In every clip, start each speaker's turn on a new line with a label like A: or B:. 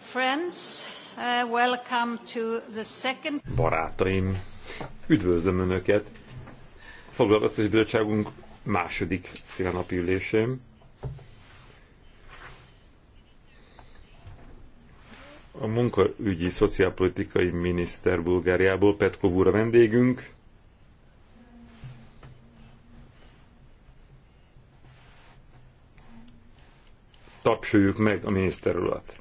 A: Friends, uh, welcome to the second...
B: Barátaim, üdvözlöm Önöket! Foglalkoztatási Bizottságunk második félnapi ülésén. a munkaügyi szociálpolitikai miniszter Bulgáriából, Petkov úr a vendégünk. Tapsoljuk meg a miniszter urat.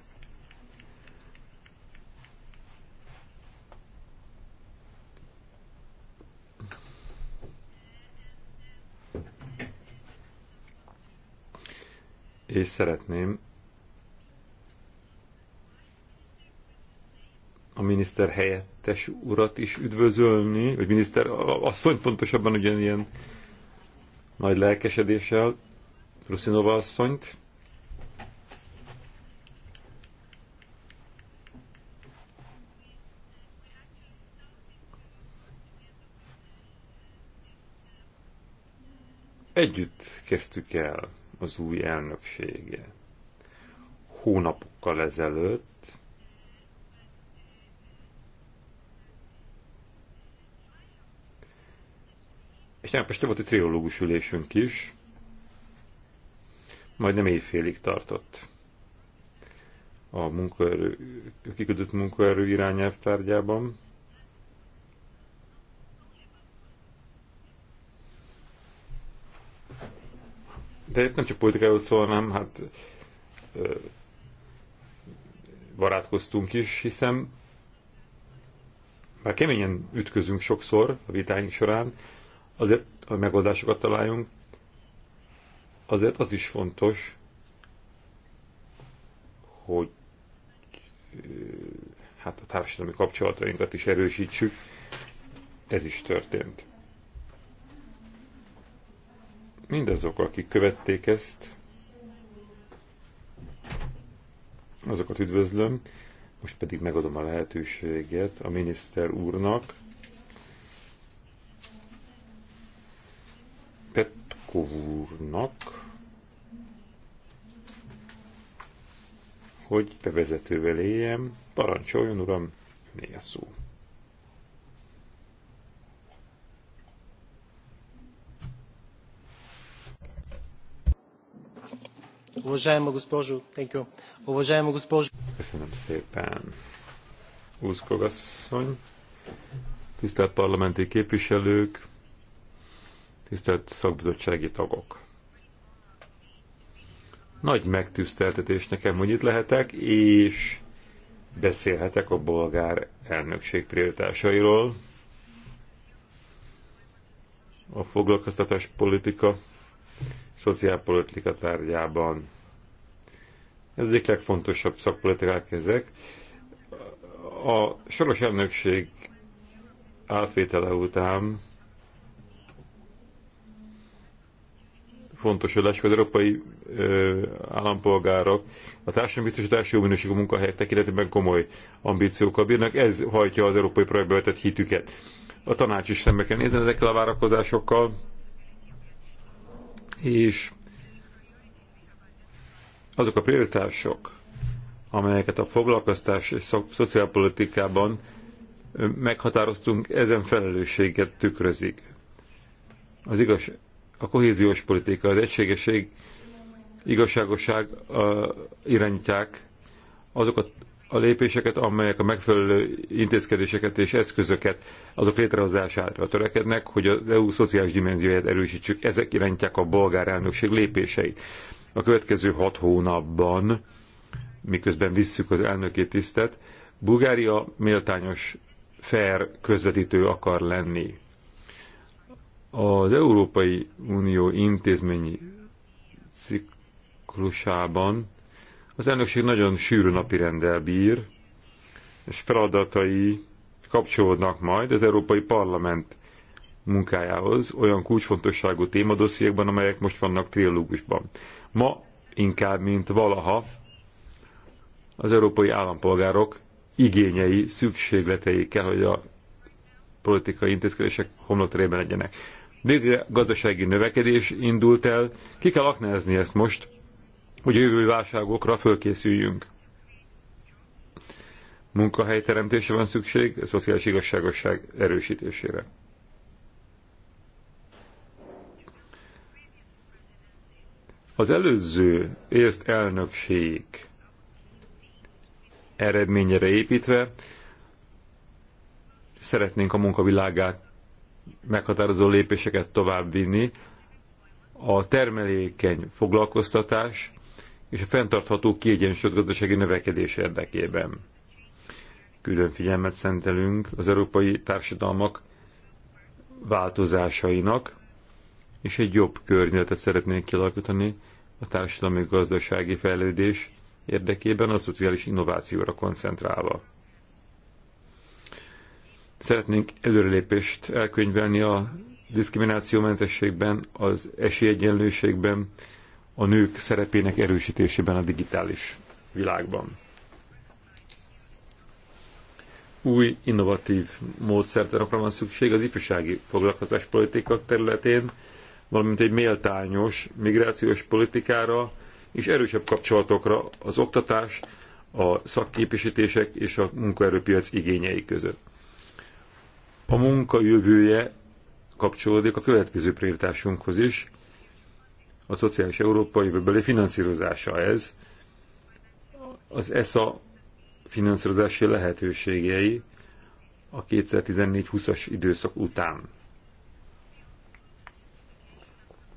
B: És szeretném a miniszter helyettes urat is üdvözölni, vagy miniszter asszony pontosabban ugyanilyen nagy lelkesedéssel, Ruszinova asszonyt. Együtt kezdtük el az új elnöksége. Hónapokkal ezelőtt és áprilisra volt egy triológus ülésünk is, majdnem éjfélig tartott a munkaerő, a kiküldött munkaerő irányelv tárgyában. De itt nem csak politikáról szól, hanem hát barátkoztunk is, hiszen már keményen ütközünk sokszor a vitáink során, azért, hogy megoldásokat találjunk, azért az is fontos, hogy hát a társadalmi kapcsolatainkat is erősítsük. Ez is történt. Mindazok, akik követték ezt, azokat üdvözlöm, most pedig megadom a lehetőséget a miniszter úrnak, Novakov úrnak, hogy bevezetővel éljem. Parancsoljon, uram, még a szó? Köszönöm szépen. Úzkogasszony, tisztelt parlamenti képviselők, tisztelt szakbizottsági tagok! Nagy megtiszteltetés nekem, hogy itt lehetek, és beszélhetek a bolgár elnökség prioritásairól, a foglalkoztatás politika, szociálpolitika tárgyában. Ez egyik legfontosabb szakpolitikák ezek. A soros elnökség átvétele után fontos, hogy az európai ö, állampolgárok a társadalombiztosítási jó minőségű munkahelyek tekintetében komoly ambíciókkal bírnak, ez hajtja az európai projektbe vetett hitüket. A tanács is szembe kell nézni ezekkel a várakozásokkal, és azok a prioritások, amelyeket a foglalkoztás és szociálpolitikában meghatároztunk, ezen felelősséget tükrözik. Az igaz a kohéziós politika, az egységesség, igazságosság irányítják azokat a lépéseket, amelyek a megfelelő intézkedéseket és eszközöket azok létrehozására törekednek, hogy az EU szociális dimenzióját erősítsük. Ezek irányítják a bolgár elnökség lépéseit. A következő hat hónapban, miközben visszük az elnöki tisztet, Bulgária méltányos, fair közvetítő akar lenni az Európai Unió intézményi ciklusában az elnökség nagyon sűrű rendel bír, és feladatai kapcsolódnak majd az Európai Parlament munkájához olyan kulcsfontosságú témadossziékban, amelyek most vannak trilógusban. Ma inkább, mint valaha az európai állampolgárok igényei, szükségletei kell, hogy a politikai intézkedések homlokterében legyenek végre gazdasági növekedés indult el, ki kell aknázni ezt most, hogy a jövő válságokra fölkészüljünk. Munkahelyteremtése van szükség, a szociális igazságosság erősítésére. Az előző észt elnökség eredményére építve szeretnénk a munkavilágát meghatározó lépéseket továbbvinni, a termelékeny foglalkoztatás és a fenntartható kiegyensúlyozott gazdasági növekedés érdekében. Külön figyelmet szentelünk az európai társadalmak változásainak, és egy jobb környezetet szeretnénk kialakítani a társadalmi gazdasági fejlődés érdekében a szociális innovációra koncentrálva. Szeretnénk előrelépést elkönyvelni a diszkriminációmentességben, az esélyegyenlőségben, a nők szerepének erősítésében a digitális világban. Új, innovatív módszertanokra van szükség az ifjúsági politika területén, valamint egy méltányos migrációs politikára és erősebb kapcsolatokra az oktatás, a szakképesítések és a munkaerőpiac igényei között. A munka jövője kapcsolódik a következő prioritásunkhoz is, a szociális Európa jövőbeli finanszírozása ez, az ESA finanszírozási lehetőségei a 2014-20-as időszak után.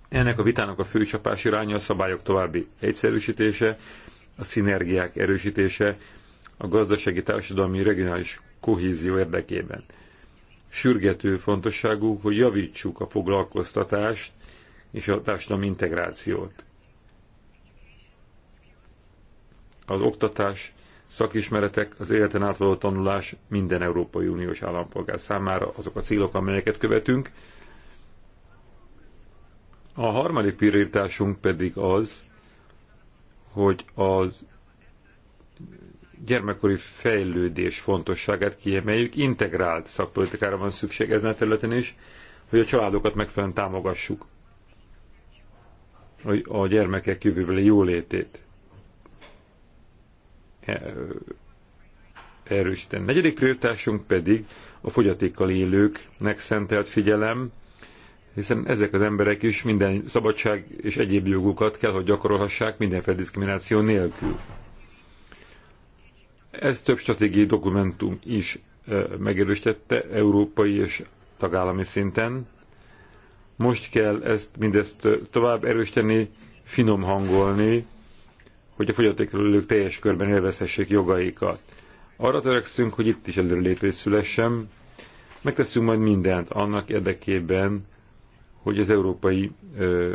B: Ennek a vitának a fő iránya a szabályok további egyszerűsítése, a szinergiák erősítése, a gazdasági, társadalmi, regionális kohézió érdekében sürgető fontosságú, hogy javítsuk a foglalkoztatást és a társadalmi integrációt. Az oktatás, szakismeretek, az életen átvaló tanulás minden Európai Uniós állampolgár számára azok a célok, amelyeket követünk. A harmadik prioritásunk pedig az, hogy az gyermekkori fejlődés fontosságát kiemeljük, integrált szakpolitikára van szükség ezen a területen is, hogy a családokat megfelelően támogassuk a gyermekek jövőbeli jólétét e- erősíteni. Negyedik prioritásunk pedig a fogyatékkal élőknek szentelt figyelem, hiszen ezek az emberek is minden szabadság és egyéb jogukat kell, hogy gyakorolhassák mindenféle diszkrimináció nélkül. Ez több stratégiai dokumentum is megerősítette európai és tagállami szinten. Most kell ezt mindezt tovább erősíteni, finom hangolni, hogy a fogyatékelők teljes körben élvezhessék jogaikat. Arra törekszünk, hogy itt is előrelépés szülessen, megteszünk majd mindent annak érdekében, hogy az európai ö,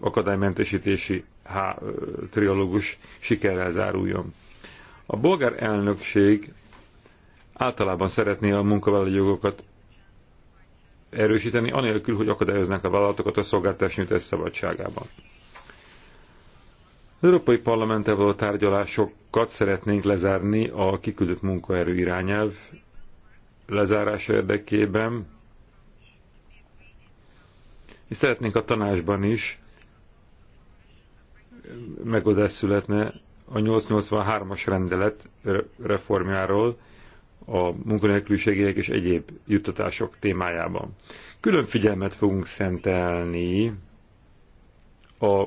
B: akadálymentesítési há, ö, triológus sikerrel záruljon. A bolgár elnökség általában szeretné a munkavállalói jogokat erősíteni, anélkül, hogy akadályoznák a vállalatokat a szolgáltatás nyújtás szabadságában. Az Európai Parlamenttel való tárgyalásokat szeretnénk lezárni a kiküldött munkaerő irányelv lezárása érdekében, és szeretnénk a tanácsban is megoldás születne a 883-as rendelet reformjáról a munkanélküliségek és egyéb juttatások témájában. Külön figyelmet fogunk szentelni a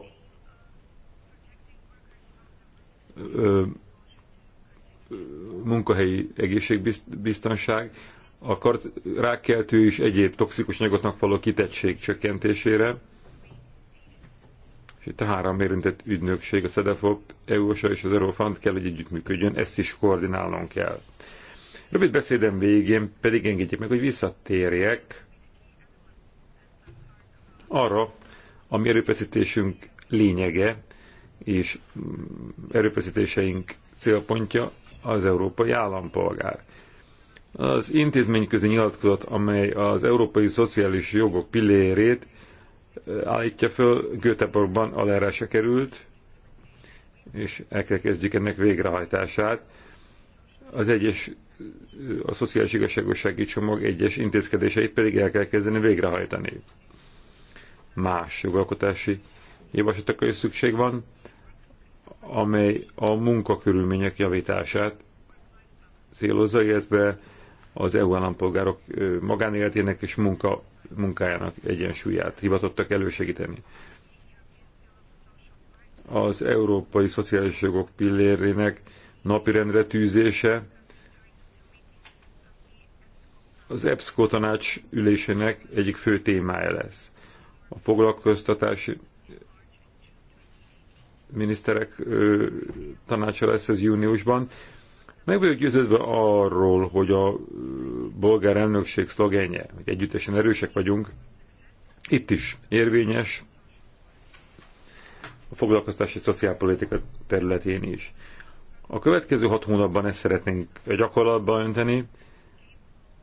B: munkahelyi egészségbiztonság, a rákkeltő és egyéb toxikus anyagoknak való kitettség csökkentésére, és itt a három érintett ügynökség, a SEDEFOP, EUSA és az Eurofund kell, hogy együttműködjön, ezt is koordinálnunk kell. Rövid beszédem végén pedig engedjék meg, hogy visszatérjek arra, ami erőfeszítésünk lényege, és erőfeszítéseink célpontja az európai állampolgár. Az intézményközi nyilatkozat, amely az európai szociális jogok pillérét állítja föl, Göteborgban alárása került, és el kell kezdjük ennek végrehajtását. Az egyes, a szociális igazságossági csomag egyes intézkedéseit pedig el kell kezdeni végrehajtani. Más jogalkotási javaslatokra is szükség van, amely a munkakörülmények javítását célozza, illetve az EU állampolgárok magánéletének és munka munkájának egyensúlyát hivatottak elősegíteni. Az Európai Szociális Jogok pillérének napirendre tűzése az EBSCO tanács ülésének egyik fő témája lesz. A foglalkoztatási miniszterek tanácsa lesz ez júniusban, meg vagyok győződve arról, hogy a bolgár elnökség szlogenje, hogy együttesen erősek vagyunk, itt is érvényes, a foglalkoztási szociálpolitika területén is. A következő hat hónapban ezt szeretnénk gyakorlatba önteni,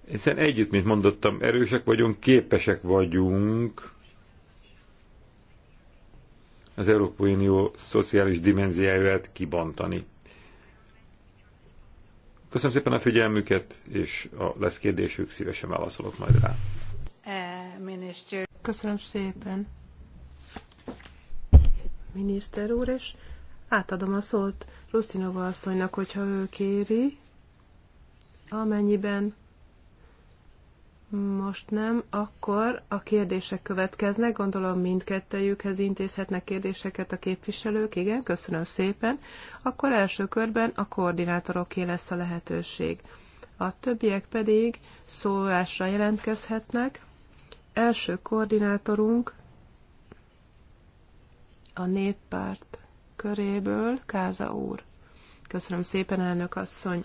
B: hiszen együtt, mint mondottam, erősek vagyunk, képesek vagyunk az Európai Unió szociális dimenziáját kibontani. Köszönöm szépen a figyelmüket, és a lesz kérdésük, szívesen válaszolok majd rá.
C: Eh, Köszönöm szépen. Miniszter úr, és átadom a szót Rosszinova asszonynak, hogyha ő kéri, amennyiben most nem, akkor a kérdések következnek. Gondolom mindkettőjükhez intézhetnek kérdéseket a képviselők. Igen, köszönöm szépen. Akkor első körben a koordinátoroké lesz a lehetőség. A többiek pedig szólásra jelentkezhetnek. Első koordinátorunk a néppárt köréből, Káza úr. Köszönöm szépen, elnök asszony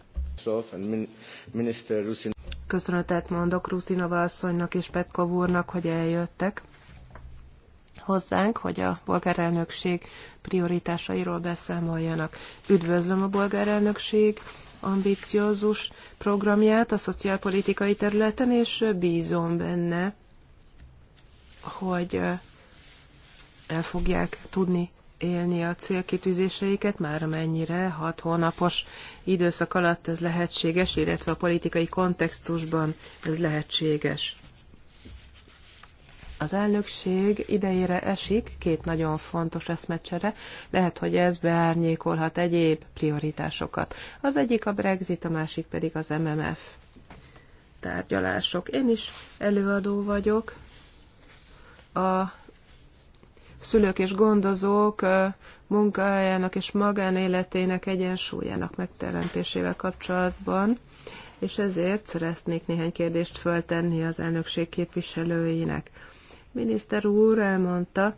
C: köszönetet mondok Ruszinova asszonynak és Petkov úrnak, hogy eljöttek hozzánk, hogy a bolgár elnökség prioritásairól beszámoljanak. Üdvözlöm a bolgár elnökség ambiciózus programját a szociálpolitikai területen, és bízom benne, hogy el fogják tudni élni a célkitűzéseiket, már mennyire hat hónapos időszak alatt ez lehetséges, illetve a politikai kontextusban ez lehetséges. Az elnökség idejére esik két nagyon fontos eszmecsere, lehet, hogy ez beárnyékolhat egyéb prioritásokat. Az egyik a Brexit, a másik pedig az MMF tárgyalások. Én is előadó vagyok a szülők és gondozók munkájának és magánéletének egyensúlyának megteremtésével kapcsolatban, és ezért szeretnék néhány kérdést föltenni az elnökség képviselőinek. Miniszter úr elmondta,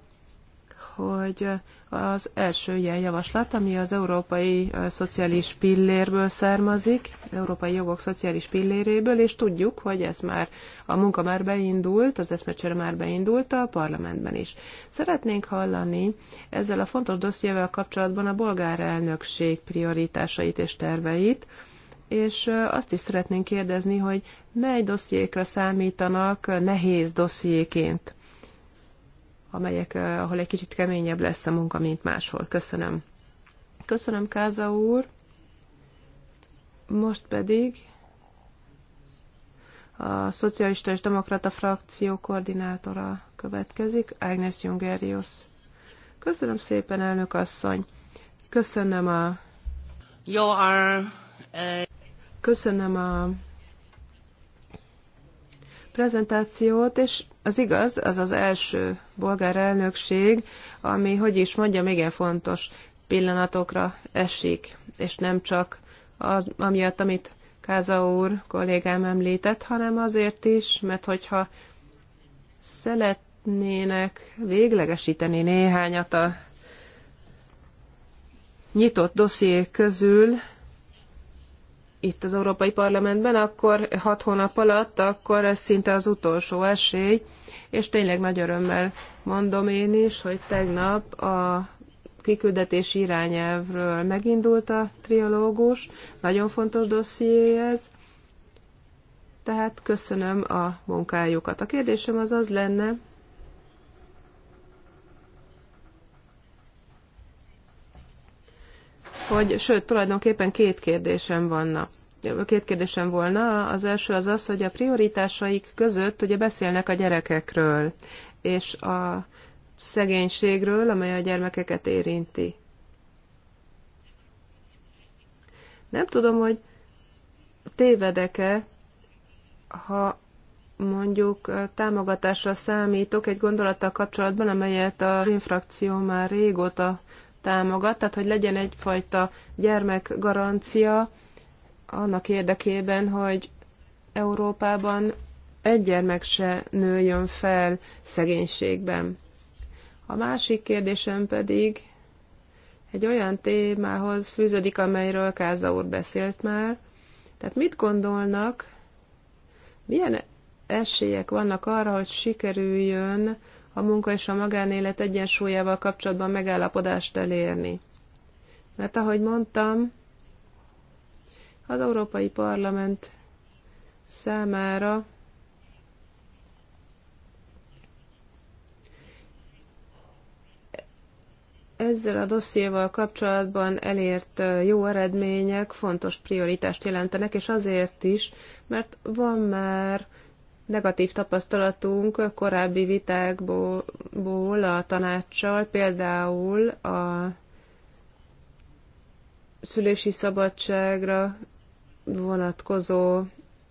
C: hogy az első ilyen javaslat, ami az európai szociális pillérből származik, európai jogok szociális pilléréből, és tudjuk, hogy ez már a munka már beindult, az eszmecsere már beindult a parlamentben is. Szeretnénk hallani ezzel a fontos dossziével kapcsolatban a bolgár elnökség prioritásait és terveit, és azt is szeretnénk kérdezni, hogy mely dossziékra számítanak nehéz dossziéként amelyek, eh, ahol egy kicsit keményebb lesz a munka, mint máshol. Köszönöm. Köszönöm, Káza úr. Most pedig a Szocialista és Demokrata frakció koordinátora következik, Agnes Jungerius. Köszönöm szépen, elnök asszony. Köszönöm a... You are, uh... Köszönöm a prezentációt, és az igaz, az az első bolgár elnökség, ami, hogy is mondjam, igen fontos pillanatokra esik, és nem csak az, amiatt, amit Káza úr kollégám említett, hanem azért is, mert hogyha szeretnének véglegesíteni néhányat a nyitott dossziék közül, itt az Európai Parlamentben, akkor hat hónap alatt, akkor ez szinte az utolsó esély, és tényleg nagy örömmel mondom én is, hogy tegnap a kiküldetés irányelvről megindult a triológus, nagyon fontos dosszié ez, tehát köszönöm a munkájukat. A kérdésem az az lenne, hogy, sőt, tulajdonképpen két kérdésem vannak két kérdésem volna. Az első az az, hogy a prioritásaik között ugye beszélnek a gyerekekről, és a szegénységről, amely a gyermekeket érinti. Nem tudom, hogy tévedek-e, ha mondjuk támogatásra számítok egy gondolattal kapcsolatban, amelyet az infrakció már régóta támogat, tehát hogy legyen egyfajta gyermekgarancia annak érdekében, hogy Európában egy gyermek se nőjön fel szegénységben. A másik kérdésem pedig egy olyan témához fűződik, amelyről Káza úr beszélt már. Tehát mit gondolnak, milyen esélyek vannak arra, hogy sikerüljön a munka és a magánélet egyensúlyával kapcsolatban megállapodást elérni. Mert ahogy mondtam, az Európai Parlament számára ezzel a dossziéval kapcsolatban elért jó eredmények fontos prioritást jelentenek, és azért is, mert van már negatív tapasztalatunk korábbi vitákból a tanácssal, például a szülési szabadságra vonatkozó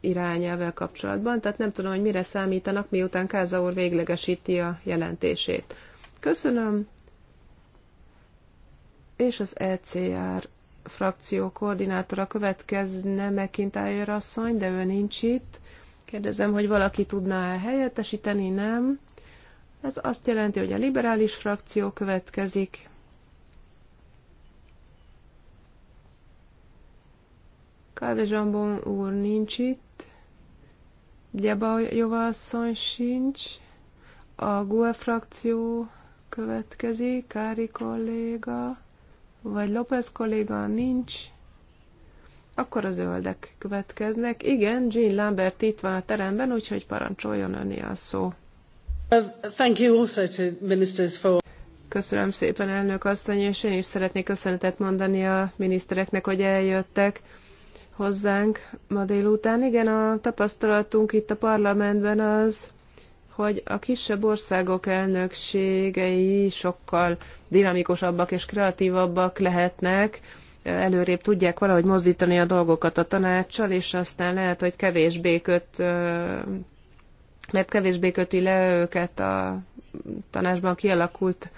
C: irányelvel kapcsolatban, tehát nem tudom, hogy mire számítanak, miután Káza úr véglegesíti a jelentését. Köszönöm, és az ECR frakció koordinátora következne McIntyre asszony, de ő nincs itt. Kérdezem, hogy valaki tudná -e helyettesíteni, nem? Ez azt jelenti, hogy a liberális frakció következik. Kávé Zsambon úr nincs itt. Gyeba Jova asszony sincs. A GUE frakció következik. Kári kolléga, vagy López kolléga nincs. Akkor a zöldek következnek. Igen, Jean Lambert itt van a teremben, úgyhogy parancsoljon öné a szó. Uh, thank you also to ministers for... Köszönöm szépen, elnök asszony, és én is szeretnék köszönetet mondani a minisztereknek, hogy eljöttek hozzánk ma délután. Igen, a tapasztalatunk itt a parlamentben az, hogy a kisebb országok elnökségei sokkal dinamikusabbak és kreatívabbak lehetnek, előrébb tudják valahogy mozdítani a dolgokat a tanácssal, és aztán lehet, hogy kevésbé köt, mert kevésbé köti le őket a tanácsban kialakult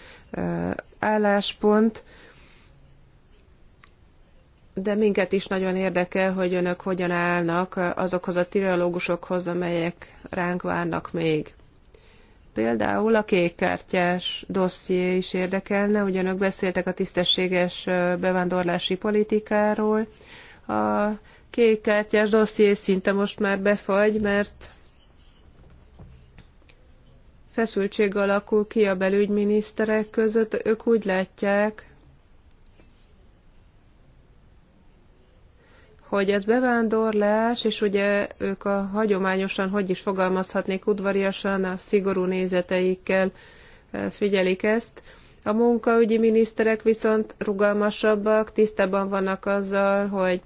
C: álláspont, de minket is nagyon érdekel, hogy önök hogyan állnak azokhoz a tirológusokhoz, amelyek ránk várnak még. Például a kékkártyás dosszié is érdekelne, ugyanök beszéltek a tisztességes bevándorlási politikáról. A kékkártyás dosszié szinte most már befagy, mert feszültség alakul ki a belügyminiszterek között. Ők úgy látják, hogy ez bevándorlás, és ugye ők a hagyományosan, hogy is fogalmazhatnék udvariasan, a szigorú nézeteikkel e, figyelik ezt. A munkaügyi miniszterek viszont rugalmasabbak, tisztában vannak azzal, hogy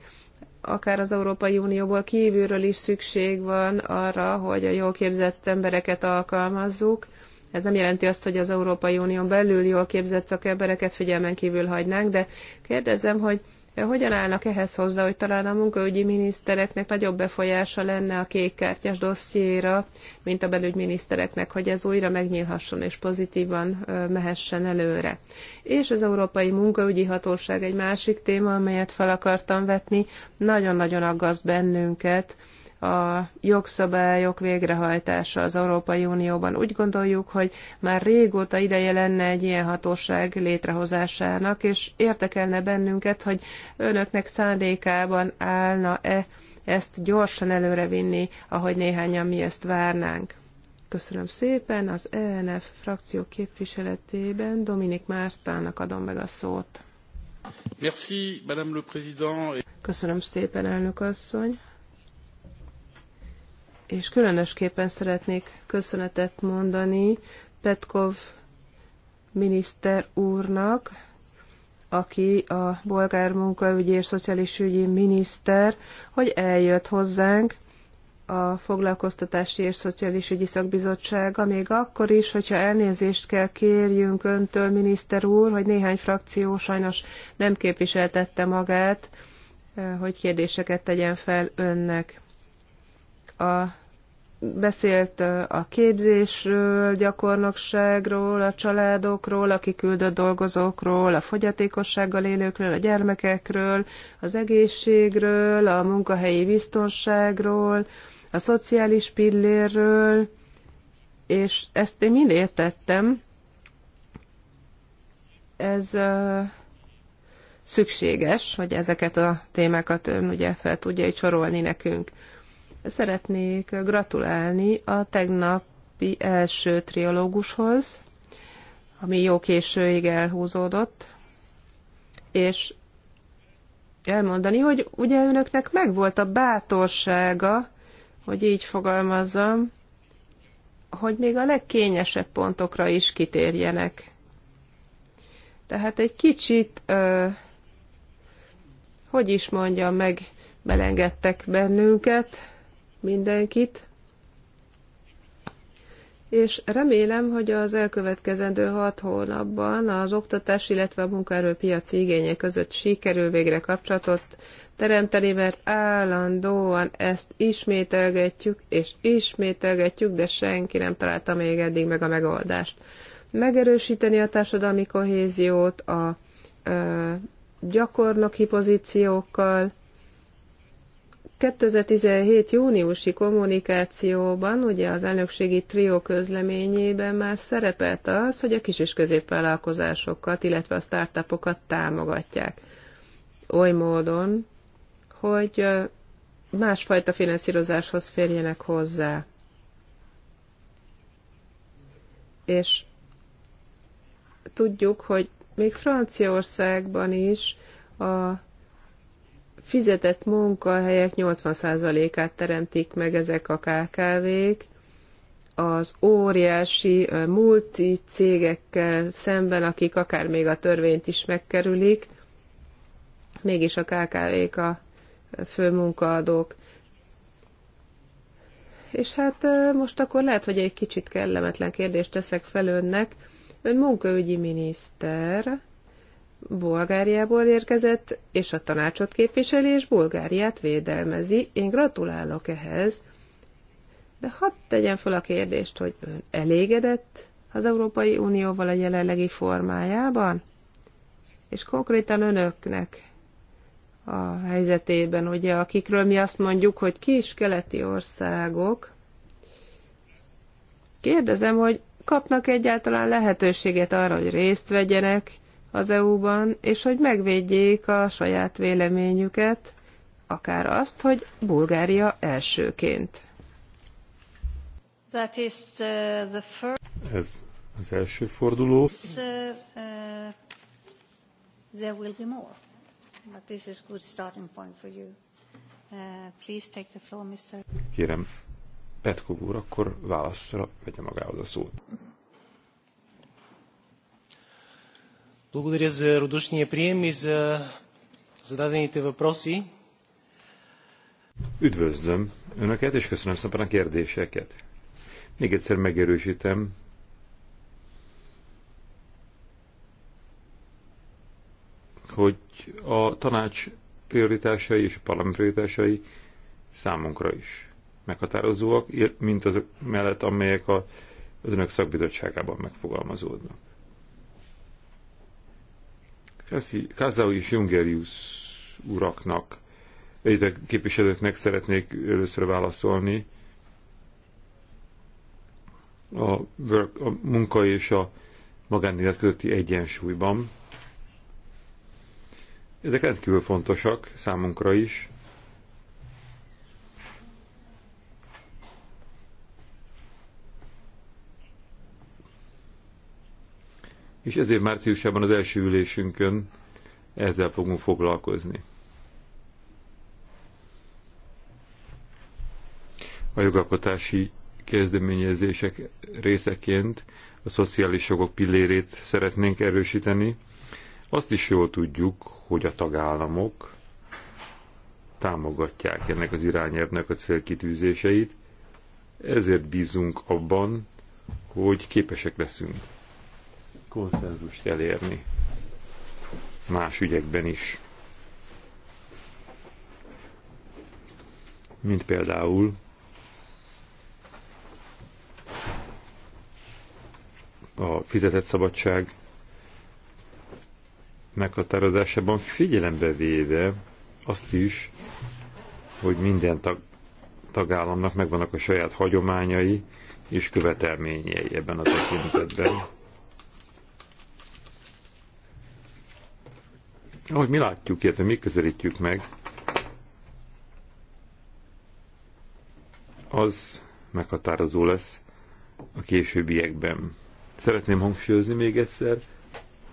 C: akár az Európai Unióból kívülről is szükség van arra, hogy a jól képzett embereket alkalmazzuk. Ez nem jelenti azt, hogy az Európai Unión belül jól képzett szakembereket figyelmen kívül hagynánk, de kérdezem, hogy hogyan állnak ehhez hozzá, hogy talán a munkaügyi minisztereknek nagyobb befolyása lenne a kékkártyás dossziéra, mint a belügyminisztereknek, hogy ez újra megnyílhasson és pozitívan mehessen előre. És az Európai Munkaügyi Hatóság egy másik téma, amelyet fel akartam vetni, nagyon-nagyon aggaszt bennünket, a jogszabályok végrehajtása az Európai Unióban. Úgy gondoljuk, hogy már régóta ideje lenne egy ilyen hatóság létrehozásának, és értekelne bennünket, hogy önöknek szándékában állna-e ezt gyorsan előrevinni, ahogy néhányan mi ezt várnánk. Köszönöm szépen. Az ENF frakció képviseletében Dominik Mártának adom meg a szót.
A: Merci, Madame le Président.
C: Köszönöm szépen, elnök asszony és különösképpen szeretnék köszönetet mondani Petkov miniszter úrnak, aki a bolgár munkaügyi és szociális ügyi miniszter, hogy eljött hozzánk a Foglalkoztatási és Szociális Ügyi Szakbizottsága, még akkor is, hogyha elnézést kell kérjünk öntől, miniszter úr, hogy néhány frakció sajnos nem képviseltette magát, eh, hogy kérdéseket tegyen fel önnek. A beszélt a képzésről, gyakornokságról, a családokról, a kiküldött dolgozókról, a fogyatékossággal élőkről, a gyermekekről, az egészségről, a munkahelyi biztonságról, a szociális pillérről, és ezt én mind értettem. Ez uh, szükséges, hogy ezeket a témákat ön ugye fel tudja így sorolni nekünk. Szeretnék gratulálni a tegnapi első triológushoz, ami jó későig elhúzódott, és elmondani, hogy ugye önöknek megvolt a bátorsága, hogy így fogalmazzam, hogy még a legkényesebb pontokra is kitérjenek. Tehát egy kicsit, ö, hogy is mondjam, meg belengedtek bennünket, mindenkit, és remélem, hogy az elkövetkezendő hat hónapban az oktatás, illetve a munkaerőpiaci igények között sikerül végre kapcsolatot teremteni, mert állandóan ezt ismételgetjük, és ismételgetjük, de senki nem találta még eddig meg a megoldást. Megerősíteni a társadalmi kohéziót a a gyakornoki pozíciókkal, 2017. júniusi kommunikációban, ugye az elnökségi trió közleményében már szerepelt az, hogy a kis és középvállalkozásokat, illetve a startupokat támogatják. Oly módon, hogy másfajta finanszírozáshoz férjenek hozzá. És tudjuk, hogy még Franciaországban is a fizetett munkahelyek 80%-át teremtik meg ezek a KKV-k, az óriási multi cégekkel szemben, akik akár még a törvényt is megkerülik, mégis a KKV-k a fő munkaadók. És hát most akkor lehet, hogy egy kicsit kellemetlen kérdést teszek fel önnek. Ön munkaügyi miniszter, Bulgáriából érkezett, és a tanácsot képviseli, és Bulgáriát védelmezi. Én gratulálok ehhez, de hadd tegyen fel a kérdést, hogy ön elégedett az Európai Unióval a jelenlegi formájában? És konkrétan önöknek a helyzetében, ugye, akikről mi azt mondjuk, hogy kis-keleti országok, kérdezem, hogy kapnak egyáltalán lehetőséget arra, hogy részt vegyenek az EU-ban, és hogy megvédjék a saját véleményüket, akár azt, hogy Bulgária elsőként.
A: That is uh, the first...
C: Ez az
B: első forduló. Uh,
A: uh, there will be more, but this is good starting point for you. Uh, please take the floor, Mr.
B: Kérem, Petkov úr, akkor válaszra vegye magához a
D: szót. Благодаря за радушния прием и за зададените въпроси.
B: Üdvözlöm Önöket, és köszönöm szépen a kérdéseket. Még egyszer megerősítem, hogy a tanács prioritásai és a parlament prioritásai számunkra is meghatározóak, mint azok mellett, amelyek a, az önök szakbizottságában megfogalmazódnak. Kazaui és Jungerius uraknak, egyre képviselőknek szeretnék először válaszolni a, work, a munka és a magánélet közötti egyensúlyban. Ezek rendkívül fontosak számunkra is, és ezért márciusában az első ülésünkön ezzel fogunk foglalkozni. A jogalkotási kezdeményezések részeként a szociális jogok pillérét szeretnénk erősíteni. Azt is jól tudjuk, hogy a tagállamok támogatják ennek az irányelvnek a célkitűzéseit, ezért bízunk abban, hogy képesek leszünk konszenzust elérni más ügyekben is. Mint például a fizetett szabadság meghatározásában figyelembe véve azt is, hogy minden tag, tagállamnak megvannak a saját hagyományai és követelményei ebben a tekintetben. Ahogy mi látjuk, illetve mi közelítjük meg, az meghatározó lesz a későbbiekben. Szeretném hangsúlyozni még egyszer,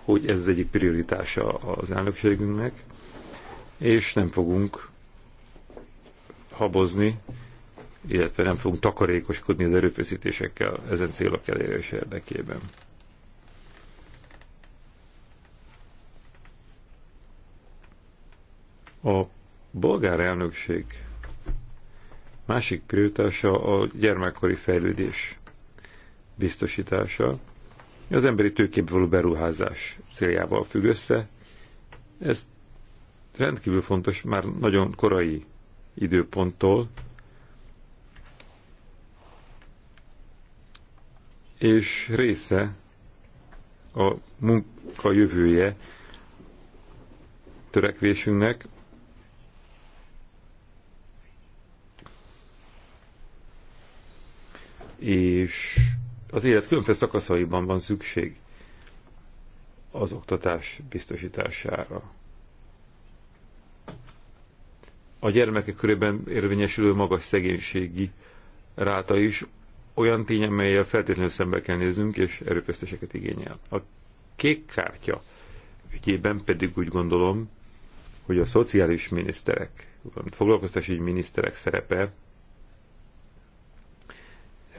B: hogy ez az egyik prioritása az elnökségünknek, és nem fogunk habozni, illetve nem fogunk takarékoskodni az erőfeszítésekkel ezen célok elérés érdekében. A bolgár elnökség másik prioritása a gyermekkori fejlődés biztosítása. Az emberi tőkéből való beruházás céljával függ össze. Ez rendkívül fontos már nagyon korai időponttól, és része a munka jövője törekvésünknek, és az élet különféle szakaszaiban van szükség az oktatás biztosítására. A gyermekek körében érvényesülő magas szegénységi ráta is olyan tény, amelyel feltétlenül szembe kell néznünk, és erőfeszteseket igényel. A kék kártya ügyében pedig úgy gondolom, hogy a szociális miniszterek, a foglalkoztatási miniszterek szerepe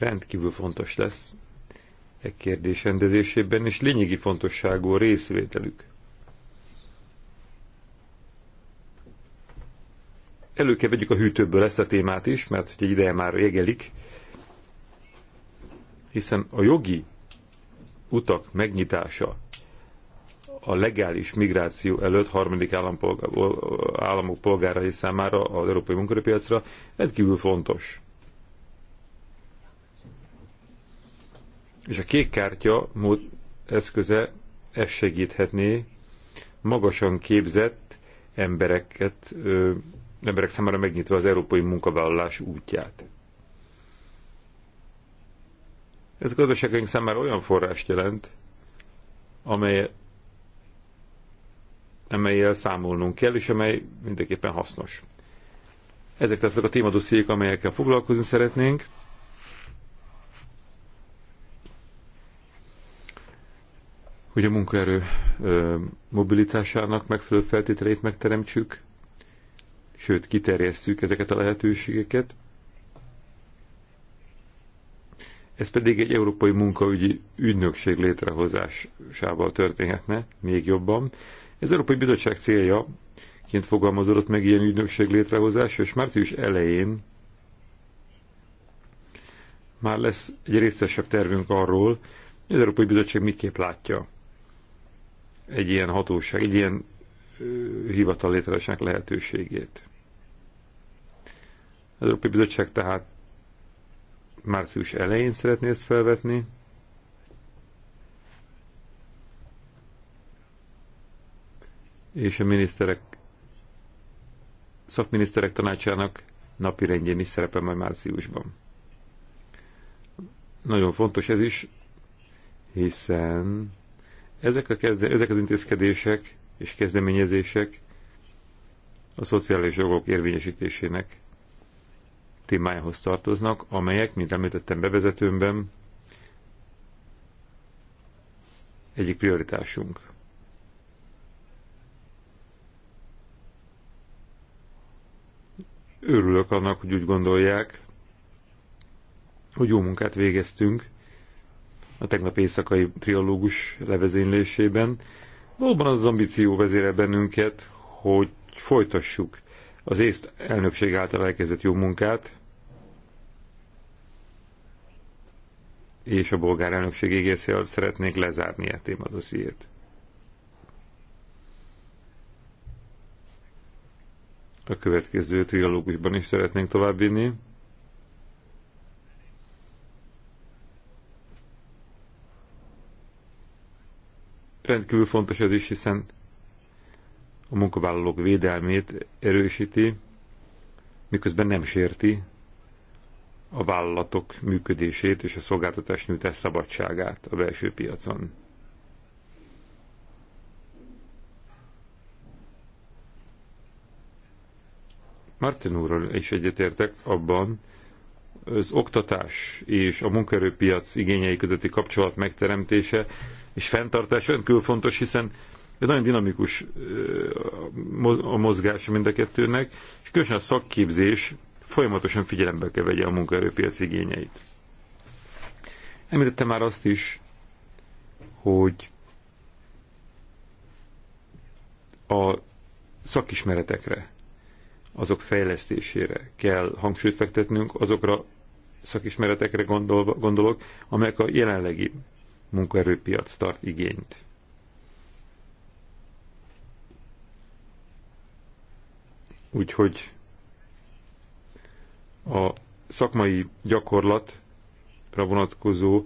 B: rendkívül fontos lesz e kérdés rendezésében, és lényegi fontosságú a részvételük. Elő kell vegyük a hűtőből ezt a témát is, mert hogy egy ideje már égelik, hiszen a jogi utak megnyitása a legális migráció előtt harmadik állampolgár, államok polgárai számára az európai munkaerőpiacra rendkívül fontos. és a kék kártya mód eszköze ezt segíthetné magasan képzett embereket, ö, emberek számára megnyitva az európai munkavállalás útját. Ez gazdaságaink számára olyan forrást jelent, amely, amelyel számolnunk kell, és amely mindenképpen hasznos. Ezek tehát a témadossziék, amelyekkel foglalkozni szeretnénk. hogy a munkaerő mobilitásának megfelelő feltételeit megteremtsük, sőt, kiterjesszük ezeket a lehetőségeket. Ez pedig egy európai munkaügyi ügynökség létrehozásával történhetne még jobban. Ez Európai Bizottság célja, ként fogalmazódott meg ilyen ügynökség létrehozás, és március elején már lesz egy részesebb tervünk arról, hogy az Európai Bizottság miképp látja egy ilyen hatóság, egy ilyen hivatal létrehozásának lehetőségét. Az Európai Bizottság tehát március elején szeretné ezt felvetni. És a miniszterek, szakminiszterek tanácsának napi rendjén is szerepel majd márciusban. Nagyon fontos ez is, hiszen ezek, a kezde, ezek az intézkedések és kezdeményezések a szociális jogok érvényesítésének témájához tartoznak, amelyek, mint említettem bevezetőmben, egyik prioritásunk. Örülök annak, hogy úgy gondolják, hogy jó munkát végeztünk, a tegnap éjszakai triológus levezénylésében. Valóban az ambíció vezére bennünket, hogy folytassuk az észt elnökség által elkezdett jó munkát, és a bolgár elnökség alatt szeretnék lezárni a e témadosziét. A következő triológusban is szeretnénk továbbvinni. Rendkívül fontos ez is, hiszen a munkavállalók védelmét erősíti, miközben nem sérti a vállalatok működését és a szolgáltatás nyújtás szabadságát a belső piacon. Martin úrral is egyetértek abban, az oktatás és a munkaerőpiac igényei közötti kapcsolat megteremtése és fenntartás rendkívül fontos, hiszen ez nagyon dinamikus a mozgás mind a kettőnek, és különösen a szakképzés folyamatosan figyelembe kell vegye a munkaerőpiac igényeit. Említettem már azt is, hogy a szakismeretekre, azok fejlesztésére kell hangsúlyt fektetnünk, azokra szakismeretekre gondolva, gondolok, amelyek a jelenlegi munkaerőpiac tart igényt. Úgyhogy a szakmai gyakorlatra vonatkozó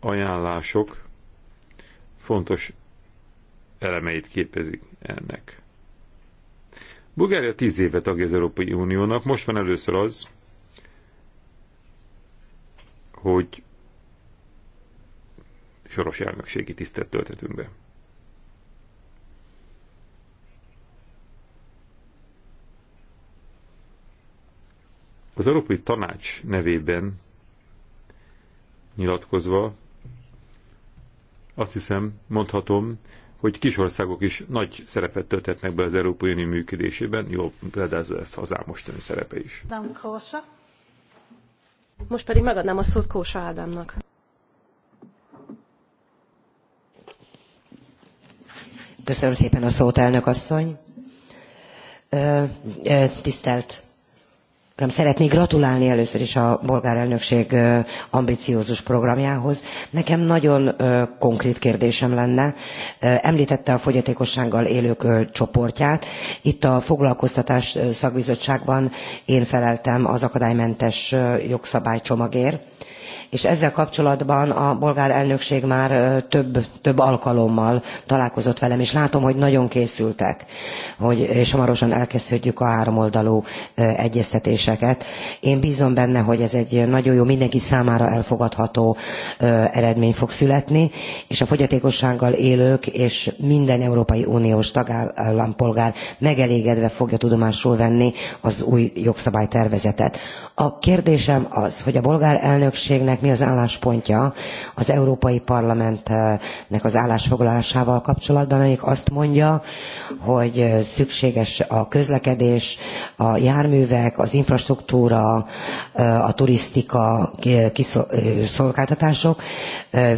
B: ajánlások fontos elemeit képezik ennek. Bulgária tíz éve tagja az Európai Uniónak, most van először az, hogy soros elnökségi tisztet tölthetünk be. Az Európai Tanács nevében nyilatkozva azt hiszem, mondhatom, hogy kis országok is nagy szerepet töltetnek be az Európai Unió működésében. Jó, ez ezt hazám mostani szerepe is.
E: Most pedig megadnám a szót Kósa Ádámnak.
F: Köszönöm szépen a szót, elnök asszony. Tisztelt szeretnék gratulálni először is a bolgár elnökség ambiciózus programjához. Nekem nagyon konkrét kérdésem lenne. Említette a fogyatékossággal élők csoportját. Itt a foglalkoztatás szakbizottságban én feleltem az akadálymentes jogszabálycsomagért és ezzel kapcsolatban a bolgár elnökség már több, több alkalommal találkozott velem, és látom, hogy nagyon készültek, hogy, és hamarosan elkezdhetjük a háromoldalú egyeztetéseket. Én bízom benne, hogy ez egy nagyon jó, mindenki számára elfogadható eredmény fog születni, és a fogyatékossággal élők és minden Európai Uniós tagállampolgár megelégedve fogja tudomásul venni az új jogszabálytervezetet. A kérdésem az, hogy a bolgár elnökség elnökségnek mi az álláspontja az Európai Parlamentnek az állásfoglalásával kapcsolatban, amelyik azt mondja, hogy szükséges a közlekedés, a járművek, az infrastruktúra, a turisztika szolgáltatások,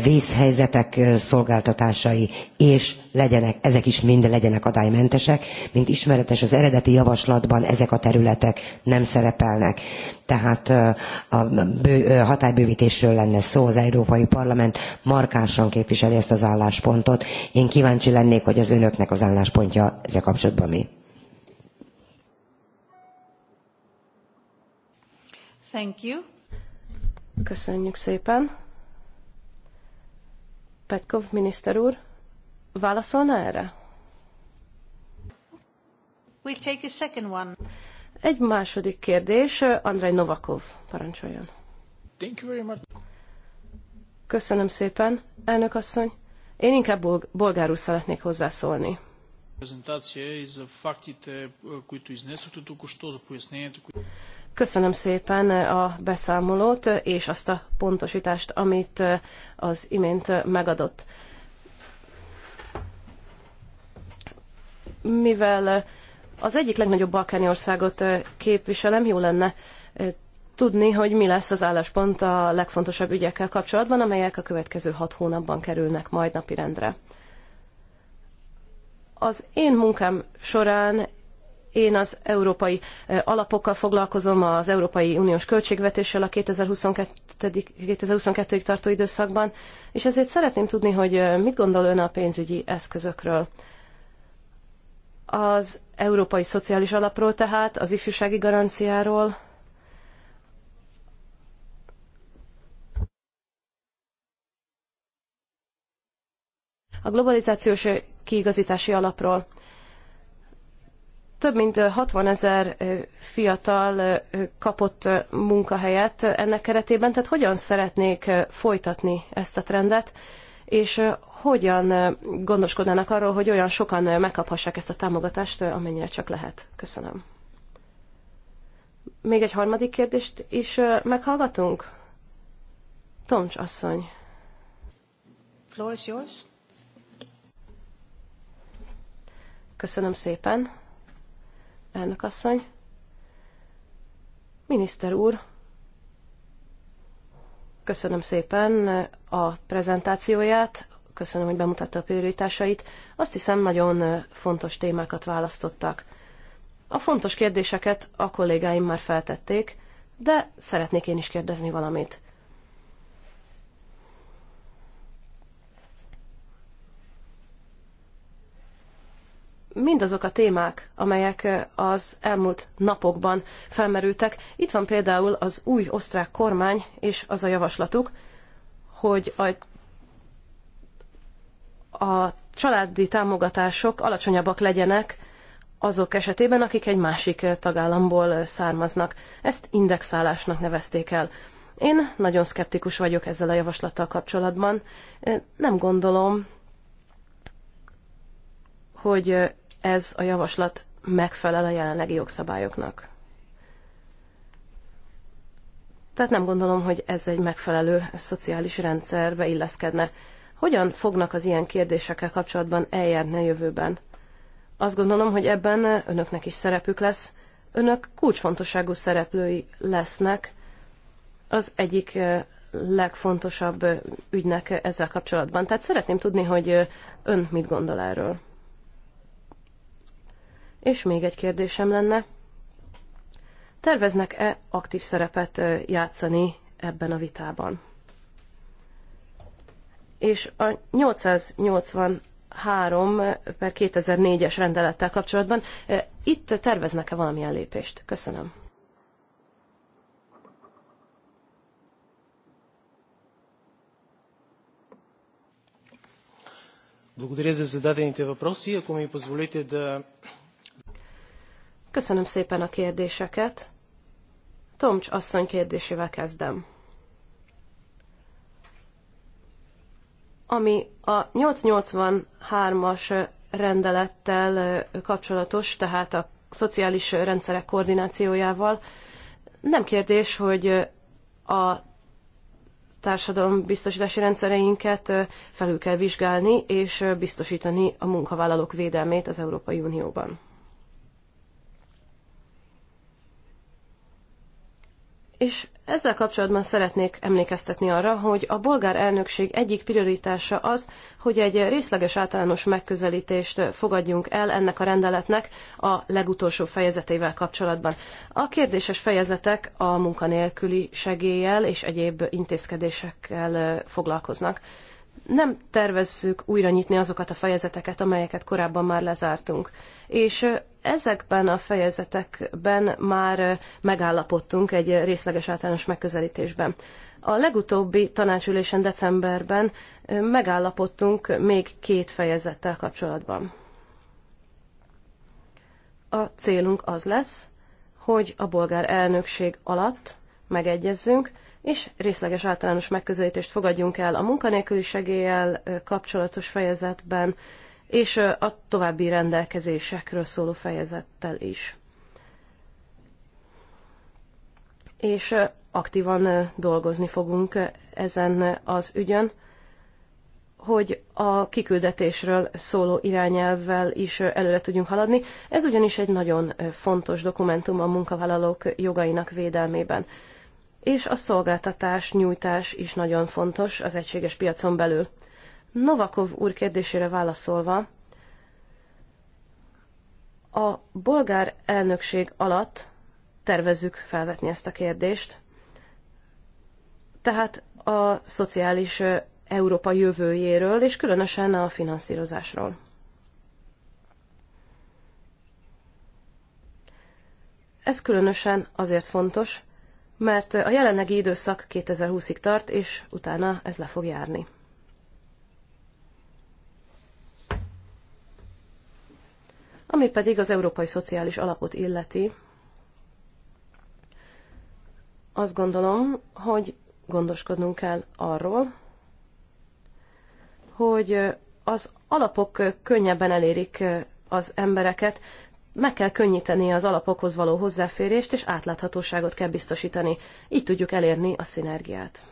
F: vészhelyzetek szolgáltatásai és legyenek, ezek is mind legyenek adálymentesek, mint ismeretes az eredeti javaslatban ezek a területek nem szerepelnek. Tehát a hatálybővítésről lenne szó, az Európai Parlament markánsan képviseli ezt az álláspontot. Én kíváncsi lennék, hogy az önöknek az álláspontja ezzel kapcsolatban mi.
A: Thank you.
E: Köszönjük szépen. Petkov miniszter úr. Válaszolna erre?
A: We'll take a second one.
E: Egy második kérdés, Andrei Novakov, parancsoljon.
D: Thank you very much.
E: Köszönöm szépen, elnök asszony. Én inkább bolgárul szeretnék hozzászólni. E, Köszönöm szépen e, a beszámolót e, és azt a pontosítást, amit az imént megadott. mivel eh, az egyik legnagyobb balkáni országot eh, képviselem, jó lenne eh, tudni, hogy mi lesz az álláspont a legfontosabb ügyekkel kapcsolatban, amelyek a következő hat hónapban kerülnek majd napirendre. Az én munkám során én az európai alapokkal foglalkozom, az Európai Uniós költségvetéssel a 2022, 2022-ig tartó időszakban, és ezért szeretném tudni, hogy mit gondol ön a pénzügyi eszközökről az Európai Szociális Alapról tehát, az ifjúsági garanciáról, a globalizációs kiigazítási alapról. Több mint 60 ezer fiatal kapott munkahelyet ennek keretében, tehát hogyan szeretnék folytatni ezt a trendet? és hogyan gondoskodnának arról, hogy olyan sokan megkaphassák ezt a támogatást, amennyire csak lehet. Köszönöm. Még egy harmadik kérdést is meghallgatunk? Tomcs asszony. Floor is yours. Köszönöm szépen, elnök asszony. Miniszter úr, Köszönöm szépen a prezentációját, köszönöm, hogy bemutatta a prioritásait. Azt hiszem, nagyon fontos témákat választottak. A fontos kérdéseket a kollégáim már feltették, de szeretnék én is kérdezni valamit. mindazok a témák, amelyek az elmúlt napokban felmerültek. Itt van például az új osztrák kormány, és az a javaslatuk, hogy a, a családi támogatások alacsonyabbak legyenek azok esetében, akik egy másik tagállamból származnak. Ezt indexálásnak nevezték el. Én nagyon szkeptikus vagyok ezzel a javaslattal kapcsolatban. Nem gondolom, hogy ez a javaslat megfelel a jelenlegi jogszabályoknak. Tehát nem gondolom, hogy ez egy megfelelő szociális rendszerbe illeszkedne. Hogyan fognak az ilyen kérdésekkel kapcsolatban eljárni a jövőben? Azt gondolom, hogy ebben önöknek is szerepük lesz. Önök kulcsfontosságú szereplői lesznek az egyik legfontosabb ügynek ezzel kapcsolatban. Tehát szeretném tudni, hogy ön mit gondol erről. És még egy kérdésem lenne. Terveznek-e aktív szerepet játszani ebben a vitában? És a 883 per 2004-es rendelettel kapcsolatban itt terveznek-e valamilyen lépést? Köszönöm.
D: Благодаря за зададените въпроси. Ако ми позволите да
E: Köszönöm szépen a kérdéseket. Tomcs asszony kérdésével kezdem. Ami a 883-as rendelettel kapcsolatos, tehát a szociális rendszerek koordinációjával, nem kérdés, hogy a biztosítási rendszereinket felül kell vizsgálni és biztosítani a munkavállalók védelmét az Európai Unióban. És ezzel kapcsolatban szeretnék emlékeztetni arra, hogy a bolgár elnökség egyik prioritása az, hogy egy részleges általános megközelítést fogadjunk el ennek a rendeletnek a legutolsó fejezetével kapcsolatban. A kérdéses fejezetek a munkanélküli segéllyel és egyéb intézkedésekkel foglalkoznak nem tervezzük újra nyitni azokat a fejezeteket, amelyeket korábban már lezártunk. És ezekben a fejezetekben már megállapodtunk egy részleges általános megközelítésben. A legutóbbi tanácsülésen decemberben megállapodtunk még két fejezettel kapcsolatban. A célunk az lesz, hogy a bolgár elnökség alatt megegyezzünk, és részleges általános megközelítést fogadjunk el a munkanélküli segéllyel kapcsolatos fejezetben, és a további rendelkezésekről szóló fejezettel is. És aktívan dolgozni fogunk ezen az ügyön, hogy a kiküldetésről szóló irányelvvel is előre tudjunk haladni. Ez ugyanis egy nagyon fontos dokumentum a munkavállalók jogainak védelmében és a szolgáltatás nyújtás is nagyon fontos az egységes piacon belül. Novakov úr kérdésére válaszolva, a bolgár elnökség alatt tervezzük felvetni ezt a kérdést, tehát a szociális Európa jövőjéről, és különösen a finanszírozásról. Ez különösen azért fontos, mert a jelenlegi időszak 2020-ig tart, és utána ez le fog járni. Ami pedig az Európai Szociális Alapot illeti, azt gondolom, hogy gondoskodnunk kell arról, hogy az alapok könnyebben elérik az embereket, meg kell könnyíteni az alapokhoz való hozzáférést, és átláthatóságot kell biztosítani. Így tudjuk elérni a szinergiát.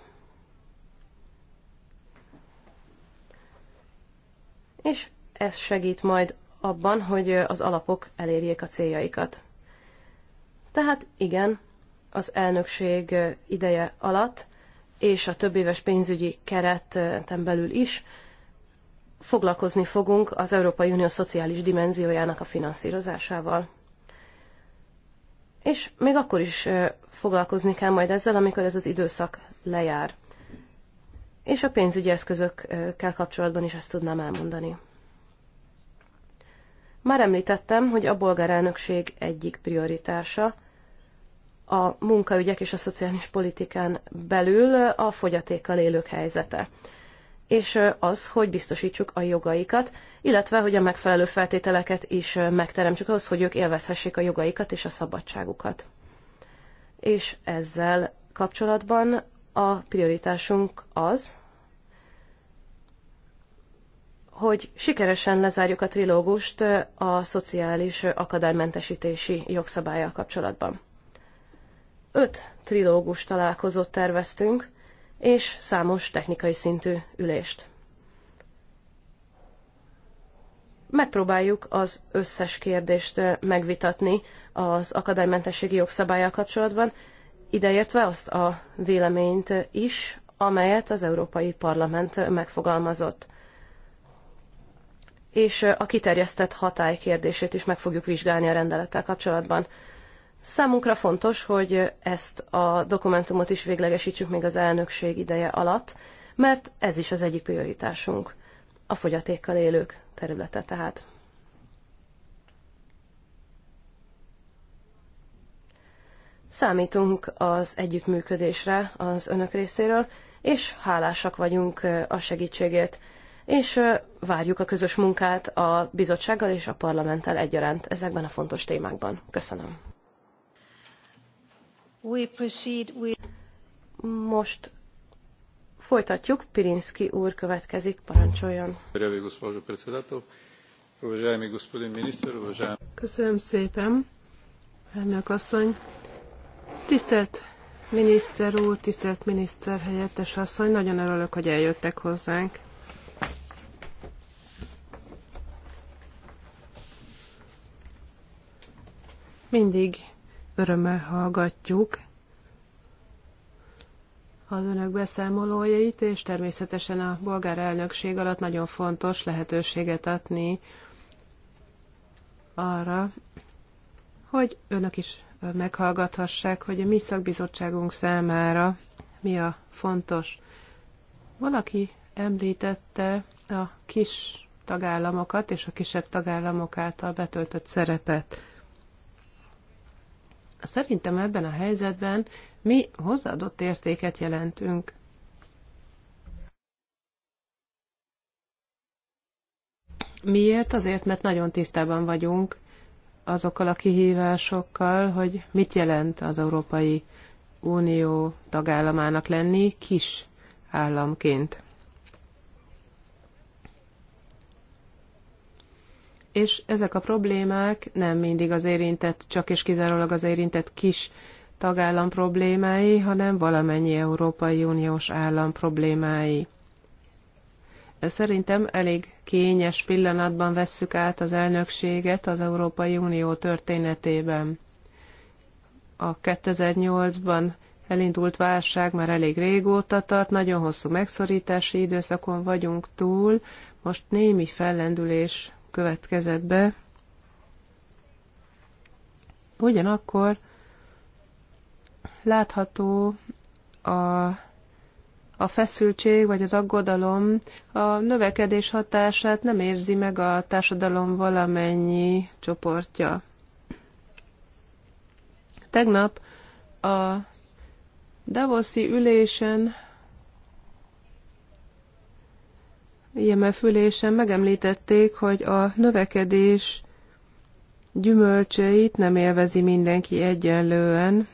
E: És ez segít majd abban, hogy az alapok elérjék a céljaikat. Tehát igen, az elnökség ideje alatt, és a többéves pénzügyi kereten belül is foglalkozni fogunk az Európai Unió szociális dimenziójának a finanszírozásával. És még akkor is foglalkozni kell majd ezzel, amikor ez az időszak lejár. És a pénzügyi eszközökkel kapcsolatban is ezt tudnám elmondani. Már említettem, hogy a bolgár elnökség egyik prioritása a munkaügyek és a szociális politikán belül a fogyatékkal élők helyzete és az, hogy biztosítsuk a jogaikat, illetve hogy a megfelelő feltételeket is megteremtsük ahhoz, hogy ők élvezhessék a jogaikat és a szabadságukat. És ezzel kapcsolatban a prioritásunk az, hogy sikeresen lezárjuk a trilógust a szociális akadálymentesítési jogszabályjal kapcsolatban. Öt trilógus találkozót terveztünk, és számos technikai szintű ülést. Megpróbáljuk az összes kérdést megvitatni az akadálymentességi jogszabályjal kapcsolatban, ideértve azt a véleményt is, amelyet az Európai Parlament megfogalmazott. És a kiterjesztett hatály kérdését is meg fogjuk vizsgálni a rendelettel kapcsolatban. Számunkra fontos, hogy ezt a dokumentumot is véglegesítsük még az elnökség ideje alatt, mert ez is az egyik prioritásunk. A fogyatékkal élők területe tehát. Számítunk az együttműködésre az önök részéről, és hálásak vagyunk a segítségért, és várjuk a közös munkát a bizottsággal és a parlamenttel egyaránt ezekben a fontos témákban. Köszönöm. Most folytatjuk, Pirinski úr következik,
C: parancsoljon. Köszönöm szépen, elnök asszony. Tisztelt miniszter úr, tisztelt miniszter helyettes asszony, nagyon örülök, hogy eljöttek hozzánk. Mindig örömmel hallgatjuk az önök beszámolójait, és természetesen a bolgár elnökség alatt nagyon fontos lehetőséget adni arra, hogy önök is meghallgathassák, hogy a mi szakbizottságunk számára mi a fontos. Valaki említette a kis tagállamokat és a kisebb tagállamok által betöltött szerepet. Szerintem ebben a helyzetben mi hozzáadott értéket jelentünk. Miért? Azért, mert nagyon tisztában vagyunk azokkal a kihívásokkal, hogy mit jelent az Európai Unió tagállamának lenni kis államként. és ezek a problémák nem mindig az érintett, csak és kizárólag az érintett kis tagállam problémái, hanem valamennyi Európai Uniós állam problémái. Szerintem elég kényes pillanatban vesszük át az elnökséget az Európai Unió történetében. A 2008-ban elindult válság már elég régóta tart, nagyon hosszú megszorítási időszakon vagyunk túl, most némi fellendülés következett be. Ugyanakkor látható a, a feszültség vagy az aggodalom a növekedés hatását nem érzi meg a társadalom valamennyi csoportja. Tegnap a Davoszi ülésen IMF ülésen megemlítették, hogy a növekedés gyümölcseit nem élvezi mindenki egyenlően,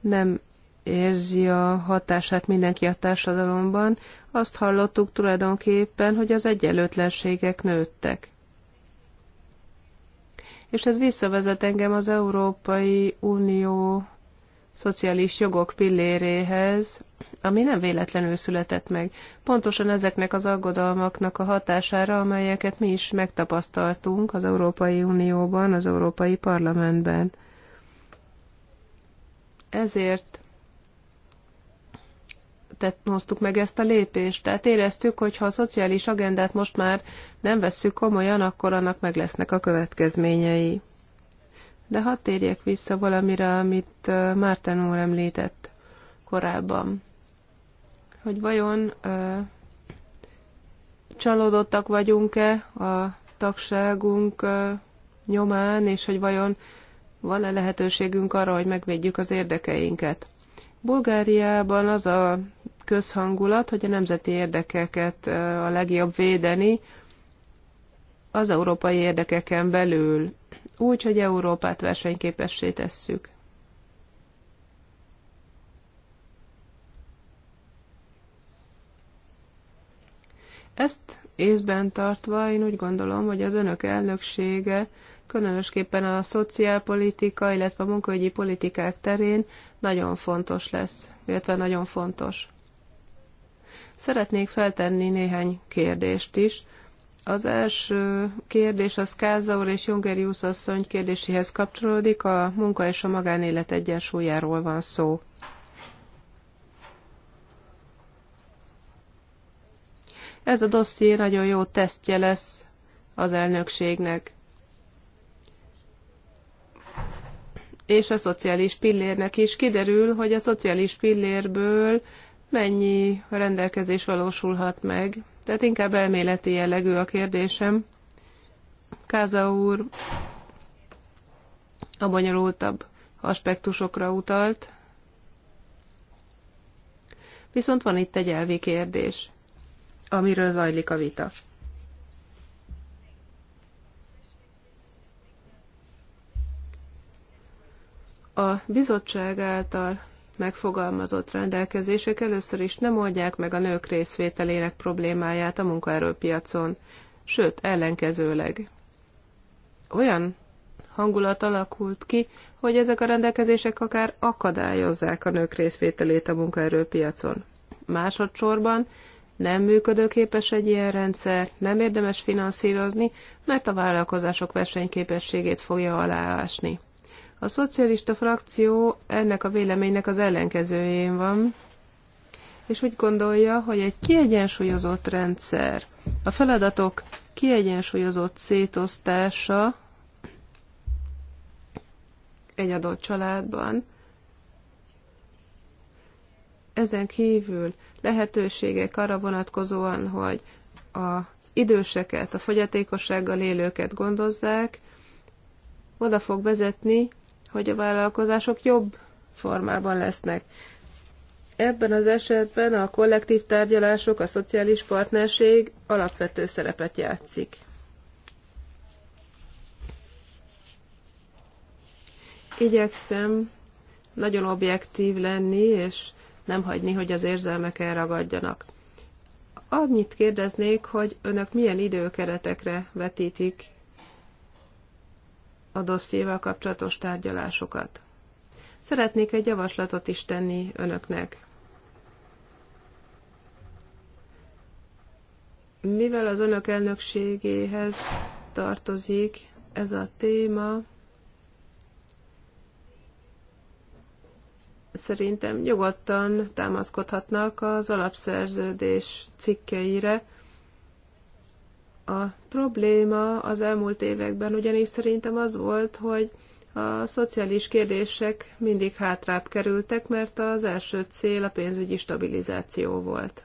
C: nem érzi a hatását mindenki a társadalomban. Azt hallottuk tulajdonképpen, hogy az egyenlőtlenségek nőttek. És ez visszavezet engem az Európai Unió szociális jogok pilléréhez, ami nem véletlenül született meg. Pontosan ezeknek az aggodalmaknak a hatására, amelyeket mi is megtapasztaltunk az Európai Unióban, az Európai Parlamentben. Ezért tett, hoztuk meg ezt a lépést. Tehát éreztük, hogy ha a szociális agendát most már nem vesszük komolyan, akkor annak meg lesznek a következményei. De hadd térjek vissza valamire, amit Márten úr említett korábban. Hogy vajon csalódottak vagyunk-e a tagságunk nyomán, és hogy vajon van-e lehetőségünk arra, hogy megvédjük az érdekeinket. Bulgáriában az a közhangulat, hogy a nemzeti érdekeket a legjobb védeni az európai érdekeken belül úgy, hogy Európát versenyképessé tesszük. Ezt észben tartva én úgy gondolom, hogy az önök elnöksége különösképpen a szociálpolitika, illetve a munkahogyi politikák terén nagyon fontos lesz, illetve nagyon fontos. Szeretnék feltenni néhány kérdést is, az első kérdés az Káza úr és Jungerius asszony kérdéséhez kapcsolódik, a munka és a magánélet egyensúlyáról van szó. Ez a dosszié nagyon jó tesztje lesz az elnökségnek. És a szociális pillérnek is kiderül, hogy a szociális pillérből mennyi rendelkezés valósulhat meg tehát inkább elméleti jellegű a kérdésem. Káza úr a bonyolultabb aspektusokra utalt. Viszont van itt egy elvi kérdés, amiről zajlik a vita. A bizottság által megfogalmazott rendelkezések először is nem oldják meg a nők részvételének problémáját a munkaerőpiacon, sőt, ellenkezőleg. Olyan hangulat alakult ki, hogy ezek a rendelkezések akár akadályozzák a nők részvételét a munkaerőpiacon. Másodszorban nem működőképes egy ilyen rendszer, nem érdemes finanszírozni, mert a vállalkozások versenyképességét fogja aláásni. A szocialista frakció ennek a véleménynek az ellenkezőjén van, és úgy gondolja, hogy egy kiegyensúlyozott rendszer, a feladatok kiegyensúlyozott szétosztása egy adott családban, ezen kívül lehetőségek arra vonatkozóan, hogy az időseket, a fogyatékossággal élőket gondozzák, oda fog vezetni, hogy a vállalkozások jobb formában lesznek. Ebben az esetben a kollektív tárgyalások, a szociális partnerség alapvető szerepet játszik. Igyekszem nagyon objektív lenni, és nem hagyni, hogy az érzelmek elragadjanak. Annyit kérdeznék, hogy önök milyen időkeretekre vetítik a dossziéval kapcsolatos tárgyalásokat. Szeretnék egy javaslatot is tenni önöknek. Mivel az önök elnökségéhez tartozik ez a téma, szerintem nyugodtan támaszkodhatnak az alapszerződés cikkeire, a probléma az elmúlt években ugyanis szerintem az volt, hogy a szociális kérdések mindig hátrább kerültek, mert az első cél a pénzügyi stabilizáció volt.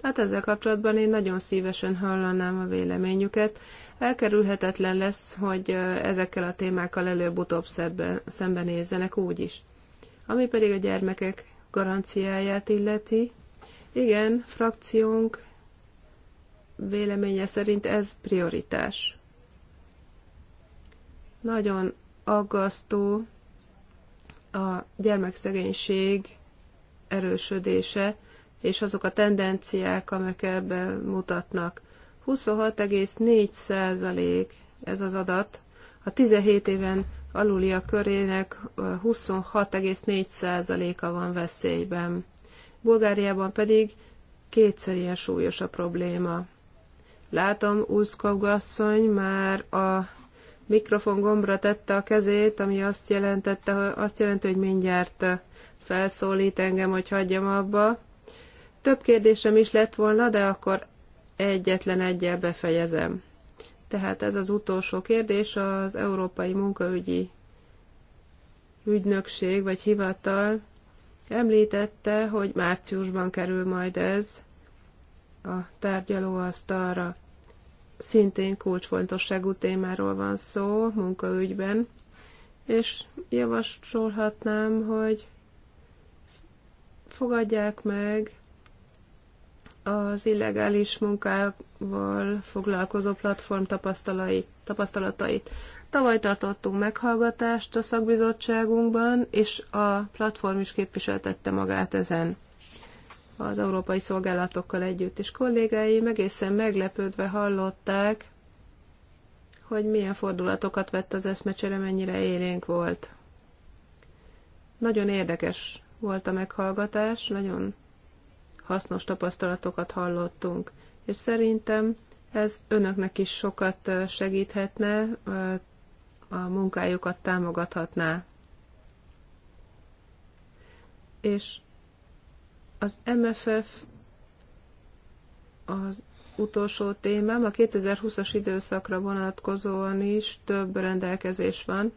C: Tehát ezzel kapcsolatban én nagyon szívesen hallanám a véleményüket. Elkerülhetetlen lesz, hogy ezekkel a témákkal előbb-utóbb szembenézzenek úgy is. Ami pedig a gyermekek garanciáját illeti, igen, frakciónk véleménye szerint ez prioritás. Nagyon aggasztó a gyermekszegénység erősödése, és azok a tendenciák, amelyek ebben mutatnak. 26,4 ez az adat, a 17 éven aluliak körének 26,4%-a van veszélyben. Bulgáriában pedig kétszer ilyen súlyos a probléma. Látom, Úszkov asszony már a mikrofon gombra tette a kezét, ami azt, jelentette, azt jelenti, hogy mindjárt felszólít engem, hogy hagyjam abba. Több kérdésem is lett volna, de akkor egyetlen egyel befejezem. Tehát ez az utolsó kérdés az Európai Munkaügyi Ügynökség vagy Hivatal említette, hogy márciusban kerül majd ez a tárgyalóasztalra. Szintén kulcsfontosságú témáról van szó munkaügyben, és javasolhatnám, hogy fogadják meg az illegális munkával foglalkozó platform tapasztalatait. Tavaly tartottunk meghallgatást a szakbizottságunkban, és a platform is képviseltette magát ezen az európai szolgálatokkal együtt, és kollégái egészen meglepődve hallották, hogy milyen fordulatokat vett az eszmecsere, mennyire élénk volt. Nagyon érdekes volt a meghallgatás, nagyon hasznos tapasztalatokat hallottunk, és szerintem ez önöknek is sokat segíthetne, a munkájukat támogathatná. És az MFF az utolsó témám, a 2020-as időszakra vonatkozóan is több rendelkezés van.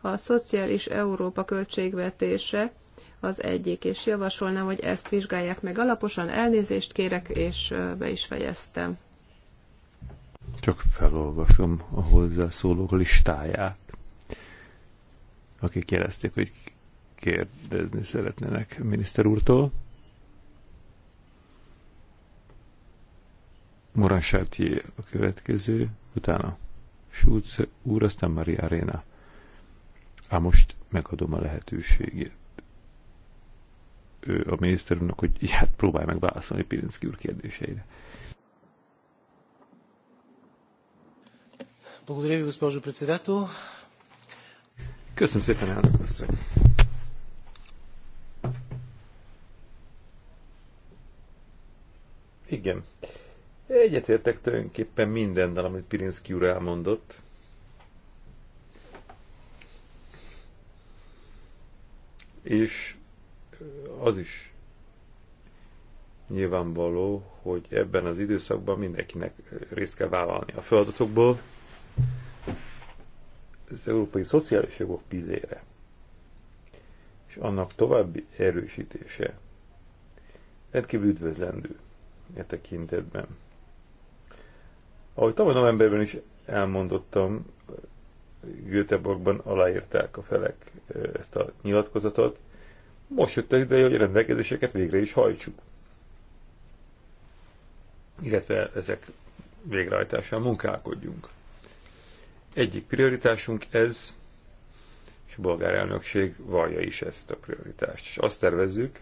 C: A Szociális Európa költségvetése az egyik, és javasolnám, hogy ezt vizsgálják meg alaposan. Elnézést kérek, és be is fejeztem.
B: Csak felolvasom a hozzászólók listáját, akik jelezték, hogy kérdezni szeretnének a miniszter úrtól. Morasáti a következő, utána Schulz úr, aztán Maria Arena. Á, most megadom a lehetőségét ő, a miniszterünknek, hogy hát próbálj meg válaszolni Pirinszki úr kérdéseire. Köszönöm szépen, elnök asszony. Igen. Egyetértek tulajdonképpen mindennel, amit Pirinszki úr elmondott. És az is nyilvánvaló, hogy ebben az időszakban mindenkinek részt kell vállalni a feladatokból az európai szociális jogok pillére és annak további erősítése rendkívül üdvözlendő e tekintetben. Ahogy tavaly novemberben is elmondottam, Göteborgban aláírták a felek ezt a nyilatkozatot. Most jött az ideje, hogy a rendelkezéseket végre is hajtsuk. Illetve ezek végrehajtásán munkálkodjunk. Egyik prioritásunk ez, és a bolgár elnökség vallja is ezt a prioritást. És azt tervezzük,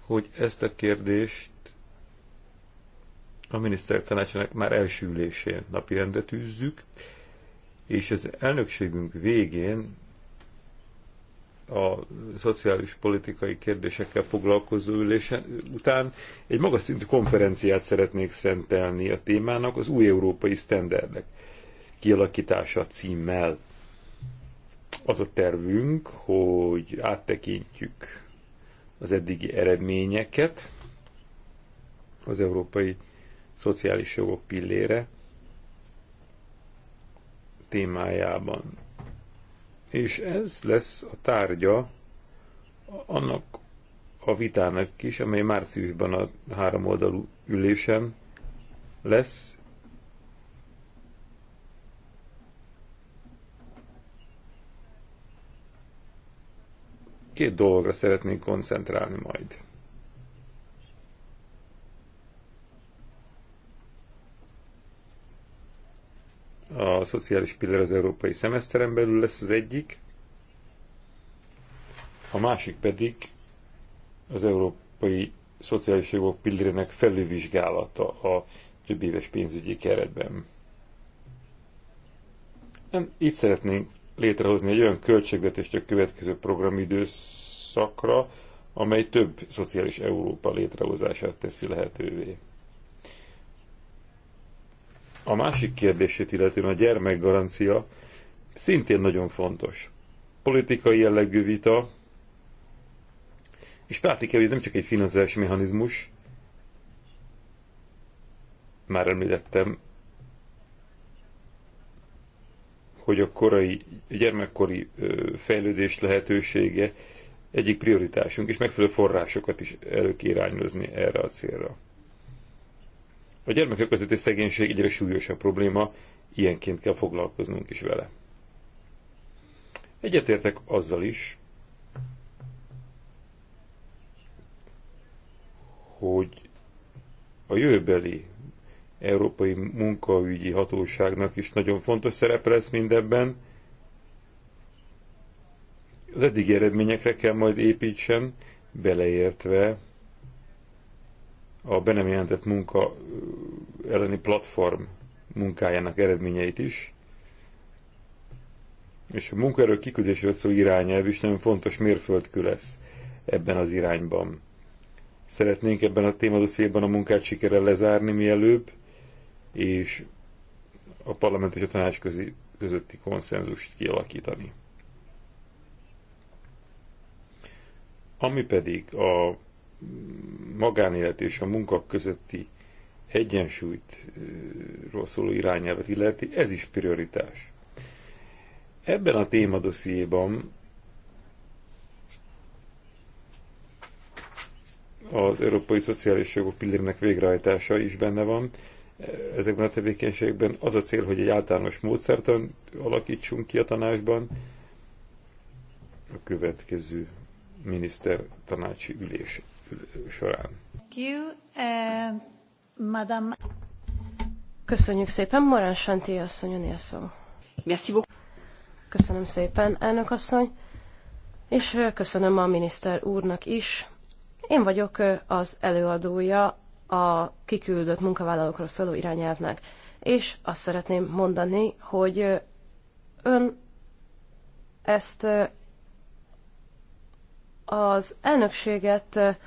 B: hogy ezt a kérdést a tanácsának már első ülésén napirendre tűzzük, és az elnökségünk végén a szociális politikai kérdésekkel foglalkozó ülésen után egy magas szintű konferenciát szeretnék szentelni a témának az új európai sztenderdek kialakítása címmel. Az a tervünk, hogy áttekintjük az eddigi eredményeket az európai szociális jogok pillére témájában. És ez lesz a tárgya annak a vitának is, amely márciusban a három oldalú ülésen lesz, két dologra szeretnénk koncentrálni majd. a szociális pillér az európai szemeszteren belül lesz az egyik, a másik pedig az európai szociális jogok pillérének felülvizsgálata a több éves pénzügyi keretben. Itt szeretnénk létrehozni egy olyan költségvetést a következő programidőszakra, amely több szociális Európa létrehozását teszi lehetővé. A másik kérdését illetően a gyermekgarancia szintén nagyon fontos. Politikai jellegű vita, és praktikai, ez nem csak egy finanszírozási mechanizmus, már említettem, hogy a korai, gyermekkori fejlődés lehetősége egyik prioritásunk, és megfelelő forrásokat is előkirányozni erre a célra. A gyermekek közötti szegénység egyre súlyosabb probléma, ilyenként kell foglalkoznunk is vele. Egyetértek azzal is, hogy a jövőbeli Európai Munkaügyi Hatóságnak is nagyon fontos szerepe lesz mindebben. Az eddigi eredményekre kell majd építsen, beleértve a be nem jelentett munka elleni platform munkájának eredményeit is. És a munkaerő kiküldéséről szó irányelv is nagyon fontos mérföldkő lesz ebben az irányban. Szeretnénk ebben a témadosszéban a munkát sikerrel lezárni mielőbb, és a parlament és a tanács közi, közötti konszenzust kialakítani. Ami pedig a magánélet és a munka közötti egyensúlyt szóló irányelvet illeti, ez is prioritás. Ebben a témadossziéban az Európai Szociális Jogok pillérnek végrehajtása is benne van. Ezekben a tevékenységekben az a cél, hogy egy általános módszertan alakítsunk ki a tanácsban a következő miniszter tanácsi ülését során.
E: Eh, Köszönjük szépen, Morán Santi asszony, a szó. Köszönöm szépen, elnök asszony, és eh, köszönöm a miniszter úrnak is. Én vagyok eh, az előadója a kiküldött munkavállalókról szóló irányelvnek, és azt szeretném mondani, hogy ön ezt az elnökséget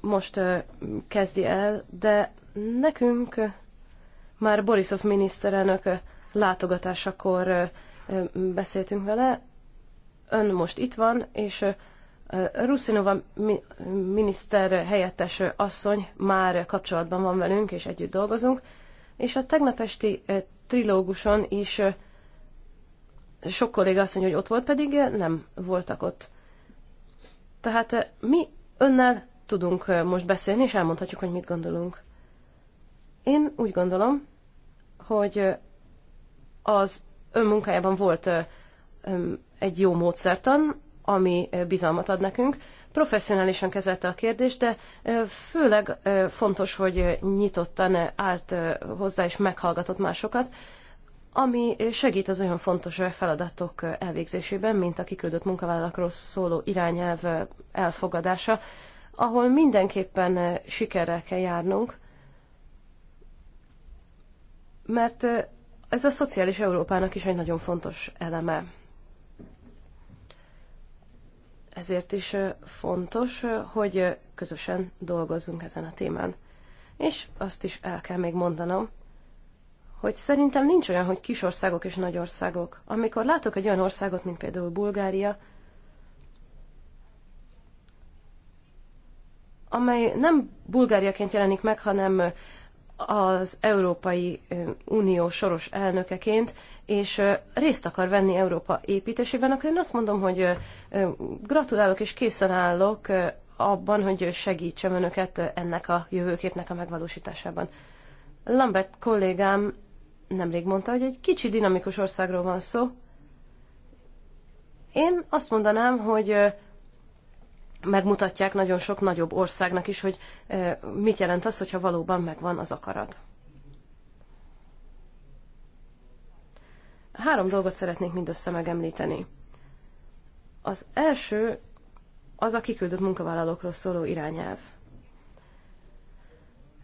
E: most kezdi el, de nekünk már Borisov miniszterelnök látogatásakor beszéltünk vele. Ön most itt van, és Ruszinova miniszter helyettes asszony már kapcsolatban van velünk, és együtt dolgozunk, és a tegnap esti trilóguson is sok kolléga azt mondja, hogy ott volt, pedig nem voltak ott. Tehát mi önnel tudunk most beszélni, és elmondhatjuk, hogy mit gondolunk. Én úgy gondolom, hogy az ön munkájában volt egy jó módszertan, ami bizalmat ad nekünk. Professzionálisan kezelte a kérdést, de főleg fontos, hogy nyitottan állt hozzá és meghallgatott másokat, ami segít az olyan fontos feladatok elvégzésében, mint a kiküldött munkavállalakról szóló irányelv elfogadása, ahol mindenképpen eh, sikerrel kell járnunk, mert eh, ez a szociális Európának is egy nagyon fontos eleme. Ezért is eh, fontos, hogy közösen dolgozzunk ezen a témán. És azt is el kell még mondanom, hogy szerintem nincs olyan, hogy kis országok és nagy országok. Amikor látok egy olyan országot, mint például Bulgária, amely nem Bulgáriaként jelenik meg, hanem az Európai Unió soros elnökeként, és részt akar venni Európa építésében, akkor én azt mondom, hogy gratulálok és készen állok abban, hogy segítsem önöket ennek a jövőképnek a megvalósításában. Lambert kollégám nemrég mondta, hogy egy kicsi dinamikus országról van szó. Én azt mondanám, hogy megmutatják nagyon sok nagyobb országnak is, hogy mit jelent az, hogyha valóban megvan az akarat. Három dolgot szeretnék mindössze megemlíteni. Az első az a kiküldött munkavállalókról szóló irányelv.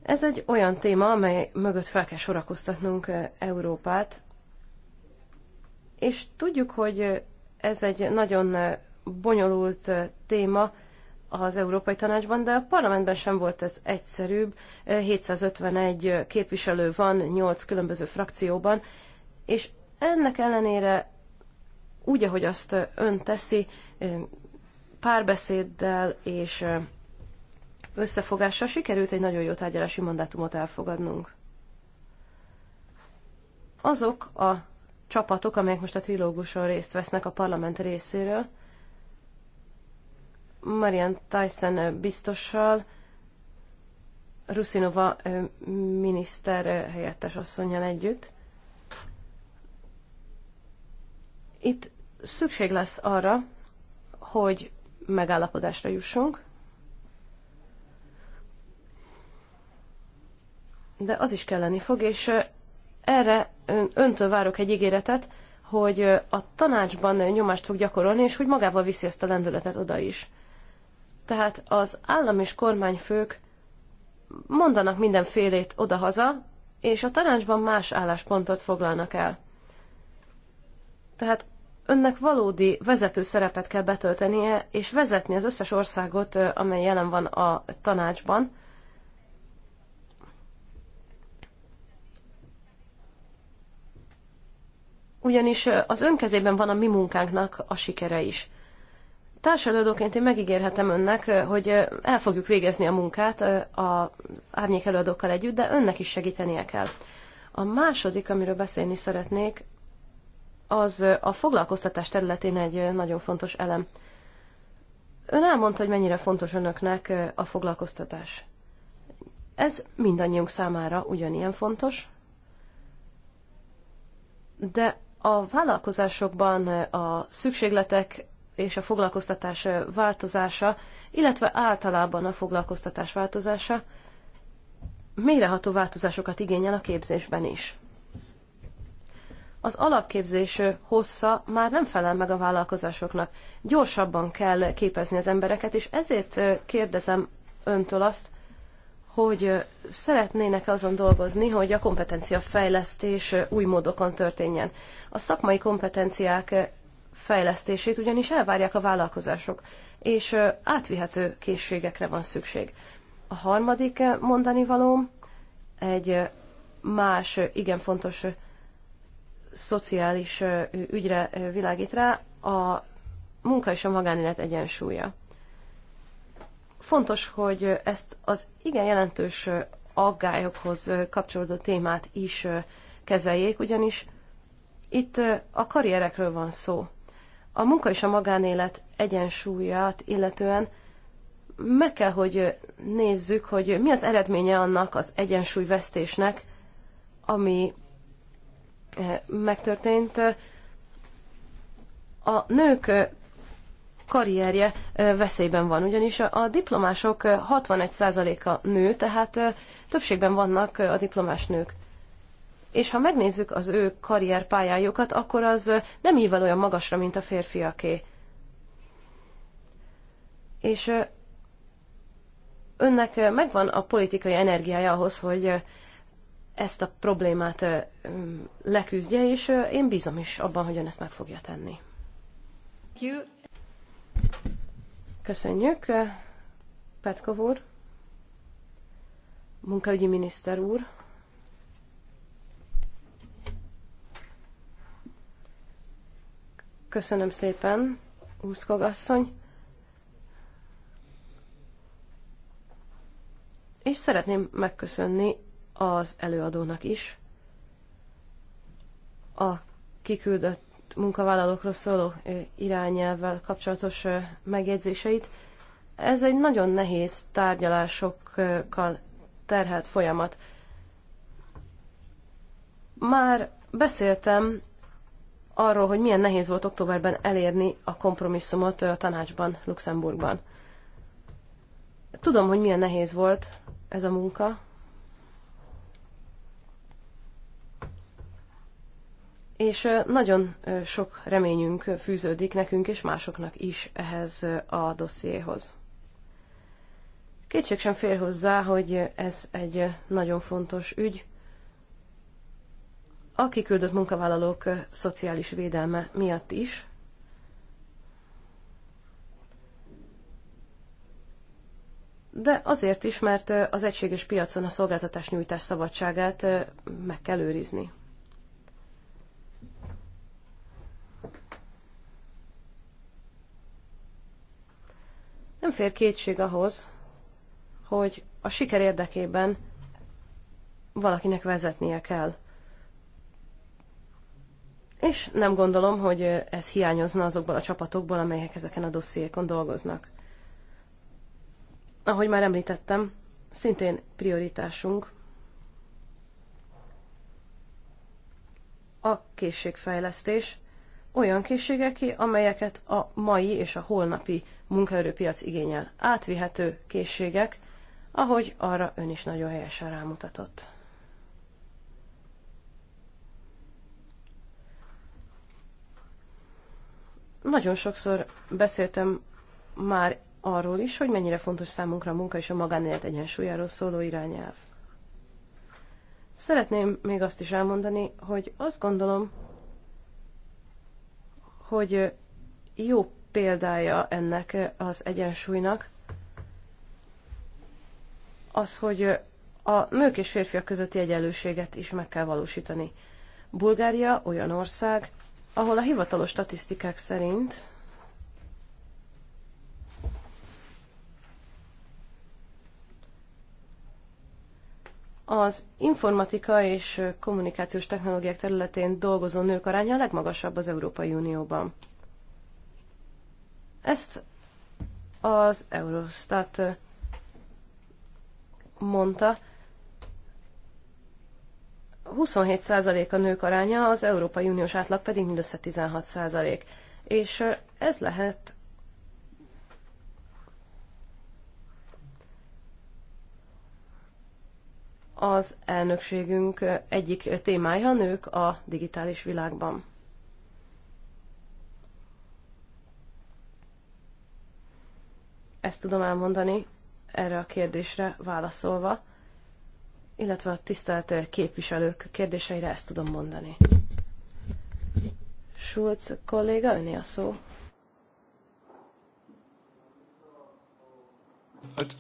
E: Ez egy olyan téma, amely mögött fel kell sorakoztatnunk Európát, és tudjuk, hogy ez egy nagyon bonyolult téma, az Európai Tanácsban, de a parlamentben sem volt ez egyszerűbb. 751 eh, képviselő van 8 különböző frakcióban, és ennek ellenére úgy, ahogy azt eh, ön teszi, eh, párbeszéddel és összefogással sikerült egy nagyon jó tárgyalási mandátumot elfogadnunk. Azok a csapatok, amelyek most a trilógusról részt vesznek a parlament részéről, Marian Tyson biztossal, Rusinova miniszter helyettes asszonyjal együtt. Itt szükség lesz arra, hogy megállapodásra jussunk, de az is kelleni fog, és erre öntől várok egy ígéretet, hogy a tanácsban nyomást fog gyakorolni, és hogy magával viszi ezt a lendületet oda is. Tehát az állam és kormányfők mondanak mindenfélét odahaza, és a tanácsban más álláspontot foglalnak el. Tehát önnek valódi vezető szerepet kell betöltenie, és vezetni az összes országot, amely jelen van a tanácsban. Ugyanis az önkezében van a mi munkánknak a sikere is társadalóként én megígérhetem önnek, hogy el fogjuk végezni a munkát az árnyék előadókkal együtt, de önnek is segítenie kell. A második, amiről beszélni szeretnék, az a foglalkoztatás területén egy nagyon fontos elem. Ön elmondta, hogy mennyire fontos önöknek a foglalkoztatás. Ez mindannyiunk számára ugyanilyen fontos, de a vállalkozásokban a szükségletek és a foglalkoztatás változása, illetve általában a foglalkoztatás változása mélyreható változásokat igényel a képzésben is. Az alapképzés hossza már nem felel meg a vállalkozásoknak. Gyorsabban kell képezni az embereket, és ezért kérdezem öntől azt, hogy szeretnének azon dolgozni, hogy a kompetenciafejlesztés új módokon történjen. A szakmai kompetenciák fejlesztését ugyanis elvárják a vállalkozások, és átvihető készségekre van szükség. A harmadik mondani valóm egy más, igen fontos szociális ügyre világít rá, a munka és a magánélet egyensúlya. Fontos, hogy ezt az igen jelentős aggályokhoz kapcsolódó témát is kezeljék, ugyanis itt a karrierekről van szó. A munka és a magánélet egyensúlyát illetően meg kell, hogy nézzük, hogy mi az eredménye annak az egyensúlyvesztésnek, ami eh, megtörtént. A nők eh, karrierje eh, veszélyben van, ugyanis a diplomások 61%-a nő, tehát többségben vannak a diplomás nők és ha megnézzük az ő karrierpályájukat, akkor az nem ível olyan magasra, mint a férfiaké. És önnek megvan a politikai energiája ahhoz, hogy ezt a problémát leküzdje, és én bízom is abban, hogy ön ezt meg fogja tenni. Köszönjük, Petkov úr, munkaügyi miniszter úr. Köszönöm szépen, Úszkog asszony. És szeretném megköszönni az előadónak is a kiküldött munkavállalókról szóló irányelvvel kapcsolatos megjegyzéseit. Ez egy nagyon nehéz tárgyalásokkal terhelt folyamat. Már beszéltem arról, hogy milyen nehéz volt októberben elérni a kompromisszumot a tanácsban, Luxemburgban. Tudom, hogy milyen nehéz volt ez a munka. És nagyon sok reményünk fűződik nekünk és másoknak is ehhez a dossziéhoz. Kétség sem fér hozzá, hogy ez egy nagyon fontos ügy, a kiküldött munkavállalók szociális védelme miatt is. De azért is, mert az egységes piacon a szolgáltatás nyújtás szabadságát meg kell őrizni. Nem fér kétség ahhoz, hogy a siker érdekében valakinek vezetnie kell és nem gondolom, hogy ez hiányozna azokból a csapatokból, amelyek ezeken a dossziékon dolgoznak. Ahogy már említettem, szintén prioritásunk a készségfejlesztés, olyan készségek, amelyeket a mai és a holnapi munkaerőpiac igényel. Átvihető készségek, ahogy arra ön is nagyon helyesen rámutatott. Nagyon sokszor beszéltem már arról is, hogy mennyire fontos számunkra a munka és a magánélet egyensúlyáról szóló irányelv. Szeretném még azt is elmondani, hogy azt gondolom, hogy jó példája ennek az egyensúlynak az, hogy a nők és férfiak közötti egyenlőséget is meg kell valósítani. Bulgária olyan ország, ahol a hivatalos statisztikák szerint az informatika és kommunikációs technológiák területén dolgozó nők aránya a legmagasabb az Európai Unióban. Ezt az Eurostat mondta, 27% a nők aránya, az Európai Uniós átlag pedig mindössze 16%. És ez lehet az elnökségünk egyik témája nők a digitális világban. Ezt tudom elmondani erre a kérdésre válaszolva illetve a tisztelt eh, képviselők kérdéseire ezt tudom mondani. Schulz kolléga, öné a szó.
D: Hát,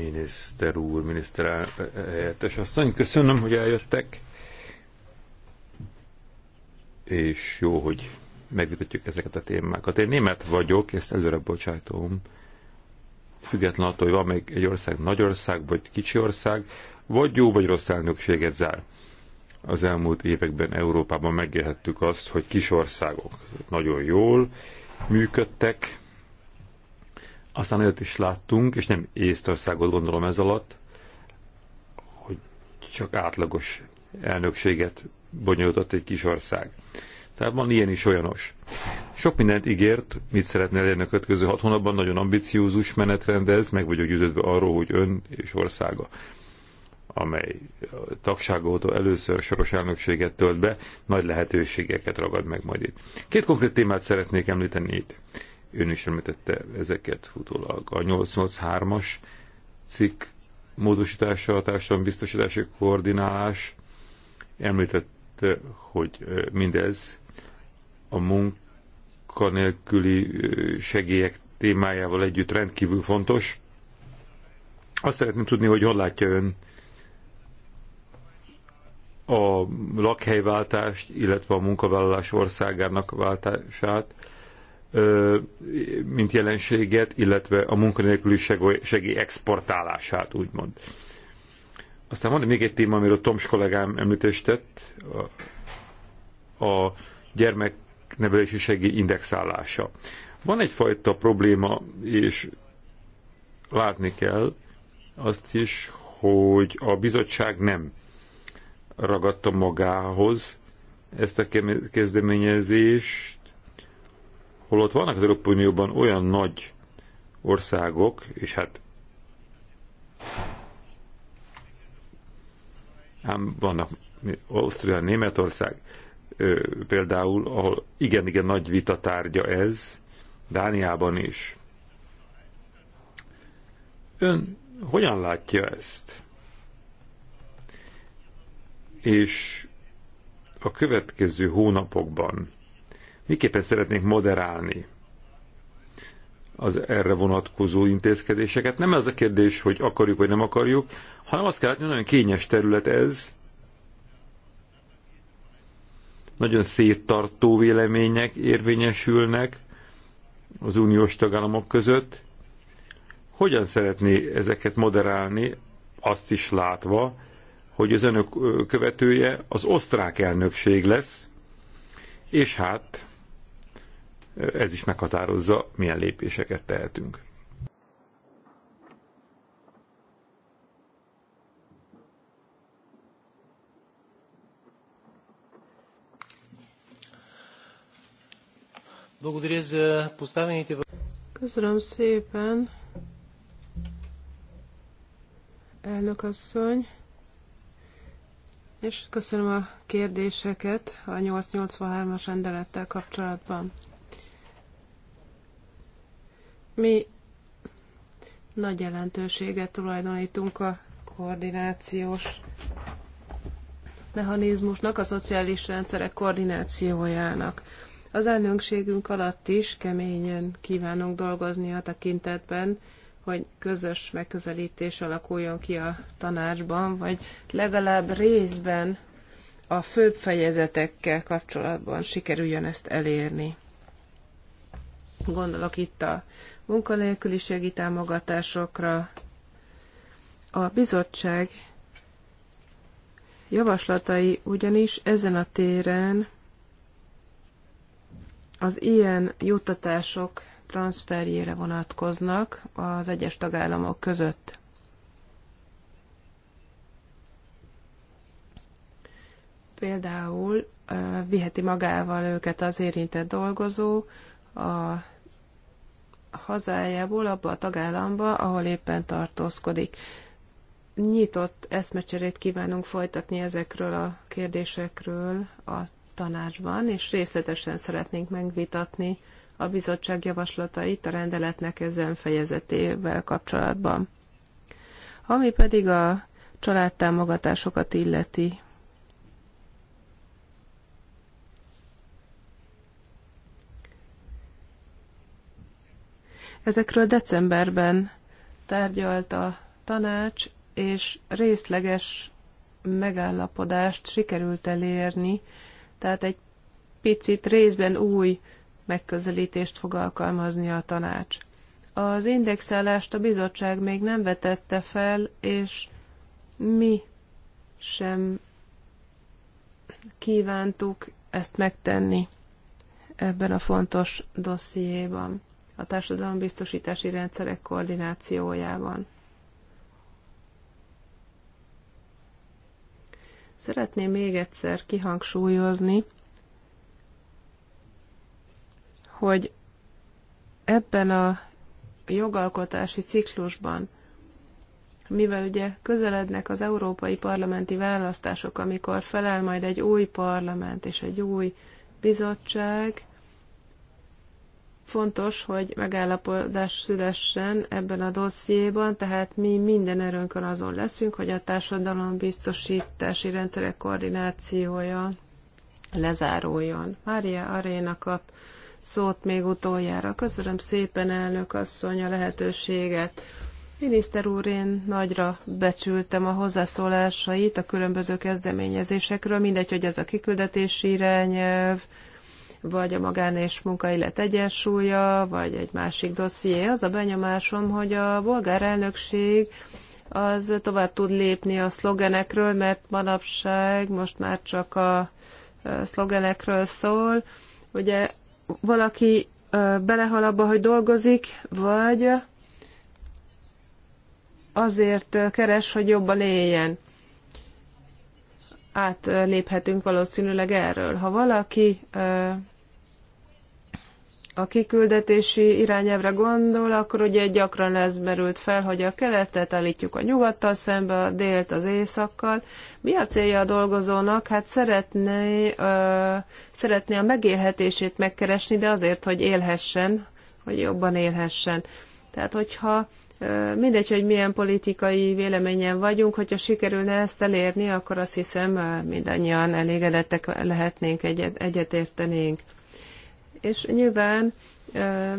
B: miniszter úr, miniszter helyettes asszony, köszönöm, hogy eljöttek. És jó, hogy megvitatjuk ezeket a témákat. Én német vagyok, ezt előre bocsájtom független attól, hogy van még egy ország nagy ország, vagy kicsi ország, vagy jó, vagy rossz elnökséget zár. Az elmúlt években Európában megélhettük azt, hogy kis országok nagyon jól működtek, aztán olyat is láttunk, és nem Észtországot gondolom ez alatt, hogy csak átlagos elnökséget bonyolított egy kis ország. Tehát van ilyen is olyanos. Sok mindent ígért, mit szeretne elérni a következő hat hónapban, nagyon ambiciózus menetrendez, meg vagyok győződve arról, hogy ön és országa amely óta először soros elnökséget tölt be, nagy lehetőségeket ragad meg majd itt. Két konkrét témát szeretnék említeni itt. Ön is említette ezeket utólag. A 883-as cikk módosítása, a biztosítási koordinálás említette, hogy mindez a munka munkanélküli segélyek témájával együtt rendkívül fontos. Azt szeretném tudni, hogy hol látja ön a lakhelyváltást, illetve a munkavállalás országának váltását, mint jelenséget, illetve a munkanélküli segély exportálását, úgymond. Aztán van még egy téma, amiről Toms kollégám említést tett, a, a gyermek nevelési segély indexálása. Van egyfajta probléma, és látni kell azt is, hogy a bizottság nem ragadta magához ezt a kezdeményezést, holott vannak az Európai Unióban olyan nagy országok, és hát ám vannak Ausztria, Németország, például, ahol igen-igen nagy vita tárgya ez, Dániában is. Ön hogyan látja ezt? És a következő hónapokban miképpen szeretnénk moderálni az erre vonatkozó intézkedéseket. Nem ez a kérdés, hogy akarjuk vagy nem akarjuk, hanem azt kell látni, hogy nagyon kényes terület ez, nagyon széttartó vélemények érvényesülnek az uniós tagállamok között. Hogyan szeretné ezeket moderálni, azt is látva, hogy az önök követője az osztrák elnökség lesz, és hát ez is meghatározza, milyen lépéseket tehetünk.
C: Köszönöm szépen, elnök asszony, és köszönöm a kérdéseket a 883-as rendelettel kapcsolatban. Mi nagy jelentőséget tulajdonítunk a koordinációs mechanizmusnak, a szociális rendszerek koordinációjának az elnökségünk alatt is keményen kívánunk dolgozni a tekintetben, hogy közös megközelítés alakuljon ki a tanácsban, vagy legalább részben a főbb fejezetekkel kapcsolatban sikerüljön ezt elérni. Gondolok itt a munkanélküliségi támogatásokra. A bizottság javaslatai ugyanis ezen a téren az ilyen juttatások transferjére vonatkoznak az egyes tagállamok között. Például viheti magával őket az érintett dolgozó a hazájából abba a tagállamba, ahol éppen tartózkodik. Nyitott eszmecserét kívánunk folytatni ezekről a kérdésekről a tanácsban, és részletesen szeretnénk megvitatni a bizottság javaslatait a rendeletnek ezen fejezetével kapcsolatban. Ami pedig a családtámogatásokat illeti, Ezekről decemberben tárgyalt a tanács, és részleges megállapodást sikerült elérni tehát egy picit részben új megközelítést fog alkalmazni a tanács. Az indexálást a bizottság még nem vetette fel, és mi sem kívántuk ezt megtenni ebben a fontos dossziéban, a társadalombiztosítási rendszerek koordinációjában. Szeretném még egyszer kihangsúlyozni, hogy ebben a jogalkotási ciklusban, mivel ugye közelednek az európai parlamenti választások, amikor felel majd egy új parlament és egy új bizottság, Fontos, hogy megállapodás szülessen ebben a dossziéban, tehát mi minden erőnkön azon leszünk, hogy a társadalom biztosítási rendszerek koordinációja lezáruljon. Mária Aréna kap szót még utoljára. Köszönöm szépen, elnök asszony, a lehetőséget. Miniszter úr, én nagyra becsültem a hozzászólásait a különböző kezdeményezésekről, mindegy, hogy ez a kiküldetési irányelv, vagy a magán és munkaillet egyensúlya, vagy egy másik dosszié. Az a benyomásom, hogy a bolgár elnökség az tovább tud lépni a szlogenekről, mert manapság most már csak a szlogenekről szól. Ugye valaki belehal abba, hogy dolgozik, vagy azért keres, hogy jobban éljen. Átléphetünk valószínűleg erről. Ha valaki a kiküldetési irányelvre gondol, akkor ugye gyakran ez merült fel, hogy a keletet állítjuk a nyugattal szembe, a délt az éjszakkal. Mi a célja a dolgozónak? Hát szeretné, ö, szeretné a megélhetését megkeresni, de azért, hogy élhessen, hogy jobban élhessen. Tehát, hogyha Mindegy, hogy milyen politikai véleményen vagyunk, hogyha sikerülne ezt elérni, akkor azt hiszem mindannyian elégedettek lehetnénk, egyet, egyetértenénk. És nyilván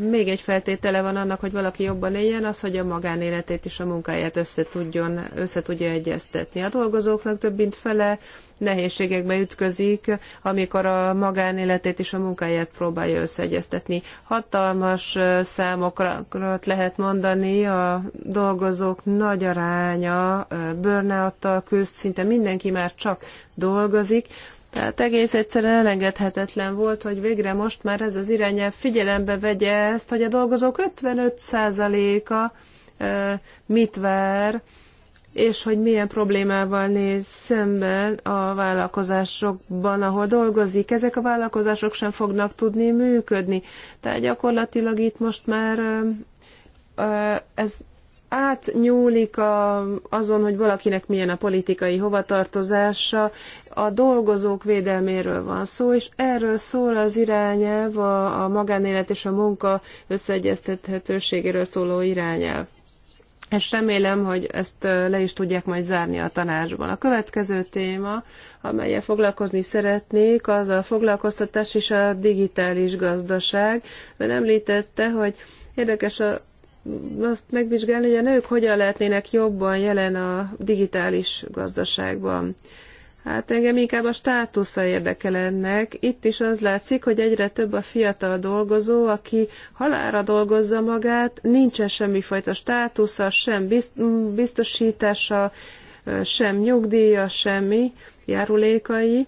C: még egy feltétele van annak, hogy valaki jobban éljen, az, hogy a magánéletét és a munkáját összetudjon, összetudja egyeztetni. A dolgozóknak több mint fele nehézségekbe ütközik, amikor a magánéletét és a munkáját próbálja összeegyeztetni. Hatalmas számokra lehet mondani, a dolgozók nagy aránya burnout küzd, szinte mindenki már csak dolgozik, tehát egész egyszerűen elengedhetetlen volt, hogy végre most már ez az irányelv figyelembe vegye ezt, hogy a dolgozók 55%-a mit vár, és hogy milyen problémával néz szemben a vállalkozásokban, ahol dolgozik. Ezek a vállalkozások sem fognak tudni működni. Tehát gyakorlatilag itt most már ez átnyúlik a, azon, hogy valakinek milyen a politikai hovatartozása, a dolgozók védelméről van szó, és erről szól az irányelv, a, a magánélet és a munka összeegyeztethetőségéről szóló irányelv. És remélem, hogy ezt le is tudják majd zárni a tanácsban. A következő téma, amelyel foglalkozni szeretnék, az a foglalkoztatás és a digitális gazdaság. mert említette, hogy érdekes a azt megvizsgálni, hogy a nők hogyan lehetnének jobban jelen a digitális gazdaságban. Hát engem inkább a státusza érdekel ennek. Itt is az látszik, hogy egyre több a fiatal dolgozó, aki halára dolgozza magát, nincsen semmifajta státusza, sem biztosítása, sem nyugdíja, semmi járulékai.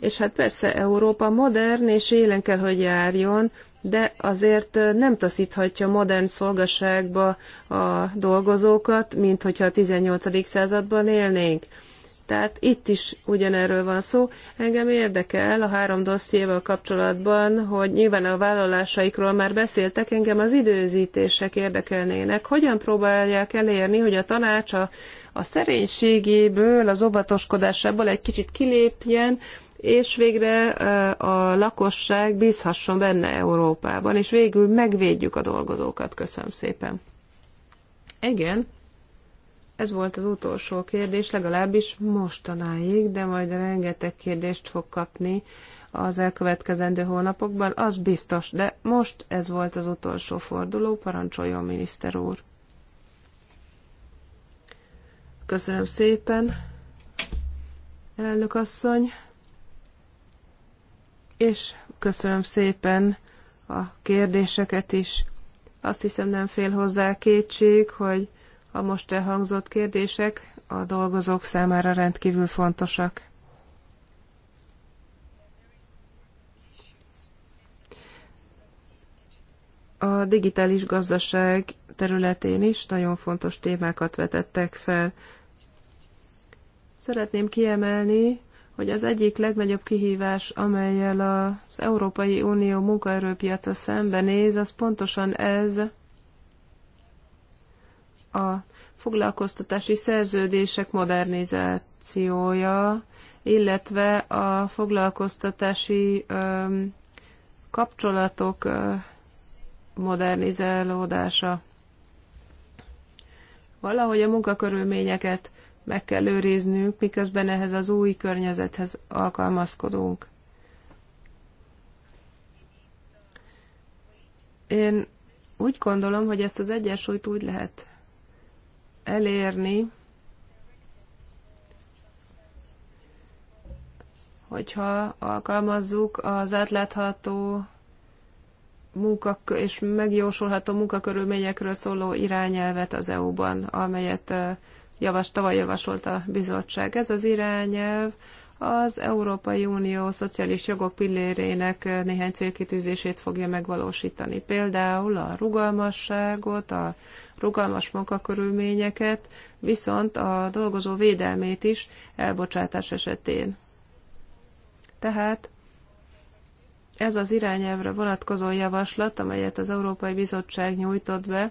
C: És hát persze Európa modern és élen kell, hogy járjon, de azért nem taszíthatja modern szolgaságba a dolgozókat, mint hogyha a 18. században élnénk. Tehát itt is ugyanerről van szó. Engem érdekel a három dossziéval kapcsolatban, hogy nyilván a vállalásaikról már beszéltek, engem az időzítések érdekelnének. Hogyan próbálják elérni, hogy a tanács a, a szerénységéből, az óvatoskodásából egy kicsit kilépjen, és végre eh, a lakosság bízhasson benne Európában, és végül megvédjük a dolgozókat. Köszönöm szépen. Igen, ez volt az utolsó kérdés, legalábbis mostanáig, de majd rengeteg kérdést fog kapni az elkövetkezendő hónapokban, az biztos, de most ez volt az utolsó forduló, parancsoljon miniszter úr. Köszönöm szépen, elnök asszony és köszönöm szépen a kérdéseket is. Azt hiszem nem fél hozzá kétség, hogy a most elhangzott kérdések a dolgozók számára rendkívül fontosak. A digitális gazdaság területén is nagyon fontos témákat vetettek fel. Szeretném kiemelni, hogy az egyik legnagyobb kihívás, amelyel az Európai Unió munkaerőpiaca szembenéz, az pontosan ez a foglalkoztatási szerződések modernizációja, illetve a foglalkoztatási öm, kapcsolatok öm, modernizálódása. Valahogy a munkakörülményeket meg kell őriznünk, miközben ehhez az új környezethez alkalmazkodunk. Én úgy gondolom, hogy ezt az egyensúlyt úgy lehet elérni, hogyha alkalmazzuk az átlátható munka és megjósolható munkakörülményekről szóló irányelvet az EU-ban, amelyet javas, tavaly javasolt a bizottság. Ez az irányelv az Európai Unió szociális jogok pillérének néhány célkitűzését fogja megvalósítani. Például a rugalmasságot, a rugalmas munkakörülményeket, viszont a dolgozó védelmét is elbocsátás esetén. Tehát ez az irányelvre vonatkozó javaslat, amelyet az Európai Bizottság nyújtott be,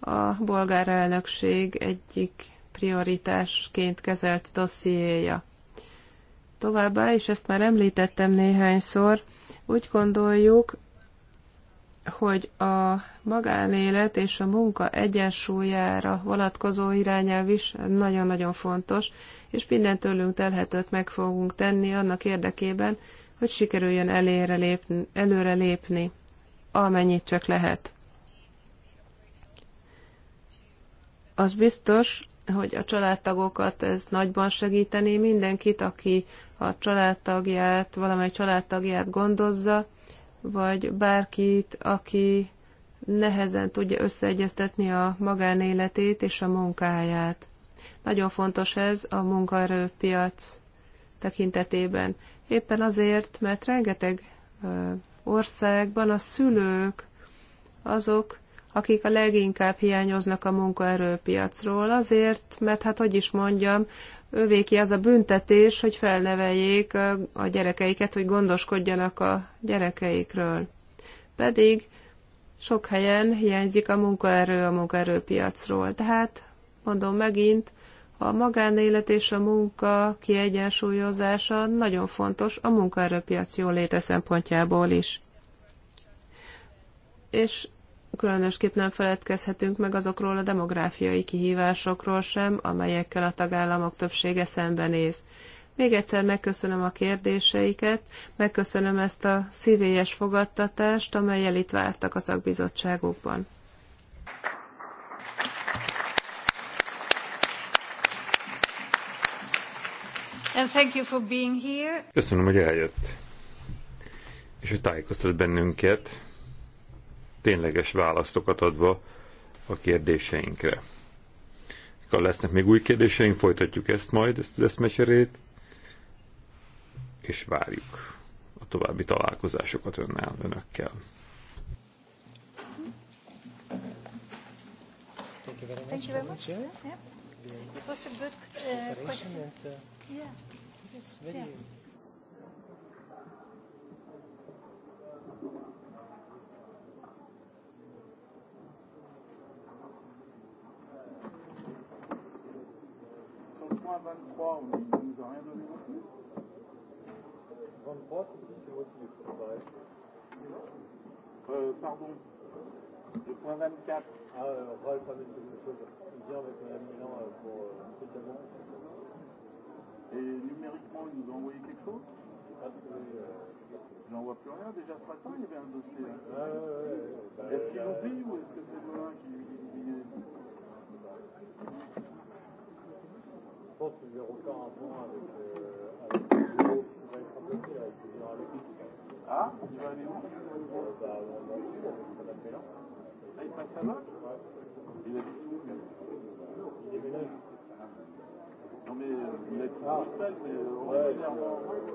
C: a bolgár elnökség egyik prioritásként kezelt dossziéja. Továbbá, és ezt már említettem néhányszor, úgy gondoljuk, hogy a magánélet és a munka egyensúlyára vonatkozó irányelv is nagyon-nagyon fontos, és minden tőlünk telhetőt meg fogunk tenni annak érdekében, hogy sikerüljön elére lépni, előre lépni, amennyit csak lehet. Az biztos, hogy a családtagokat ez nagyban segíteni mindenkit, aki a családtagját, valamely családtagját gondozza, vagy bárkit, aki nehezen tudja összeegyeztetni a magánéletét és a munkáját. Nagyon fontos ez a munkaerőpiac tekintetében. Éppen azért, mert rengeteg országban a szülők azok, akik a leginkább hiányoznak a munkaerőpiacról, azért, mert hát hogy is mondjam, ővéki az a büntetés, hogy felneveljék a gyerekeiket, hogy gondoskodjanak a gyerekeikről. Pedig sok helyen hiányzik a munkaerő a munkaerőpiacról. Tehát, mondom megint, a magánélet és a munka kiegyensúlyozása nagyon fontos a munkaerőpiac jóléte szempontjából is. És Különösképp nem feledkezhetünk meg azokról a demográfiai kihívásokról sem, amelyekkel a tagállamok többsége szembenéz. Még egyszer megköszönöm a kérdéseiket, megköszönöm ezt a szívélyes fogadtatást, amelyel itt vártak a szakbizottságokban.
A: And thank you for being here.
B: Köszönöm, hogy eljött, és hogy tájékoztat bennünket tényleges válaszokat adva a kérdéseinkre. Ha lesznek még új kérdéseink, folytatjuk ezt majd, ezt az eszmecserét, és várjuk a további találkozásokat önnel, önökkel.
D: Thank you very much. Thank you very much. Yeah.
A: Yeah. It was a good uh, question. uh, Yeah. It's very yeah.
G: Bonsoir, on ne nous a rien donné non plus.
D: 23, c'est qui le motif euh, Pardon, le point 24. Ah, euh, on va le faire quelque chose. Il vient avec Mme Milan euh, pour euh, spécialement. Et numériquement, il nous a envoyé
G: quelque chose ah, euh... J'en vois plus rien. Déjà ce matin, il y avait un dossier. Hein. Ah, ouais, ouais, ouais. Est-ce qu'ils l'ont pris ou est-ce que c'est le 1 qui je pense qu'il y aura encore un point avec,
H: euh, avec le bureau qui va être bloqué là, avec le bureau avec Ah Il euh, va aller où euh, Bah, dans, dans
G: le sud, avec Madame Mélin. Ah, il passe à Locke Ouais. Il habite où Il déménage. Non mais, euh, il habite ah. Bruxelles, mais euh, ouais, on est euh...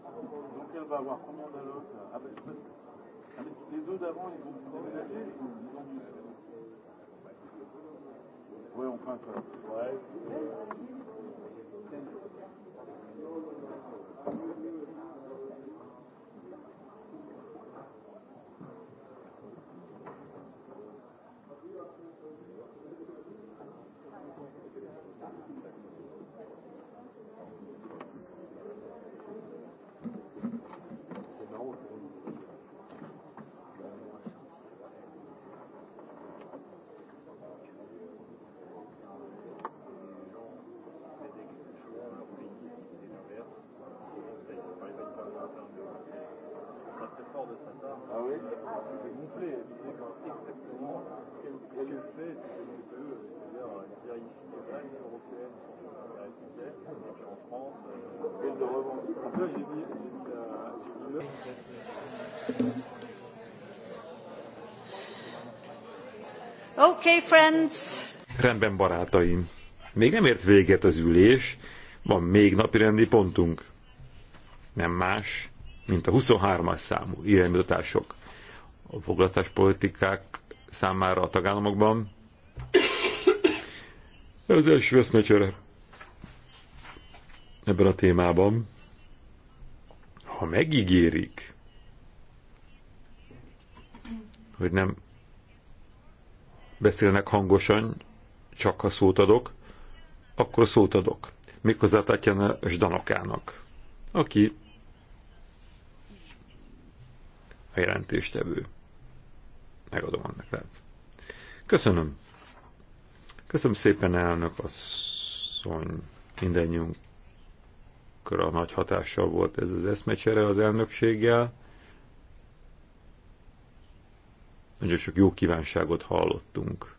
G: Donc elle va avoir combien d'allocs Ah bah, c'est parce que ah, les deux d'avant, ils ont déménagé, ils ont dû voyons enfin ça. Ouais.
A: Okay, friends.
B: Rendben, barátaim. Még nem ért véget az ülés, van még napirendi pontunk. Nem más, mint a 23-as számú iránymutatások a foglaltáspolitikák számára a tagállamokban. Ez első eszmecsere ebben a témában. Ha megígérik, hogy nem beszélnek hangosan, csak ha szót adok, akkor szót adok. Méghozzá Tatjana Zsdanokának, aki a jelentéstevő. Megadom annak lehet. Köszönöm. Köszönöm szépen, elnök szony Mindennyiunkra nagy hatással volt ez az eszmecsere az elnökséggel. Nagyon sok jó kívánságot hallottunk.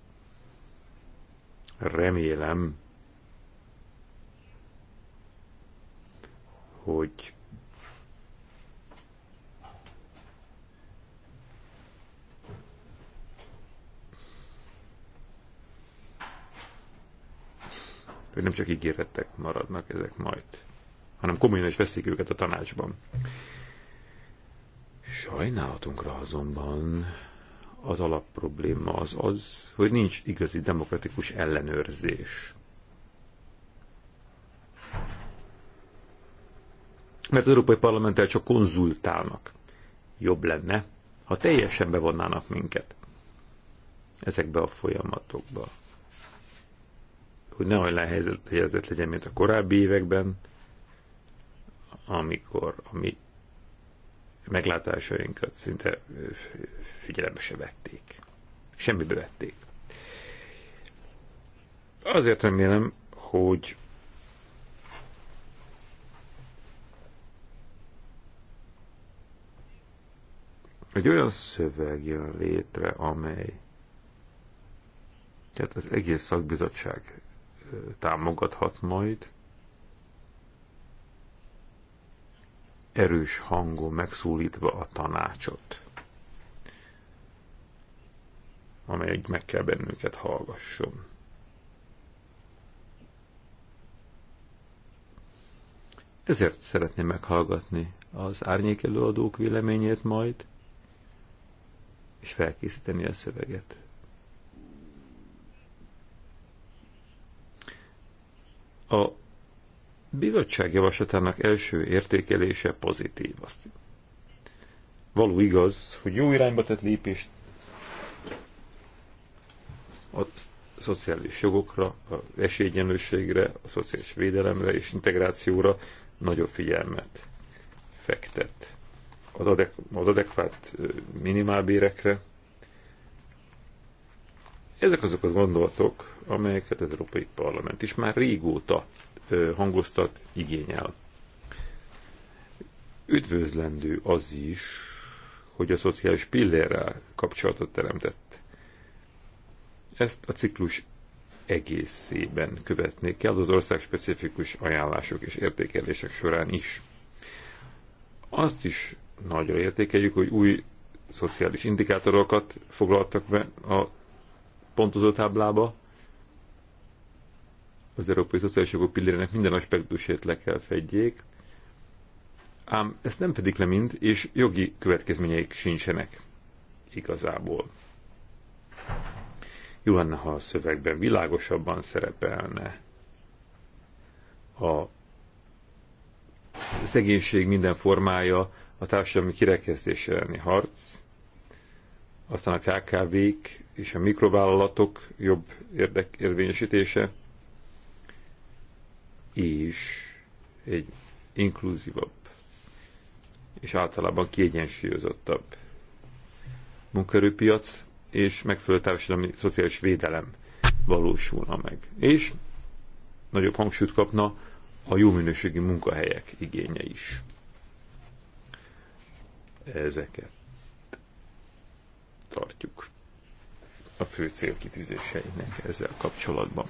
B: Remélem, hogy hogy nem csak ígéretek maradnak ezek majd, hanem komolyan is veszik őket a tanácsban. Sajnálatunkra azonban az alapprobléma az az, hogy nincs igazi demokratikus ellenőrzés. Mert az Európai Parlamenttel csak konzultálnak. Jobb lenne, ha teljesen bevonnának minket ezekbe a folyamatokba. Hogy ne olyan helyzet, helyzet legyen, mint a korábbi években, amikor a mi meglátásainkat szinte figyelembe se vették. Semmibe vették. Azért remélem, hogy egy olyan szöveg jön létre, amely tehát az egész szakbizottság támogathat majd, erős hangon megszólítva a tanácsot, amelyik meg kell bennünket hallgasson. Ezért szeretném meghallgatni az árnyék előadók véleményét majd, és felkészíteni a szöveget. A bizottság javaslatának első értékelése pozitív. Azt való igaz, hogy jó irányba tett lépést a szociális jogokra, a esélyegyenlőségre, a szociális védelemre és integrációra nagyobb figyelmet fektet. Az, adek, az adekvát minimálbérekre. Ezek azok a gondolatok, amelyeket az Európai Parlament is már régóta hangoztat, igényel. Üdvözlendő az is, hogy a szociális pillérrel kapcsolatot teremtett. Ezt a ciklus egészében követni kell az ország specifikus ajánlások és értékelések során is. Azt is nagyra értékeljük, hogy új szociális indikátorokat foglaltak be a pontozó táblába, az Európai Szociális Jogok pillérének minden aspektusét le kell fedjék, ám ezt nem fedik le mind, és jogi következményeik sincsenek igazából. Jó lenne, ha a szövegben világosabban szerepelne a szegénység minden formája, a társadalmi kirekesztés elleni harc, aztán a KKV-k és a mikrovállalatok jobb érdek érvényesítése, és egy inkluzívabb és általában kiegyensúlyozottabb munkaerőpiac és megfelelő társadalmi szociális védelem valósulna meg. És nagyobb hangsúlyt kapna a jó minőségi munkahelyek igénye is. Ezeket tartjuk a fő célkitűzéseinek ezzel kapcsolatban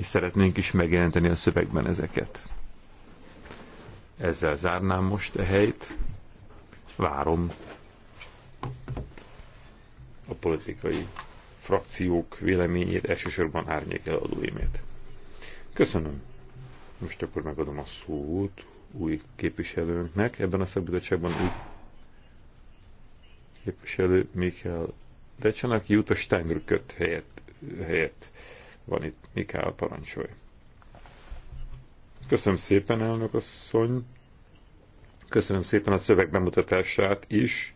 B: és szeretnénk is megjelenteni a szövegben ezeket. Ezzel zárnám most a helyt. Várom a politikai frakciók véleményét, elsősorban árnyék eladóimét. Köszönöm. Most akkor megadom a szót új képviselőnknek. Ebben a szakbizottságban új képviselő Mikkel Decsanak Jutta Steinrücköt helyett, helyett van itt. Mikál, parancsolj. Köszönöm szépen, elnök asszony. Köszönöm szépen a szöveg bemutatását is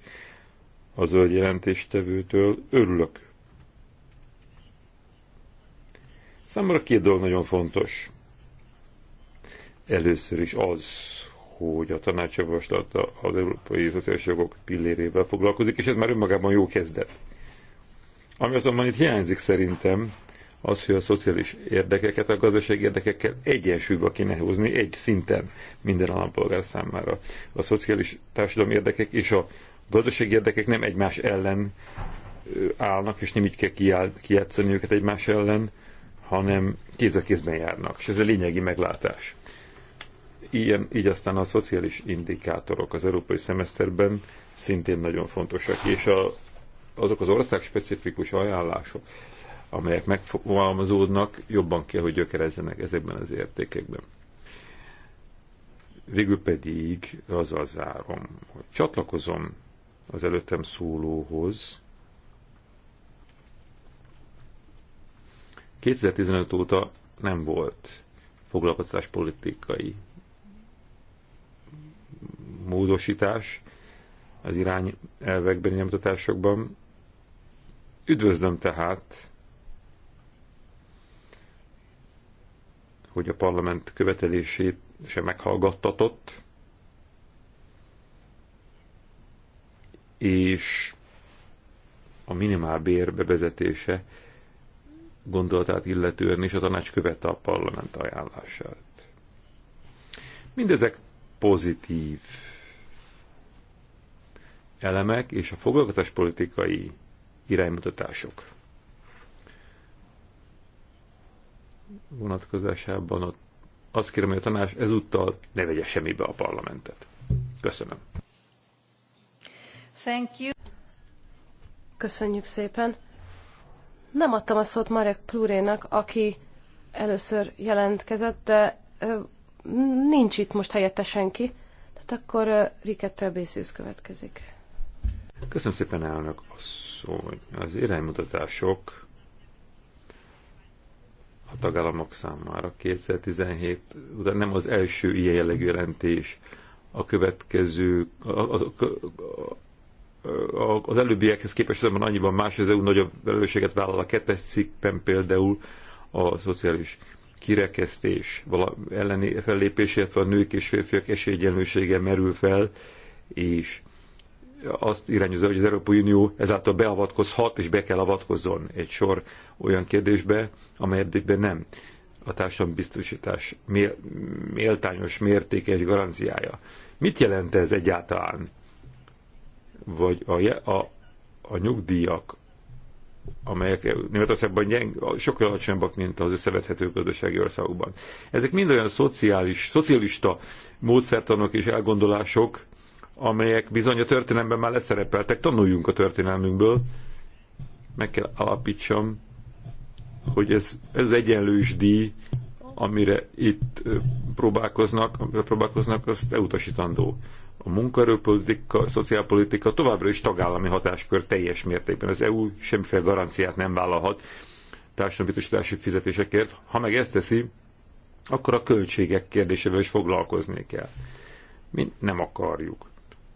B: a zöld jelentéstevőtől. Örülök. Számomra két dolog nagyon fontos. Először is az, hogy a tanácsjavaslata az európai szociális jogok pillérével foglalkozik, és ez már önmagában jó kezdet. Ami azonban itt hiányzik szerintem, az, hogy a szociális érdekeket a gazdasági érdekekkel egyensúlyba kéne hozni egy szinten minden állampolgár számára. A szociális társadalmi érdekek és a gazdasági érdekek nem egymás ellen állnak, és nem így kell kijátszani őket egymás ellen, hanem kéz a kézben járnak, és ez a lényegi meglátás. Ilyen, így aztán a szociális indikátorok az európai szemeszterben szintén nagyon fontosak, és a, azok az ország specifikus ajánlások, amelyek megfogalmazódnak, jobban kell, hogy gyökerezzenek ezekben az értékekben. Végül pedig azzal zárom, hogy csatlakozom az előttem szólóhoz. 2015 óta nem volt foglalkoztatás politikai módosítás az irányelvekben, nyomtatásokban. Üdvözlöm tehát hogy a parlament követelését se meghallgattatott, és a minimálbér bevezetése gondolatát illetően is a tanács követte a parlament ajánlását. Mindezek pozitív elemek és a foglalkozáspolitikai iránymutatások. vonatkozásában azt kérem, hogy a tanács ezúttal ne vegye semmibe a parlamentet. Köszönöm.
E: Thank you. Köszönjük szépen. Nem adtam a szót Marek Plurénak, aki először jelentkezett, de ö, nincs itt most helyette senki. Tehát akkor Riket Trebészius következik.
B: Köszönöm szépen, elnök asszony. Az iránymutatások a tagállamok számára. 2017 után nem az első ilyen jellegű jelentés, a következő, az, az, az előbbiekhez képest azonban annyiban más, az EU nagyobb felelősséget vállal a kettes cikkben például a szociális kirekesztés vala, elleni fellépésért a nők és férfiak esélyegyenlősége merül fel, és azt irányozza, hogy az Európai Unió ezáltal beavatkozhat és be kell avatkozzon egy sor olyan kérdésbe, amely eddigben nem a társadalombiztosítás méltányos mértéke és garanciája. Mit jelent ez egyáltalán? Vagy a, a, a nyugdíjak, amelyek Németországban gyeng, sokkal alacsonyabbak, mint az összevethető gazdasági országokban. Ezek mind olyan szociális, szocialista módszertanok és elgondolások, amelyek bizony a történelemben már leszerepeltek, tanuljunk a történelmünkből. Meg kell alapítsam, hogy ez, ez egyenlős díj, amire itt próbálkoznak, amire próbálkoznak, azt elutasítandó. A munkaerőpolitika, a szociálpolitika továbbra is tagállami hatáskör teljes mértékben. Az EU semmiféle garanciát nem vállalhat társadalmi fizetésekért. Ha meg ezt teszi, akkor a költségek kérdésével is foglalkozni kell. Mi nem akarjuk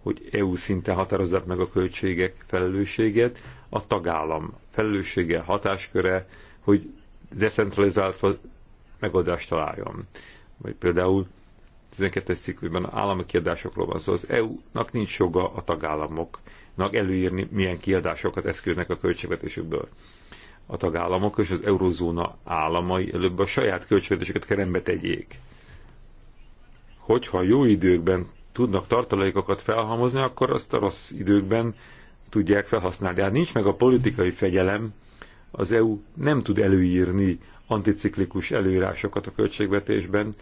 B: hogy EU szinten határozzák meg a költségek felelősséget, a tagállam felelőssége, hatásköre, hogy decentralizált megoldást találjon. Vagy például 12. cikkben állami kiadásokról van szó, szóval az EU-nak nincs joga a tagállamoknak előírni, milyen kiadásokat eszköznek a költségvetésükből. A tagállamok és az eurozóna államai előbb a saját költségvetéseket kerembe tegyék. Hogyha jó időkben tudnak tartalékokat felhalmozni, akkor azt a rossz időkben tudják felhasználni. Hát nincs meg a politikai fegyelem, az EU nem tud előírni anticiklikus előírásokat a költségvetésben,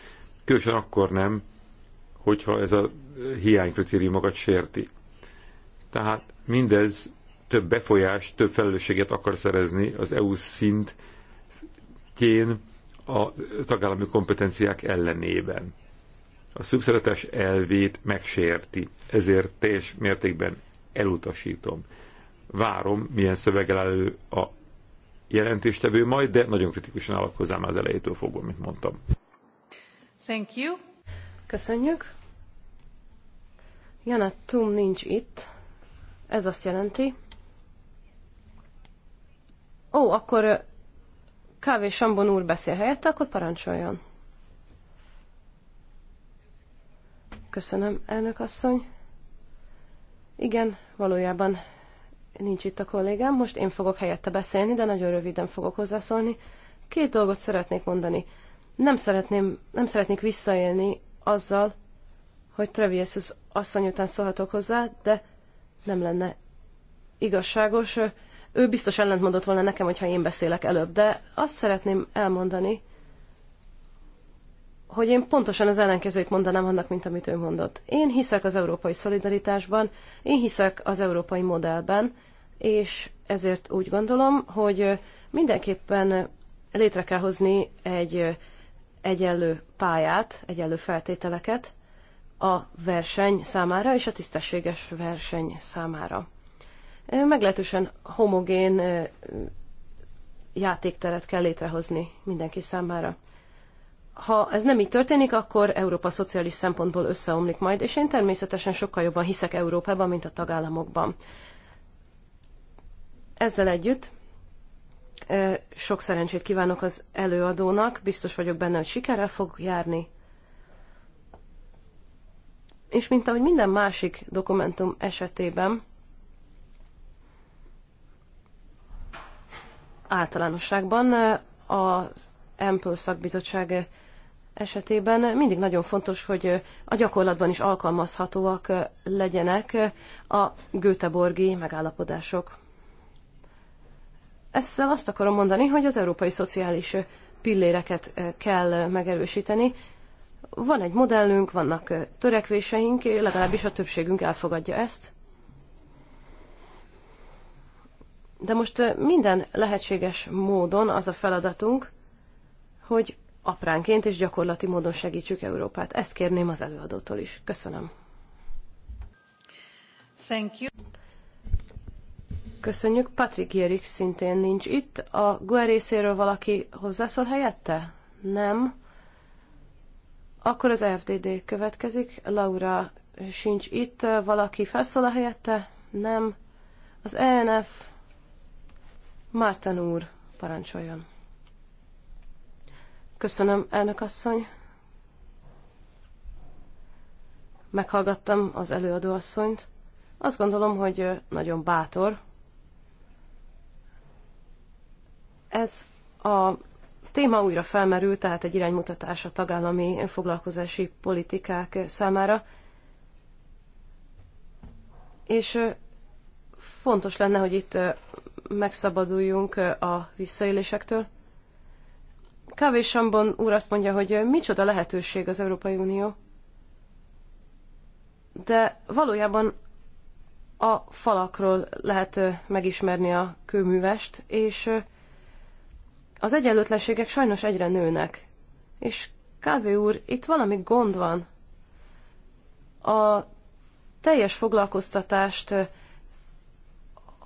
B: különösen akkor nem, hogyha ez a magat sérti. Tehát mindez több befolyást, több felelősséget akar szerezni az EU szintjén a tagállami kompetenciák ellenében a szubszeretes elvét megsérti. Ezért teljes mértékben elutasítom. Várom, milyen szöveggel elő a jelentéstevő majd, de nagyon kritikusan állok hozzám az elejétől fogva, mint mondtam.
E: Thank you. Köszönjük. Janet Tum nincs itt. Ez azt jelenti. Ó, akkor kávé Sambon úr beszél helyette, akkor parancsoljon. Köszönöm, elnök asszony. Igen, valójában nincs itt a kollégám, most én fogok helyette beszélni, de nagyon röviden fogok hozzászólni. Két dolgot szeretnék mondani. Nem, szeretném, nem szeretnék visszaélni azzal, hogy Treviesus asszony után szólhatok hozzá, de nem lenne igazságos. Ő biztos ellentmondott volna nekem, hogyha én beszélek előbb, de azt szeretném elmondani, hogy én pontosan az ellenkezőjét mondanám annak, mint amit ő mondott. Én hiszek az európai szolidaritásban, én hiszek az európai modellben, és ezért úgy gondolom, hogy mindenképpen létre kell hozni egy egyenlő pályát, egyenlő feltételeket a verseny számára és a tisztességes verseny számára. Meglehetősen homogén játékteret kell létrehozni mindenki számára ha ez nem így történik, akkor Európa szociális szempontból összeomlik majd, és én természetesen sokkal jobban hiszek Európában, mint a tagállamokban. Ezzel együtt sok szerencsét kívánok az előadónak, biztos vagyok benne, hogy sikerrel fog járni. És mint ahogy minden másik dokumentum esetében, általánosságban az Ample szakbizottság esetében mindig nagyon fontos, hogy a gyakorlatban is alkalmazhatóak legyenek a Göteborgi megállapodások. Ezzel azt akarom mondani, hogy az európai szociális pilléreket kell megerősíteni. Van egy modellünk, vannak törekvéseink, legalábbis a többségünk elfogadja ezt. De most minden lehetséges módon az a feladatunk, hogy apránként és gyakorlati módon segítsük Európát. Ezt kérném az előadótól is. Köszönöm. Thank you. Köszönjük. Patrick Jerik szintén nincs itt. A GUE részéről valaki hozzászól helyette? Nem. Akkor az FDD következik. Laura sincs itt. Valaki felszól a helyette? Nem. Az ENF Márten úr parancsoljon. Köszönöm, elnök asszony. Meghallgattam az előadóasszonyt. Azt gondolom, hogy nagyon bátor. Ez a téma újra felmerült, tehát egy iránymutatás a tagállami foglalkozási politikák számára. És fontos lenne, hogy itt megszabaduljunk a visszaélésektől. Kávé Sambon úr azt mondja, hogy micsoda lehetőség az Európai Unió. De valójában a falakról lehet megismerni a kőművest, és az egyenlőtlenségek sajnos egyre nőnek. És Kávé úr, itt valami gond van. A teljes foglalkoztatást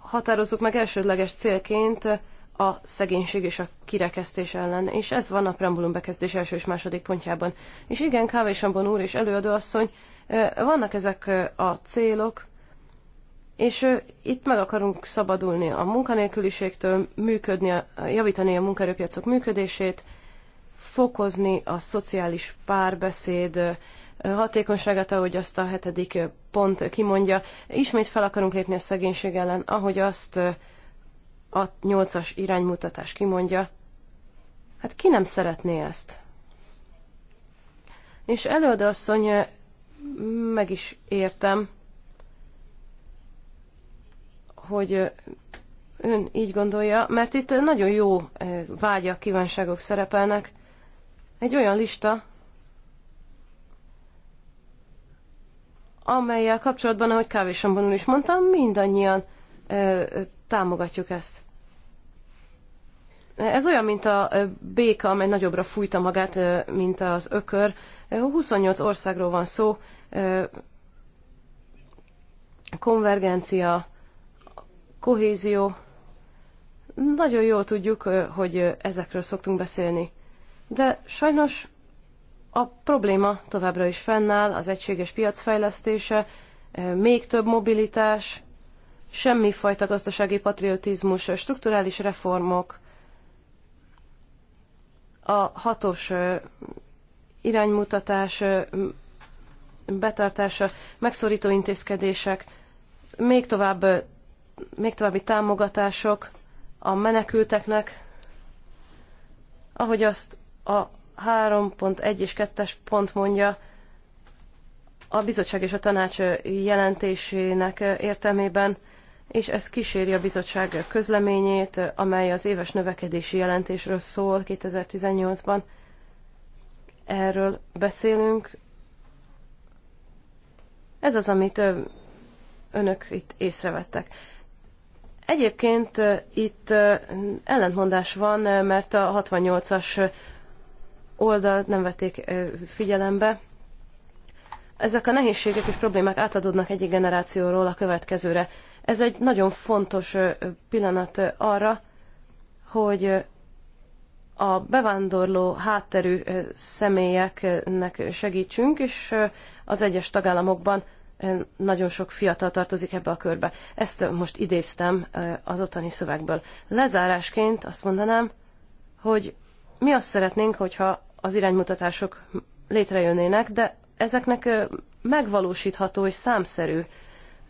E: határozzuk meg elsődleges célként, a szegénység és a kirekesztés ellen, és ez van a preambulum bekezdés első és második pontjában. És igen, Kávésambon úr és előadóasszony, vannak ezek a célok, és itt meg akarunk szabadulni a munkanélküliségtől, működni, javítani a munkaerőpiacok működését, fokozni a szociális párbeszéd hatékonyságát, ahogy azt a hetedik pont kimondja. Ismét fel akarunk lépni a szegénység ellen, ahogy azt a nyolcas iránymutatás kimondja, hát ki nem szeretné ezt? És előadasszony, meg is értem, hogy ön így gondolja, mert itt nagyon jó vágyak, kívánságok szerepelnek. Egy olyan lista, amelyel kapcsolatban, ahogy Kávésambonul is mondtam, mindannyian támogatjuk ezt. Ez olyan, mint a béka, amely nagyobbra fújta magát, mint az ökör. 28 országról van szó, konvergencia, kohézió. Nagyon jól tudjuk, hogy ezekről szoktunk beszélni. De sajnos a probléma továbbra is fennáll, az egységes piac fejlesztése, még több mobilitás, semmifajta gazdasági patriotizmus, strukturális reformok, a hatos iránymutatás betartása, megszorító intézkedések, még, tovább, még további támogatások a menekülteknek, ahogy azt a 3.1 és 2-es pont mondja, a bizottság és a tanács jelentésének értelmében és ez kíséri a bizottság közleményét, amely az éves növekedési jelentésről szól 2018-ban. Erről beszélünk. Ez az, amit önök itt észrevettek. Egyébként itt ellentmondás van, mert a 68-as oldalt nem vették figyelembe. Ezek a nehézségek és problémák átadódnak egyik generációról a következőre. Ez egy nagyon fontos pillanat arra, hogy a bevándorló hátterű személyeknek segítsünk, és az egyes tagállamokban nagyon sok fiatal tartozik ebbe a körbe. Ezt most idéztem az ottani szövegből. Lezárásként azt mondanám, hogy mi azt szeretnénk, hogyha az iránymutatások létrejönnének, de ezeknek megvalósítható és számszerű,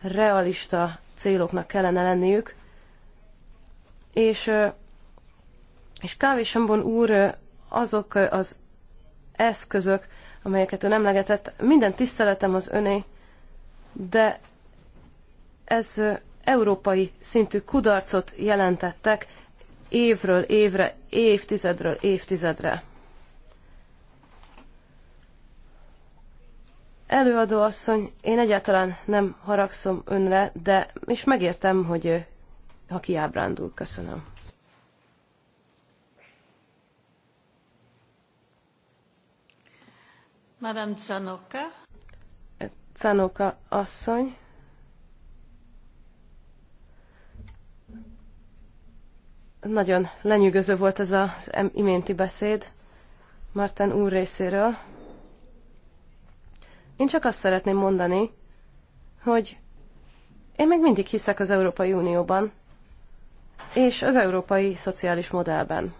E: realista céloknak kellene lenniük. És, és Kávésambon úr azok az eszközök, amelyeket ön emlegetett, minden tiszteletem az öné, de ez európai szintű kudarcot jelentettek évről évre, évtizedről évtizedre. Előadó asszony, én egyáltalán nem haragszom önre, de is megértem, hogy ha kiábrándul, köszönöm.
A: Madame Zanoka.
E: Zanoka asszony. Nagyon lenyűgöző volt ez az iménti beszéd Martin úr részéről. Én csak azt szeretném mondani, hogy én még mindig hiszek az Európai Unióban és az európai szociális modellben.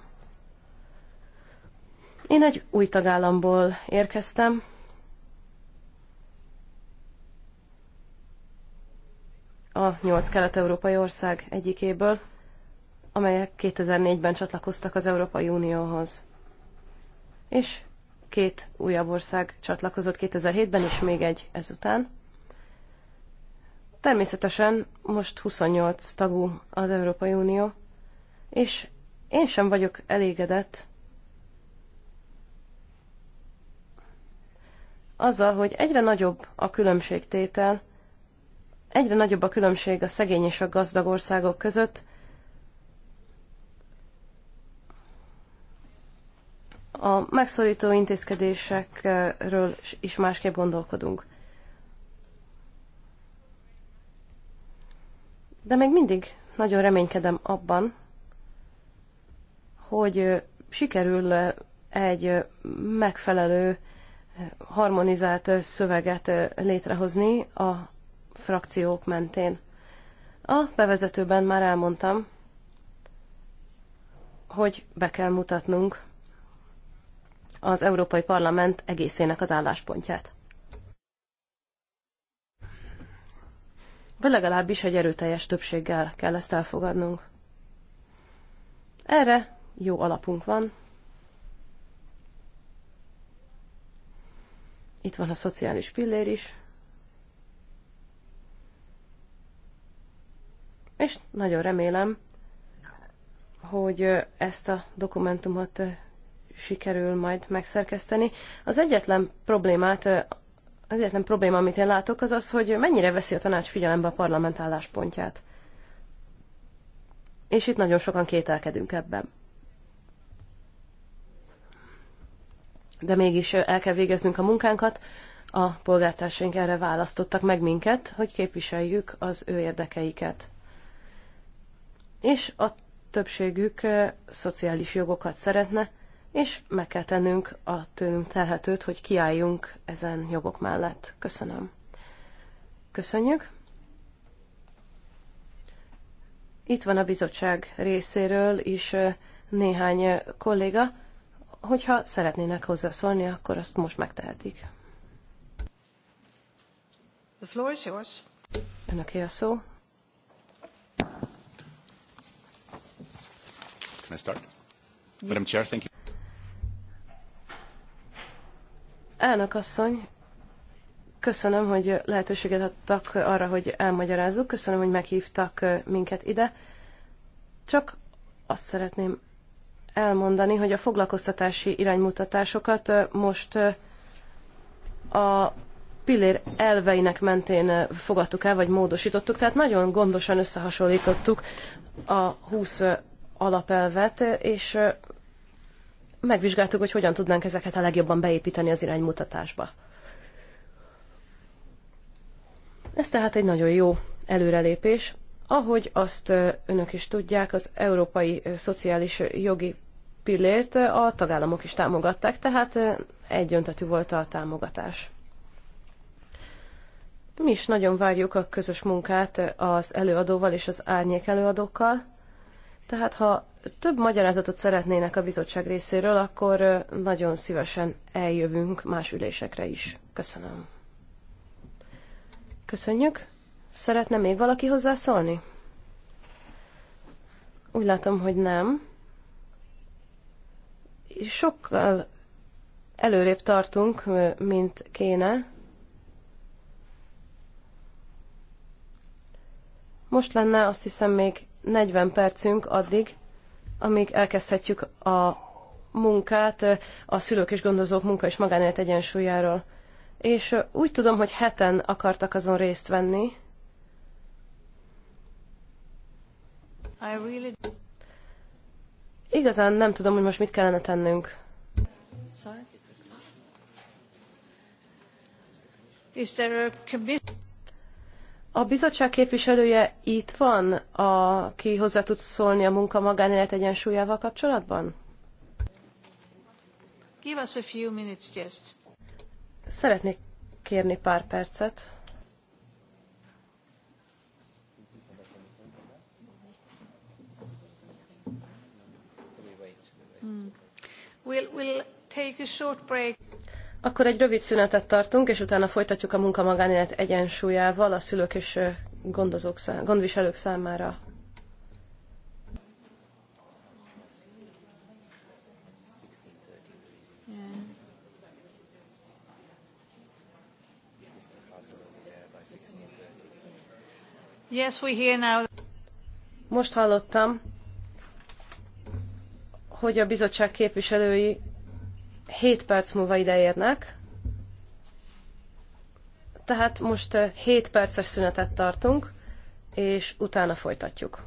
E: Én egy új tagállamból érkeztem, a nyolc kelet-európai ország egyikéből, amelyek 2004-ben csatlakoztak az Európai Unióhoz. És két újabb ország csatlakozott 2007-ben, és még egy ezután. Természetesen most 28 tagú az Európai Unió, és én sem vagyok elégedett azzal, hogy egyre nagyobb a különbségtétel, egyre nagyobb a különbség a szegény és a gazdag országok között, a megszorító intézkedésekről is másképp gondolkodunk. De még mindig nagyon reménykedem abban, hogy sikerül egy megfelelő, harmonizált szöveget létrehozni a frakciók mentén. A bevezetőben már elmondtam, hogy be kell mutatnunk az Európai Parlament egészének az álláspontját. Vagy legalábbis egy erőteljes többséggel kell ezt elfogadnunk. Erre jó alapunk van. Itt van a szociális pillér is. És nagyon remélem, hogy ezt a dokumentumot sikerül majd megszerkeszteni. Az egyetlen problémát, az egyetlen probléma, amit én látok, az az, hogy mennyire veszi a tanács figyelembe a parlament álláspontját. És itt nagyon sokan kételkedünk ebben. De mégis el kell végeznünk a munkánkat. A polgártársaink erre választottak meg minket, hogy képviseljük az ő érdekeiket. És a többségük szociális jogokat szeretne, és meg kell tennünk a tőlünk telhetőt, hogy kiálljunk ezen jogok mellett. Köszönöm. Köszönjük. Itt van a bizottság részéről is néhány kolléga. Hogyha szeretnének hozzászólni, akkor azt most megtehetik.
A: The floor is yours.
E: Önöké a szó.
G: Can I start? Madam Chair, thank you.
E: Elnök asszony, köszönöm, hogy lehetőséget adtak arra, hogy elmagyarázzuk. Köszönöm, hogy meghívtak minket ide. Csak azt szeretném elmondani, hogy a foglalkoztatási iránymutatásokat most a pillér elveinek mentén fogadtuk el, vagy módosítottuk, tehát nagyon gondosan összehasonlítottuk a 20 alapelvet, és megvizsgáltuk, hogy hogyan tudnánk ezeket a legjobban beépíteni az iránymutatásba. Ez tehát egy nagyon jó előrelépés. Ahogy azt önök is tudják, az Európai Szociális Jogi Pillért a tagállamok is támogatták, tehát egyöntetű volt a támogatás. Mi is nagyon várjuk a közös munkát az előadóval és az árnyék előadókkal tehát ha több magyarázatot szeretnének a bizottság részéről, akkor nagyon szívesen eljövünk más ülésekre is. Köszönöm. Köszönjük. Szeretne még valaki hozzászólni? Úgy látom, hogy nem. Sokkal előrébb tartunk, mint kéne. Most lenne azt hiszem még 40 percünk addig, amíg elkezdhetjük a munkát a szülők és gondozók munka és magánélet egyensúlyáról. És úgy tudom, hogy heten akartak azon részt venni. Really... Igazán nem tudom, hogy most mit kellene tennünk.
A: Sorry? Is there a committee?
E: A bizottság képviselője itt van, aki hozzá tud szólni a munka magánélet egyensúlyával kapcsolatban?
A: Give us a few minutes just.
E: Szeretnék kérni pár percet. Hmm.
A: We'll, we'll take a short break.
E: Akkor egy rövid szünetet tartunk, és utána folytatjuk a munka-magánélet egyensúlyával a szülők és gondozók szám, gondviselők számára.
G: Yes,
A: we hear now.
E: Most hallottam, hogy a bizottság képviselői 7 perc múlva ide érnek. tehát most 7 eh, perces szünetet tartunk, és utána folytatjuk.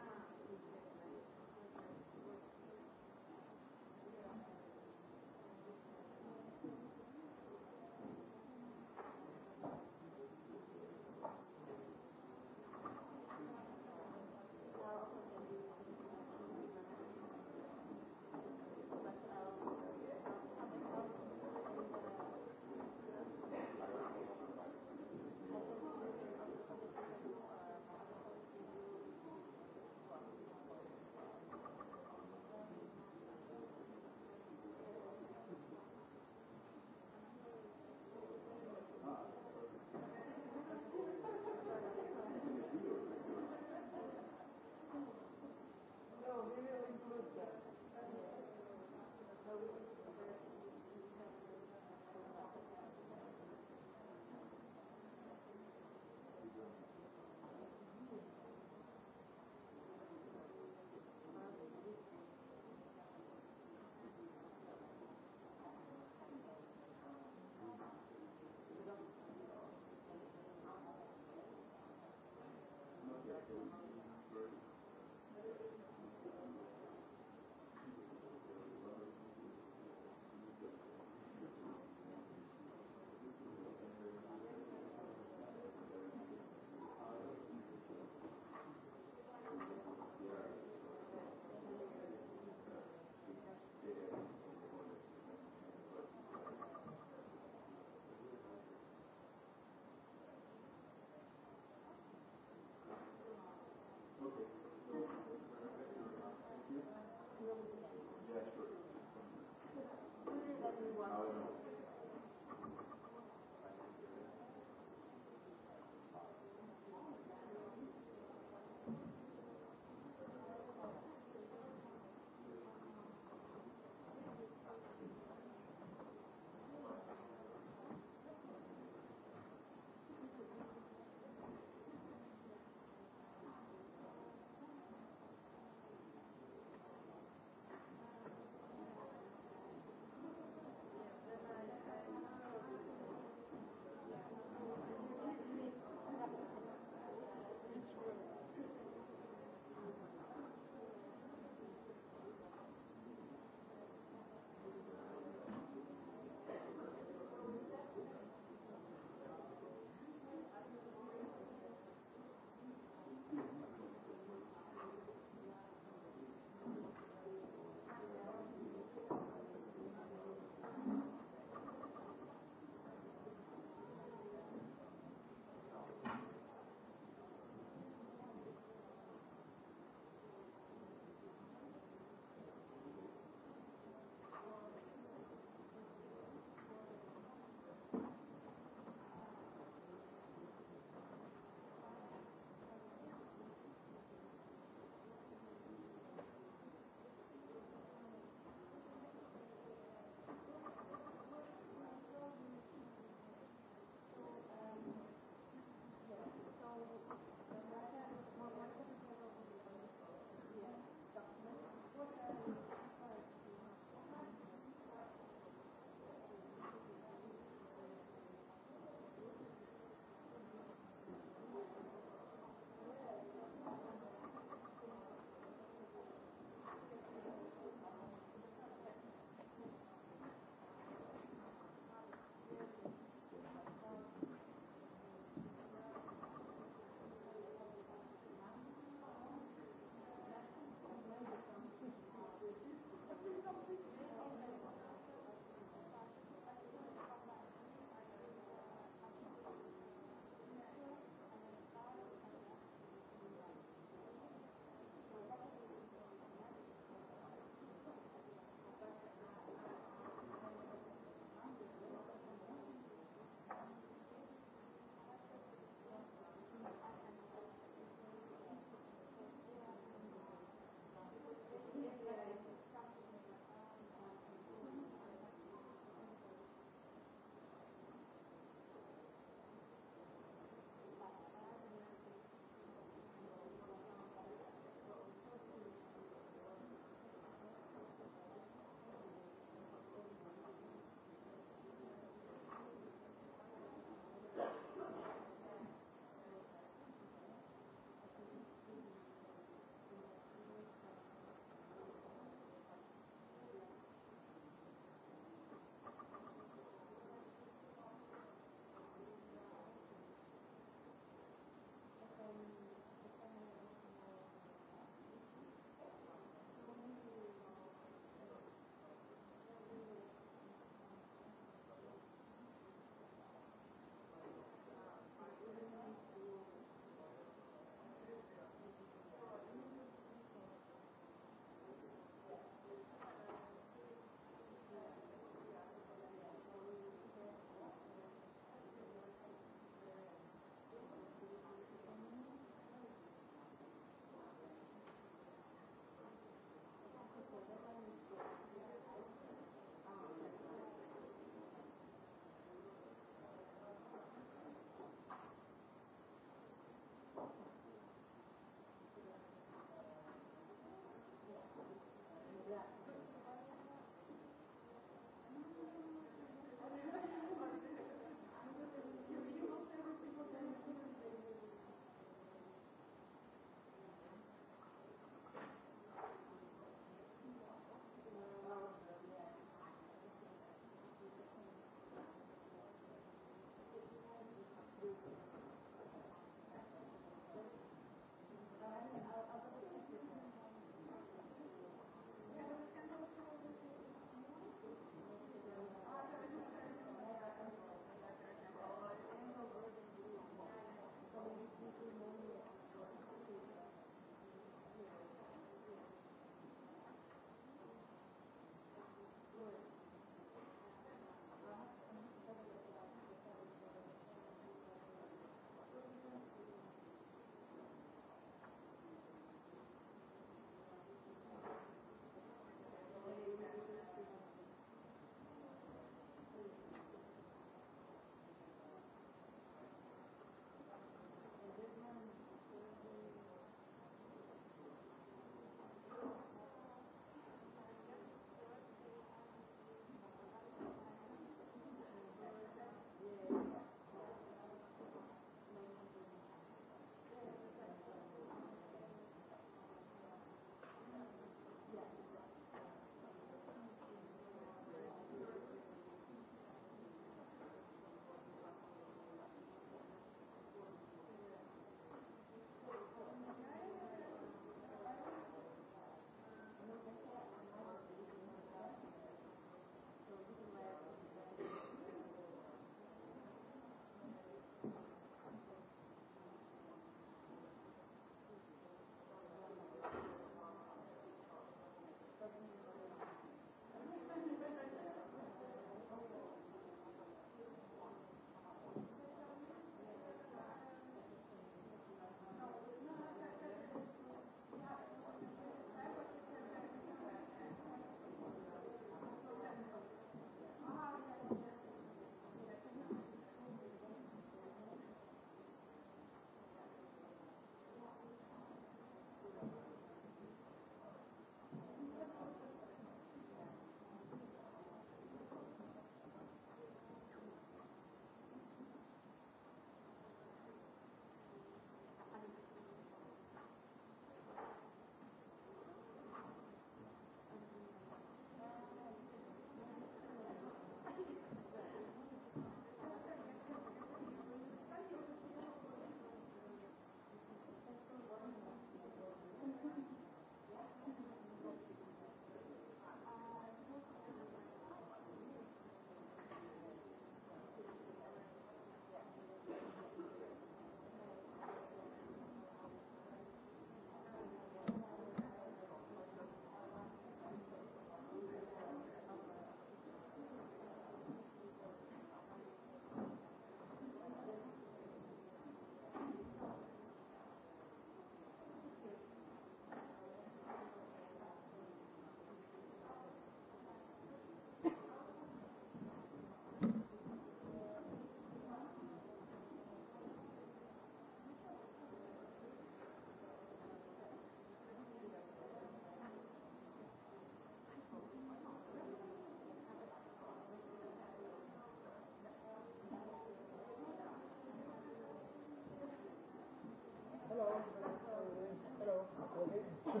G: Ah,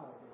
D: okay.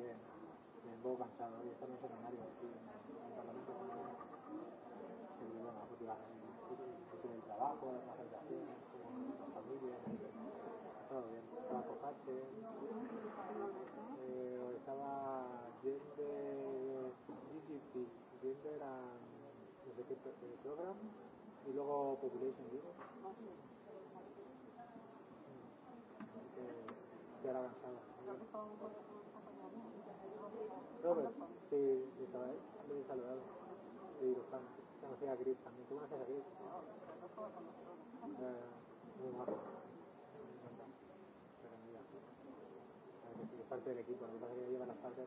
D: que me poco cansado y estamos en horario aquí en el Parlamento bueno, pues la futuro trabajo, las relaciones eh, las familias, eh, todo bien, estaba por parte, eh, estaba GGP, era no sé qué program y luego Population Europe. Mm. Así que No, pero sí, Isabel, le he saludado. Y los fans, conocí a Gris también. ¿Tú conoces a Gris? Eh, muy guapo. Pero mira, es parte del equipo, lo que pasa es que lleva las partes.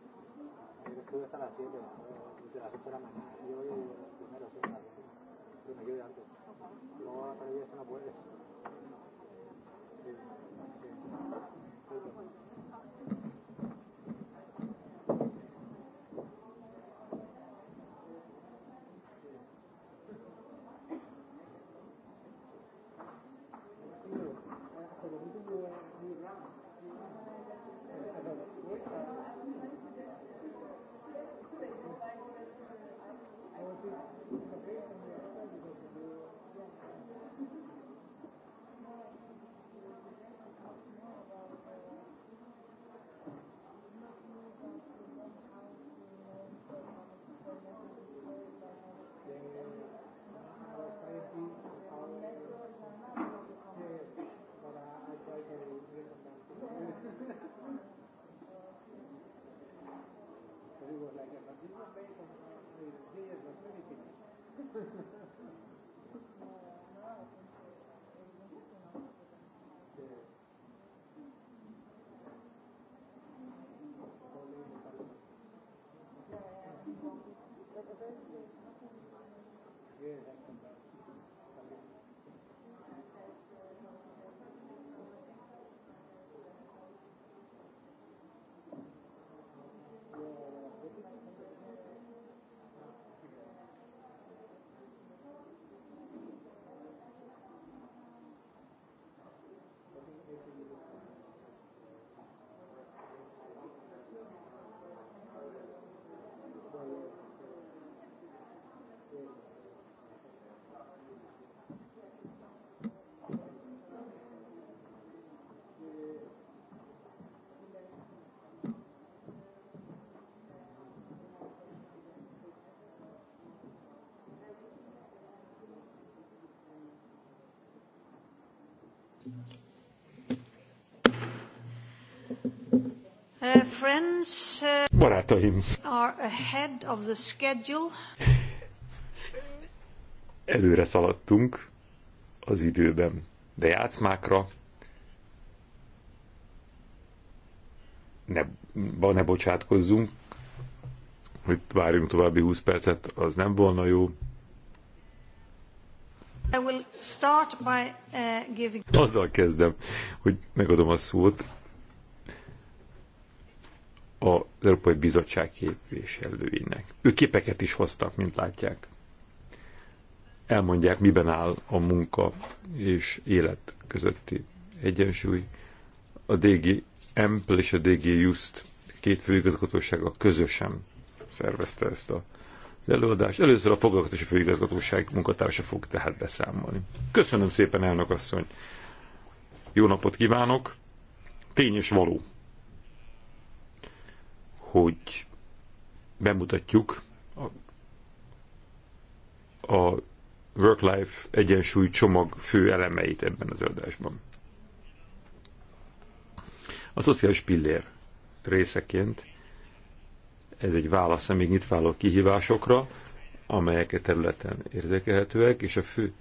D: Estuve hasta las 7, desde las 8 de la mañana. Yo voy primero, sí, que me ayude antes. Luego a la tarde ya no puedes. Sí, sí. Yeah.
A: Uh, uh,
H: Barátaim.
B: Előre szaladtunk az időben, de játszmákra ne, ne bocsátkozzunk, hogy várjunk további 20 percet, az nem volna jó
A: start by, uh, giving...
B: Azzal kezdem, hogy megadom a szót az Európai Bizottság képviselőinek. Ők képeket is hoztak, mint látják. Elmondják, miben áll a munka és élet közötti egyensúly. A DG Ample és a DG Just két főigazgatósága közösen szervezte ezt a az előadást. Először a foglalkoztatási főigazgatóság munkatársa fog tehát beszámolni. Köszönöm szépen, elnök asszony! Jó napot kívánok! Tény és való, hogy bemutatjuk a, a work-life egyensúly csomag fő elemeit ebben az adásban. A szociális pillér részeként ez egy válasz a még nyitváló kihívásokra, amelyek a e területen érzékelhetőek, és a fő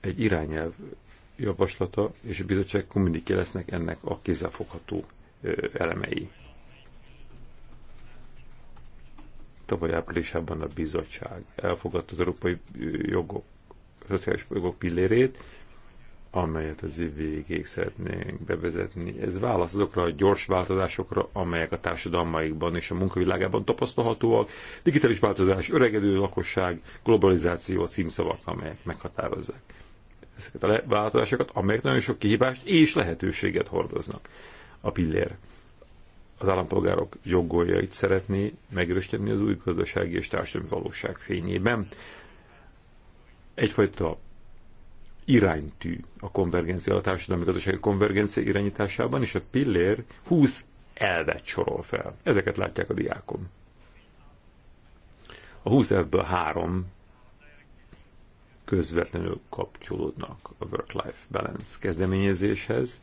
B: egy irányelv javaslata és a bizottság kommuniké lesznek ennek a kézzelfogható elemei. Tavaly áprilisában a bizottság elfogadta az európai jogok, szociális jogok pillérét, amelyet az év végéig szeretnénk bevezetni. Ez válasz azokra a gyors változásokra, amelyek a társadalmaikban és a munkavilágában tapasztalhatóak. Digitális változás, öregedő lakosság, globalizáció a címszavak, amelyek meghatározzák ezeket a változásokat, amelyek nagyon sok kihívást és lehetőséget hordoznak. A pillér az állampolgárok jogoljait szeretné megerősíteni az új gazdasági és társadalmi valóság fényében. Egyfajta iránytű a konvergencia, a társadalmi gazdasági konvergencia irányításában, és a pillér 20 elvet sorol fel. Ezeket látják a diákom. A 20 elvből három közvetlenül kapcsolódnak a work-life balance kezdeményezéshez,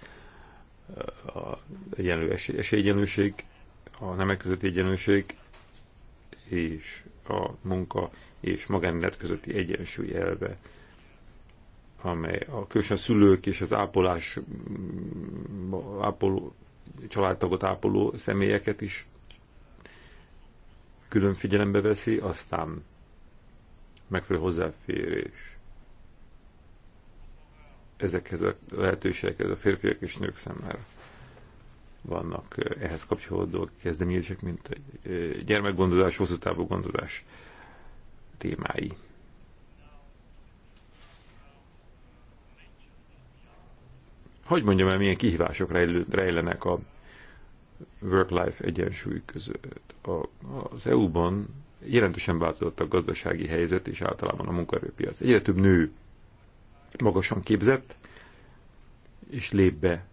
B: a egyenlő esély, esélyegyenlőség, a nemek közötti egyenlőség és a munka és magánélet közötti egyensúly elve amely a különösen a szülők és az ápolás, mm, ápoló, családtagot ápoló személyeket is külön figyelembe veszi, aztán megfelelő hozzáférés ezekhez a lehetőségekhez a férfiak és nők szemmel vannak eh, ehhez kapcsolódó kezdeményezések, mint a eh, gyermekgondozás, hosszú távú gondozás témái. hogy mondjam el, milyen kihívások rejlenek a work-life egyensúly között. A, az EU-ban jelentősen változott a gazdasági helyzet és általában a munkaerőpiac. Egyre több nő magasan képzett, és lép be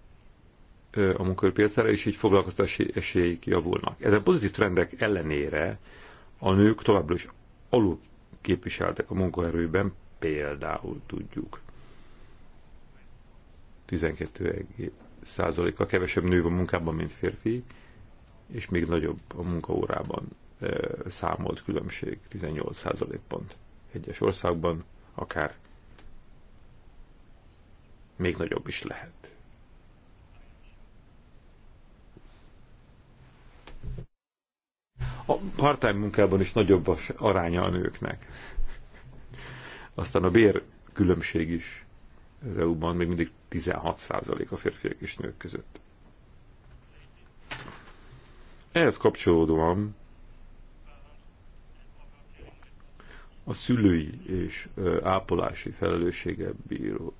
B: a munkaerőpiacára, és így foglalkoztatási esélyek javulnak. Ezen pozitív trendek ellenére a nők továbbra is alul képviseltek a munkaerőben, például tudjuk. 12 a kevesebb nő a munkában, mint férfi, és még nagyobb a munkaórában számolt különbség, 18% pont. Egyes országban akár még nagyobb is lehet. A part munkában is nagyobb az aránya a nőknek. Aztán a bér különbség is az EU-ban még mindig 16% a férfiak és nők között. Ehhez kapcsolódóan a szülői és ápolási felelőssége bíró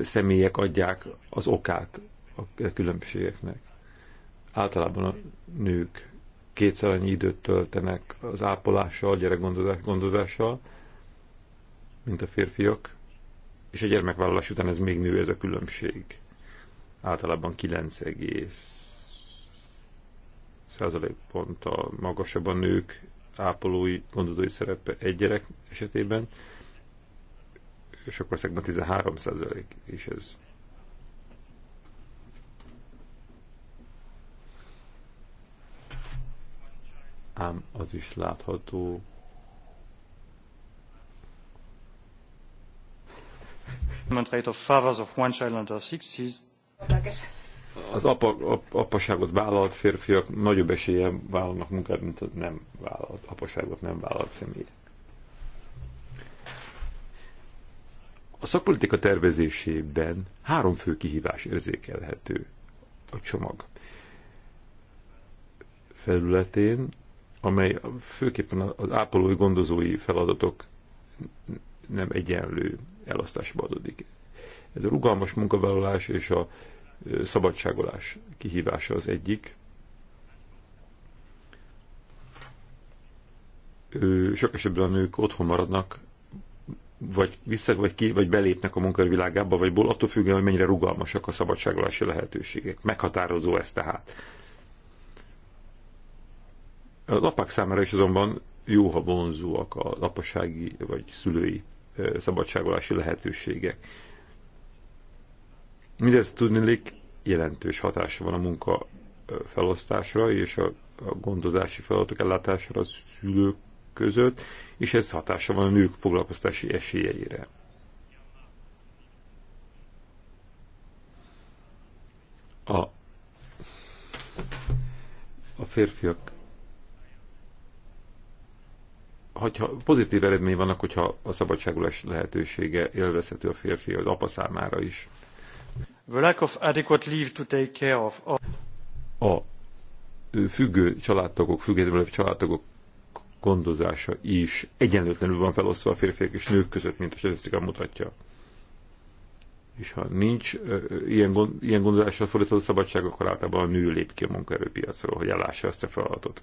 B: személyek adják az okát a különbségeknek. Általában a nők kétszer annyi időt töltenek az ápolással, gyerekgondozással, mint a férfiak és a gyermekvállalás után ez még nő ez a különbség. Általában 9 százalékponttal magasabb a nők ápolói, gondozói szerepe egy gyerek esetében, és akkor szegben 13 százalék, és ez ám az is látható, Az apa, ap, apaságot vállalt férfiak nagyobb esélye vállalnak munkát, mint a nem vállalt, apaságot nem vállalt személy. A szakpolitika tervezésében három fő kihívás érzékelhető a csomag felületén, amely főképpen az ápolói gondozói feladatok nem egyenlő elosztásba adódik. Ez a rugalmas munkavállalás és a szabadságolás kihívása az egyik. Sok esetben a nők otthon maradnak, vagy vissza, vagy ki, vagy belépnek a munkavilágába, vagy ból, attól függően, hogy mennyire rugalmasak a szabadságolási lehetőségek. Meghatározó ez tehát. Az apák számára is azonban jó, ha vonzóak a apasági vagy szülői szabadságolási lehetőségek. Mindez tudnilik jelentős hatása van a munka felosztásra és a, a gondozási feladatok ellátására a szülők között, és ez hatása van a nők foglalkoztási esélyeire. A, a férfiak hogyha pozitív eredmény vannak, hogyha a szabadságulás lehetősége élvezhető a férfi, az apa számára is.
D: The lack of adequate leave to take care of.
B: A függő családtagok, függetlenül családtagok gondozása is egyenlőtlenül van felosztva a férfiak és nők között, mint a statisztika mutatja. És ha nincs ilyen, gond, ilyen gondozásra fordítható szabadság, akkor általában a nő lép ki a munkaerőpiacról, hogy ellássa ezt a feladatot.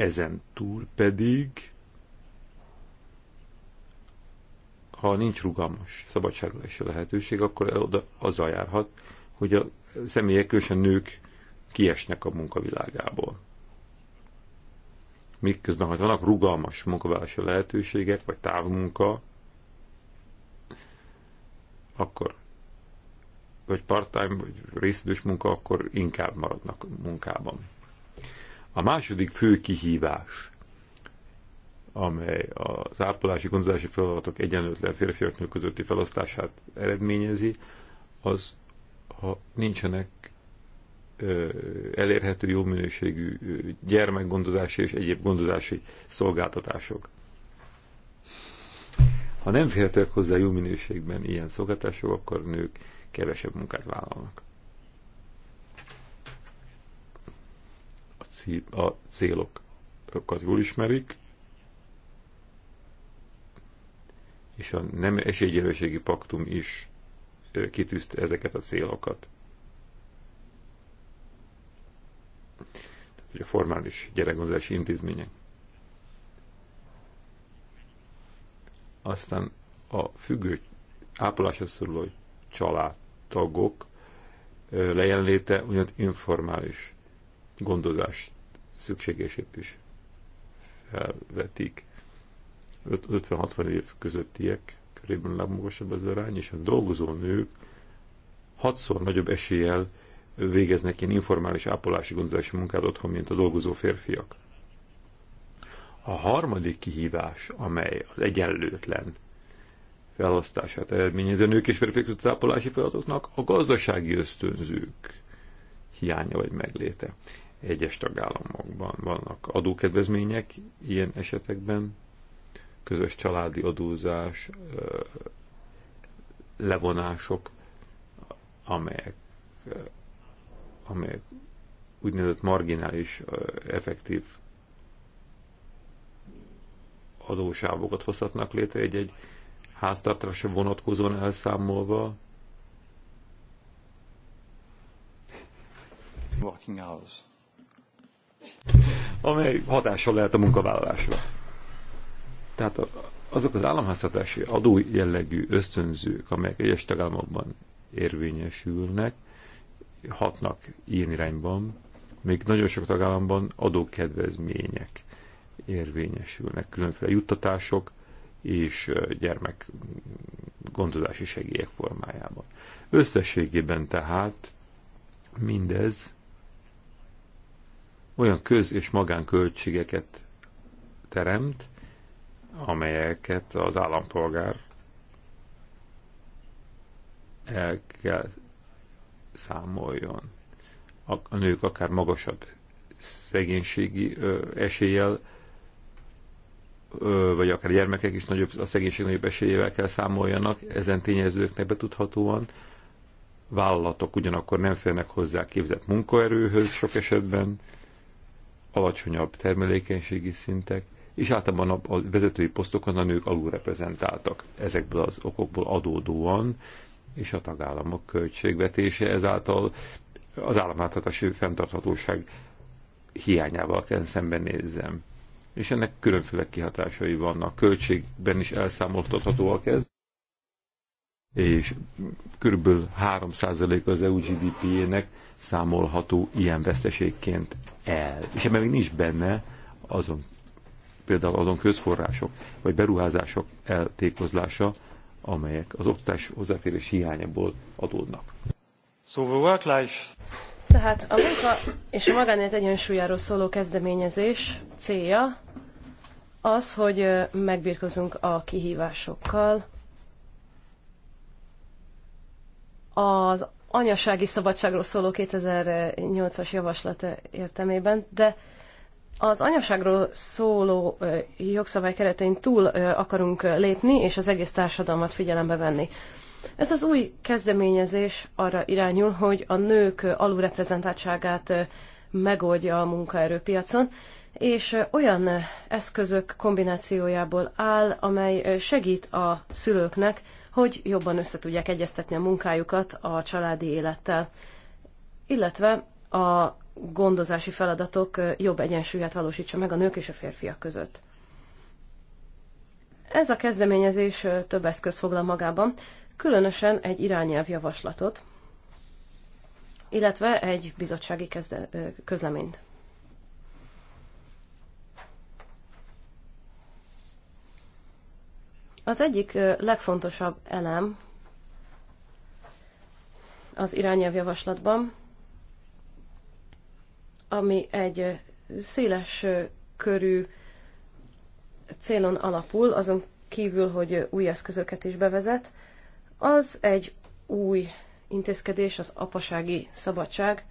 B: Ezen túl pedig, ha nincs rugalmas szabadságolási lehetőség, akkor oda azzal járhat, hogy a személyek, különösen nők kiesnek a munkavilágából. Miközben, ha vannak rugalmas munkavállalási lehetőségek, vagy távmunka, akkor vagy part-time, vagy részidős munka, akkor inkább maradnak munkában. A második fő kihívás, amely az ápolási gondozási feladatok egyenlőtlen férfiak nők közötti felosztását eredményezi, az, ha nincsenek elérhető jó minőségű gyermekgondozási és egyéb gondozási szolgáltatások. Ha nem fértek hozzá jó minőségben ilyen szolgáltatások, akkor nők kevesebb munkát vállalnak. a célokat jól ismerik, és a nem esélyegyenlőségi paktum is kitűzte ezeket a célokat. Tehát, hogy a formális gyerekgondolási intézmények. Aztán a függő ápolásra szoruló családtagok lejelenléte ugyan informális gondozás szükségesét is felvetik. 50-60 év közöttiek körében legmagasabb az arány, és a dolgozó nők hatszor nagyobb eséllyel végeznek ilyen informális ápolási gondozási munkát otthon, mint a dolgozó férfiak. A harmadik kihívás, amely az egyenlőtlen felhasztását eredményező nők és férfiak között ápolási feladatoknak, a gazdasági ösztönzők hiánya vagy megléte. Egyes tagállamokban vannak adókedvezmények ilyen esetekben, közös családi adózás, levonások, amelyek, amelyek úgynevezett marginális, effektív adósávokat hozhatnak létre egy-egy háztartásra vonatkozóan elszámolva. Walking hours amely hatással lehet a munkavállalásra. Tehát a, azok az államháztartási adó jellegű ösztönzők, amelyek egyes tagállamokban érvényesülnek, hatnak ilyen irányban, még nagyon sok tagállamban adókedvezmények érvényesülnek, különféle juttatások és gyermek gondozási segélyek formájában. Összességében tehát mindez olyan köz- és magánköltségeket teremt, amelyeket az állampolgár el kell számoljon. A, nők akár magasabb szegénységi eséllyel, vagy akár gyermekek is nagyobb, a szegénység nagyobb esélyével kell számoljanak, ezen tényezőknek betudhatóan. Vállalatok ugyanakkor nem férnek hozzá képzett munkaerőhöz sok esetben, alacsonyabb termelékenységi szintek, és általában a vezetői posztokon a nők alulreprezentáltak ezekből az okokból adódóan, és a tagállamok költségvetése ezáltal az államáltatási fenntarthatóság hiányával kell szembenézzem. És ennek különféle kihatásai vannak. Költségben is elszámoltathatóak ez és kb. 3% az EU GDP-jének számolható ilyen veszteségként el. És ebben még nincs benne azon, például azon közforrások vagy beruházások eltékozlása, amelyek az oktatás hozzáférés hiányából adódnak. Szóval work life.
E: Tehát a munka és a magánélet egyensúlyáról szóló kezdeményezés célja az, hogy megbírkozunk a kihívásokkal, az anyasági szabadságról szóló 2008-as javaslat értelmében, de az anyaságról szóló jogszabály keretein túl akarunk lépni, és az egész társadalmat figyelembe venni. Ez az új kezdeményezés arra irányul, hogy a nők alulreprezentáltságát megoldja a munkaerőpiacon, és olyan eszközök kombinációjából áll, amely segít a szülőknek, hogy jobban tudják egyeztetni a munkájukat a családi élettel, illetve a gondozási feladatok jobb egyensúlyát valósítsa meg a nők és a férfiak között. Ez a kezdeményezés több eszköz foglal magában, különösen egy javaslatot, illetve egy bizottsági közleményt. Az egyik legfontosabb elem az irányelvjavaslatban, ami egy széles körű célon alapul, azon kívül, hogy új eszközöket is bevezet, az egy új intézkedés, az apasági szabadság.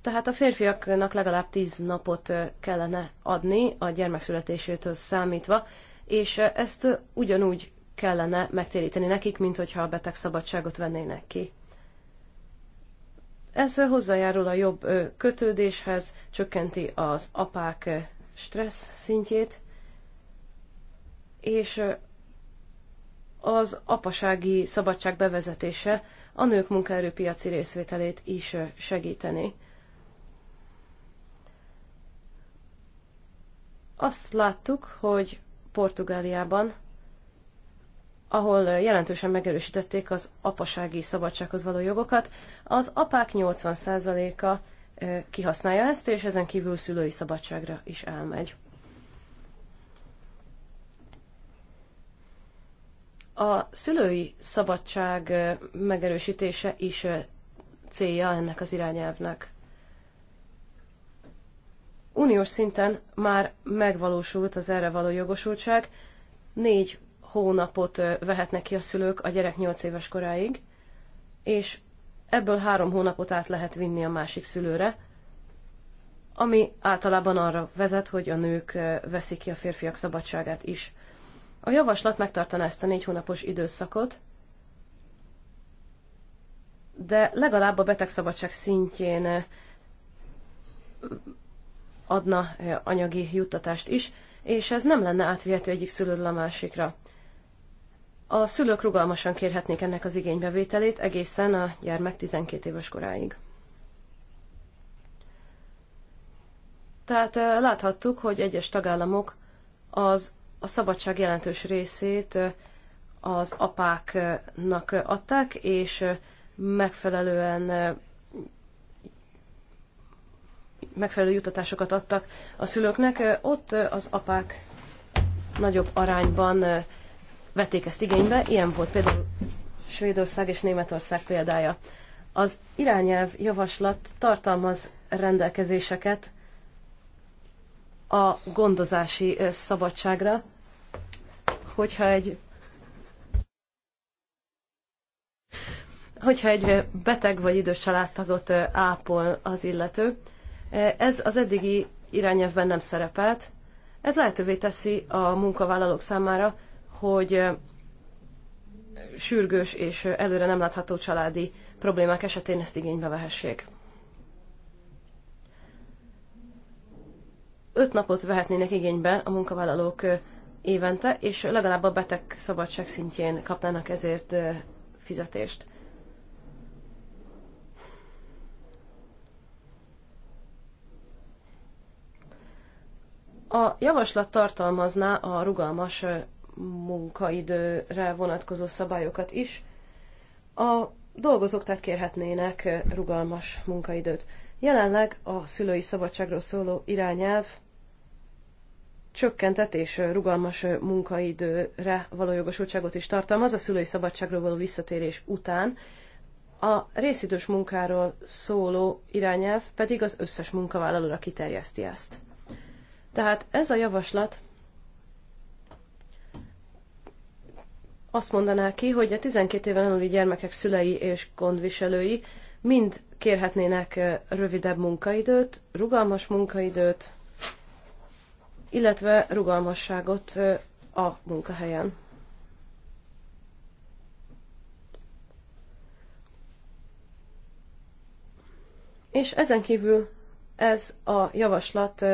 E: Tehát a férfiaknak legalább tíz napot kellene adni a gyermekszületésétől számítva, és eh, ezt eh, ugyanúgy kellene megtéríteni nekik, mint hogyha a beteg szabadságot vennének ki. Ez eh, hozzájárul a jobb kötődéshez, csökkenti az apák stressz szintjét, és az apasági szabadság bevezetése a nők munkaerőpiaci részvételét is segíteni. Azt láttuk, hogy Portugáliában, ahol jelentősen megerősítették az apasági szabadsághoz való jogokat. Az apák 80%-a kihasználja ezt, és ezen kívül szülői szabadságra is elmegy. A szülői szabadság megerősítése is célja ennek az irányelvnek. Uniós szinten már megvalósult az erre való jogosultság, négy hónapot vehetnek ki a szülők a gyerek nyolc éves koráig, és ebből három hónapot át lehet vinni a másik szülőre, ami általában arra vezet, hogy a nők veszik ki a férfiak szabadságát is. A javaslat megtartaná ezt a négy hónapos időszakot, de legalább a betegszabadság szintjén adna anyagi juttatást is, és ez nem lenne átvihető egyik szülőről a másikra. A szülők rugalmasan kérhetnék ennek az igénybevételét egészen a gyermek 12 éves koráig. Tehát láthattuk, hogy egyes tagállamok az a szabadság jelentős részét az apáknak adták, és megfelelően megfelelő jutatásokat adtak a szülőknek, ott az apák nagyobb arányban vették ezt igénybe. Ilyen volt például Svédország és Németország példája. Az irányelv javaslat tartalmaz rendelkezéseket a gondozási szabadságra, hogyha egy hogyha egy beteg vagy idős családtagot ápol az illető, ez az eddigi irányelvben nem szerepelt. Ez lehetővé teszi a munkavállalók számára, hogy sürgős és előre nem látható családi problémák esetén ezt igénybe vehessék. Öt napot vehetnének igénybe a munkavállalók évente, és legalább a beteg szabadság szintjén kapnának ezért fizetést. A javaslat tartalmazná a rugalmas munkaidőre vonatkozó szabályokat is. A dolgozók tehát kérhetnének rugalmas munkaidőt. Jelenleg a szülői szabadságról szóló irányelv csökkentett és rugalmas munkaidőre való jogosultságot is tartalmaz a szülői szabadságról való visszatérés után, a részidős munkáról szóló irányelv pedig az összes munkavállalóra kiterjeszti ezt. Tehát ez a javaslat azt mondaná ki, hogy a 12 éven aluli gyermekek szülei és gondviselői mind kérhetnének rövidebb munkaidőt, rugalmas munkaidőt, illetve rugalmasságot a munkahelyen. És ezen kívül ez a javaslat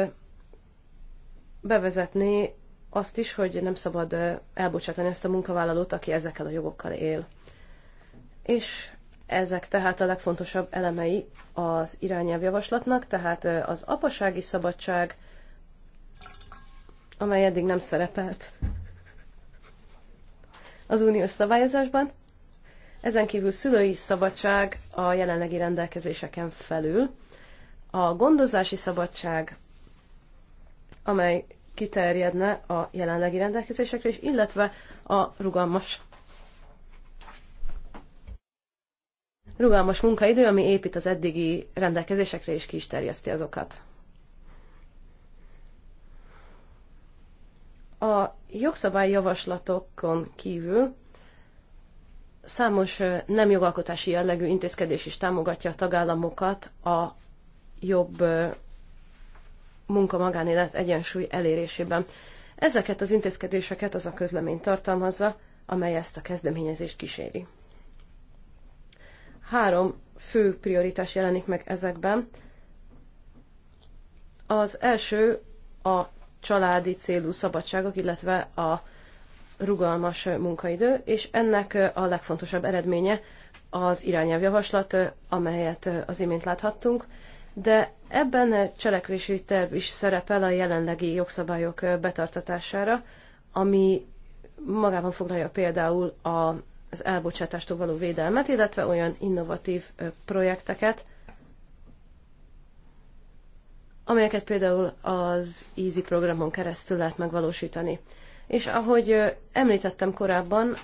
E: bevezetni azt is, hogy nem szabad elbocsátani ezt a munkavállalót, aki ezekkel a jogokkal él. És ezek tehát a legfontosabb elemei az irányelvjavaslatnak, tehát az apasági szabadság, amely eddig nem szerepelt az uniós szabályozásban. Ezen kívül szülői szabadság a jelenlegi rendelkezéseken felül, a gondozási szabadság, amely kiterjedne a jelenlegi rendelkezésekre is, illetve a rugalmas rugalmas munkaidő, ami épít az eddigi rendelkezésekre, és ki is terjeszti azokat. A javaslatokon kívül számos nem jogalkotási jellegű intézkedés is támogatja a tagállamokat a jobb munka-magánélet egyensúly elérésében. Ezeket az intézkedéseket az a közlemény tartalmazza, amely ezt a kezdeményezést kíséri. Három fő prioritás jelenik meg ezekben. Az első a családi célú szabadságok, illetve a rugalmas munkaidő, és ennek a legfontosabb eredménye az irányelvjavaslat, amelyet az imént láthattunk, de ebben a cselekvési terv is szerepel a jelenlegi jogszabályok betartatására, ami magában foglalja például az elbocsátástól való védelmet, illetve olyan innovatív projekteket, amelyeket például az EASY programon keresztül lehet megvalósítani. És ahogy említettem korábban,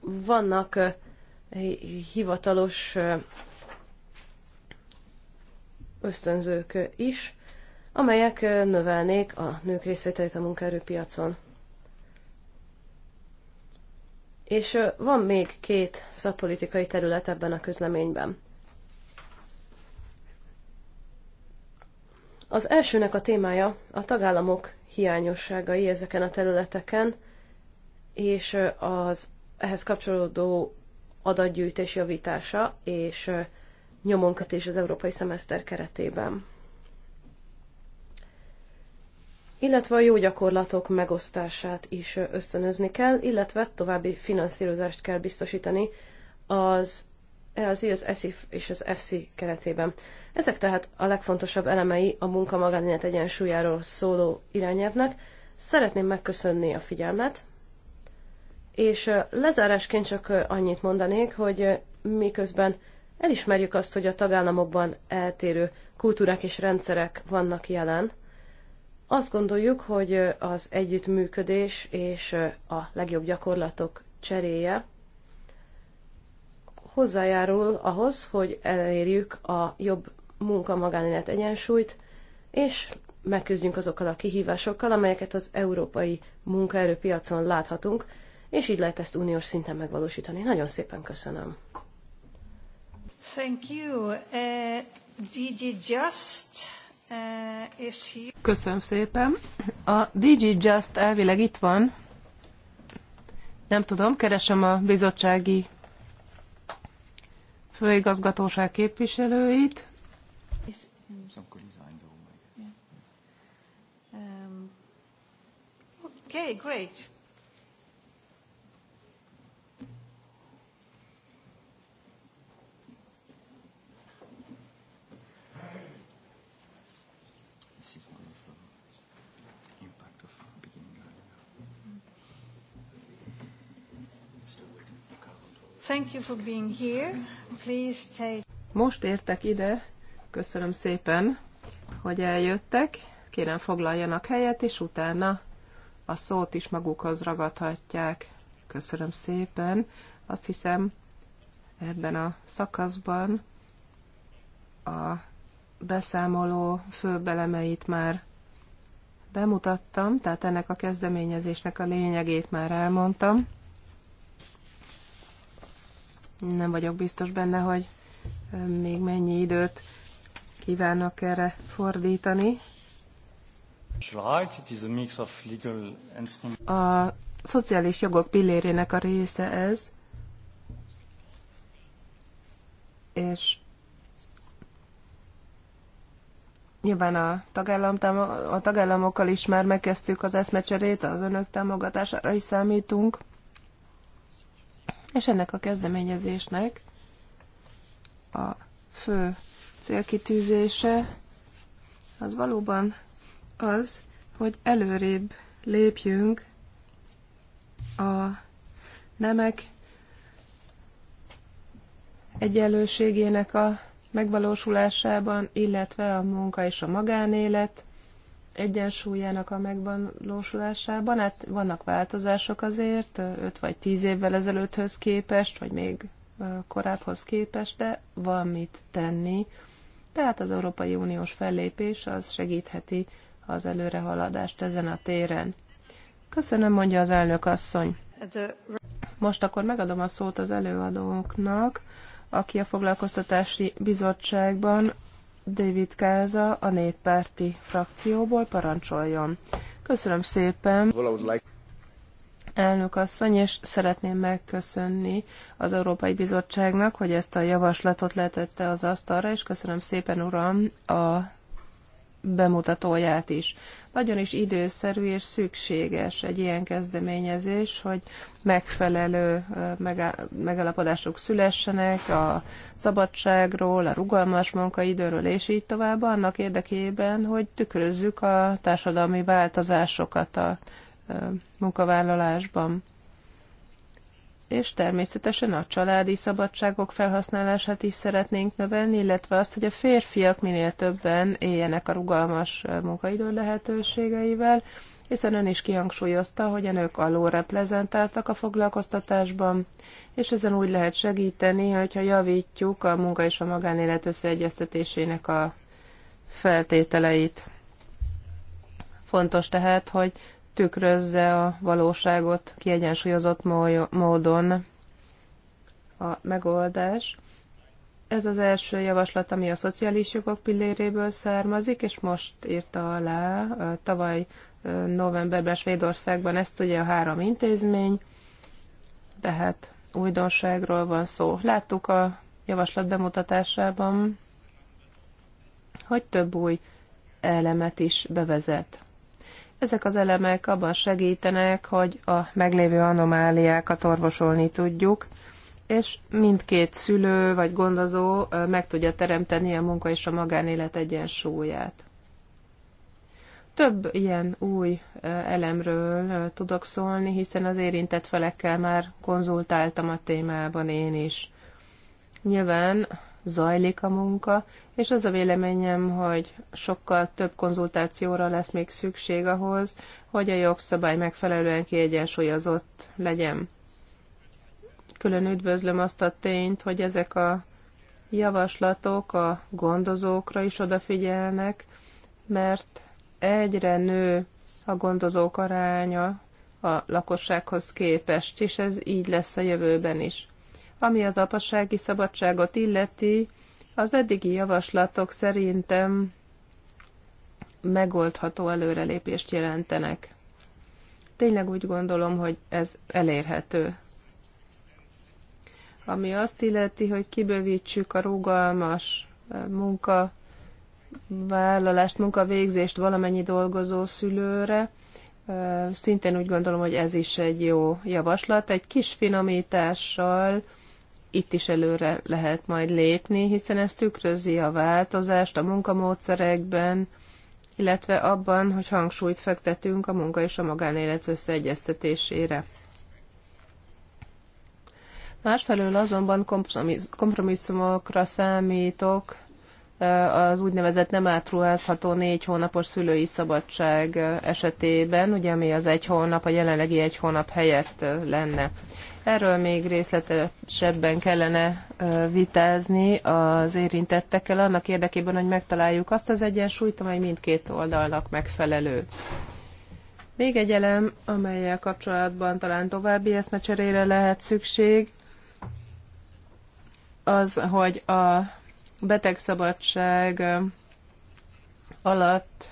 E: vannak hivatalos ösztönzők is, amelyek növelnék a nők részvételét a munkaerőpiacon. És van még két szakpolitikai terület ebben a közleményben. Az elsőnek a témája a tagállamok hiányosságai ezeken a területeken, és az ehhez kapcsolódó adatgyűjtés javítása és nyomonkat is az európai szemeszter keretében. Illetve a jó gyakorlatok megosztását is összönözni kell, illetve további finanszírozást kell biztosítani az az az ESIF és az FC keretében. Ezek tehát a legfontosabb elemei a munka magánélet egyensúlyáról szóló irányelvnek. Szeretném megköszönni a figyelmet, és lezárásként csak annyit mondanék, hogy miközben Elismerjük azt, hogy a tagállamokban eltérő kultúrák és rendszerek vannak jelen. Azt gondoljuk, hogy az együttműködés és a legjobb gyakorlatok cseréje hozzájárul ahhoz, hogy elérjük a jobb munka-magánélet egyensúlyt, és megküzdjünk azokkal a kihívásokkal, amelyeket az európai munkaerőpiacon láthatunk, és így lehet ezt uniós szinten megvalósítani. Nagyon szépen köszönöm.
A: Uh, uh,
C: Köszönöm szépen. A DG Just elvileg itt van. Nem tudom, keresem a bizottsági főigazgatóság képviselőit.
A: Um, okay, great. Thank you for being here. Please take...
C: Most értek ide, köszönöm szépen, hogy eljöttek. Kérem foglaljanak helyet, és utána a szót is magukhoz ragadhatják. Köszönöm szépen. Azt hiszem, ebben a szakaszban a beszámoló főbelemeit már bemutattam, tehát ennek a kezdeményezésnek a lényegét már elmondtam. Nem vagyok biztos benne, hogy még mennyi időt kívánok erre fordítani. A szociális jogok pillérének a része ez, és nyilván a, tagállam, a tagállamokkal is már megkezdtük az eszmecserét, az önök támogatására is számítunk. És ennek a kezdeményezésnek a fő célkitűzése az valóban az, hogy előrébb lépjünk a nemek egyenlőségének a megvalósulásában, illetve a munka és a magánélet egyensúlyának a megvalósulásában. Hát vannak változások azért, 5 vagy 10 évvel ezelőtthöz képest, vagy még korábbhoz képest, de van mit tenni. Tehát az Európai Uniós fellépés az segítheti az előrehaladást ezen a téren. Köszönöm, mondja az elnök asszony. Most akkor megadom a szót az előadónknak, aki a foglalkoztatási bizottságban David Káza a néppárti frakcióból parancsoljon. Köszönöm szépen. Elnök asszony, és szeretném megköszönni az Európai Bizottságnak, hogy ezt a javaslatot letette az asztalra, és köszönöm szépen, uram, a bemutatóját is. Nagyon is időszerű és szükséges egy ilyen kezdeményezés, hogy megfelelő megállapodások szülessenek a szabadságról, a rugalmas munkaidőről, és így tovább, annak érdekében, hogy tükrözzük a társadalmi változásokat a munkavállalásban és természetesen a családi szabadságok felhasználását is szeretnénk növelni, illetve azt, hogy a férfiak minél többen éljenek a rugalmas munkaidő lehetőségeivel, hiszen ön is kihangsúlyozta, hogy a nők alul reprezentáltak a foglalkoztatásban, és ezen úgy lehet segíteni, hogyha javítjuk a munka és a magánélet összeegyeztetésének a feltételeit. Fontos tehát, hogy tükrözze a valóságot kiegyensúlyozott módon a megoldás. Ez az első javaslat, ami a szociális jogok pilléréből származik, és most írta alá tavaly novemberben Svédországban ezt ugye a három intézmény, tehát újdonságról van szó. Láttuk a javaslat bemutatásában, hogy több új elemet is bevezet. Ezek az elemek abban segítenek, hogy a meglévő anomáliákat orvosolni tudjuk, és mindkét szülő vagy gondozó meg tudja teremteni a munka és a magánélet egyensúlyát. Több ilyen új elemről tudok szólni, hiszen az érintett felekkel már konzultáltam a témában én is. Nyilván zajlik a munka, és az a véleményem, hogy sokkal több konzultációra lesz még szükség ahhoz, hogy a jogszabály megfelelően kiegyensúlyozott legyen. Külön üdvözlöm azt a tényt, hogy ezek a javaslatok a gondozókra is odafigyelnek, mert egyre nő a gondozók aránya a lakossághoz képest, és ez így lesz a jövőben is. Ami az apasági szabadságot illeti, az eddigi javaslatok szerintem megoldható előrelépést jelentenek. Tényleg úgy gondolom, hogy ez elérhető. Ami azt illeti, hogy kibővítsük a rugalmas eh, munka vállalást, munkavégzést valamennyi dolgozó szülőre, eh, szintén úgy gondolom, hogy ez is egy jó javaslat. Egy kis finomítással itt is előre lehet majd lépni, hiszen ez tükrözi a változást a munkamódszerekben, illetve abban, hogy hangsúlyt fektetünk a munka és a magánélet összeegyeztetésére. Másfelől azonban kompromisszumokra számítok az úgynevezett nem átruházható négy hónapos szülői szabadság esetében, ugye ami az egy hónap, a jelenlegi egy hónap helyett lenne. Erről még részletesebben kellene vitázni az érintettekkel annak érdekében, hogy megtaláljuk azt az egyensúlyt, amely mindkét oldalnak megfelelő. Még egy elem, amelyel kapcsolatban talán további eszmecserére lehet szükség, az, hogy a betegszabadság alatt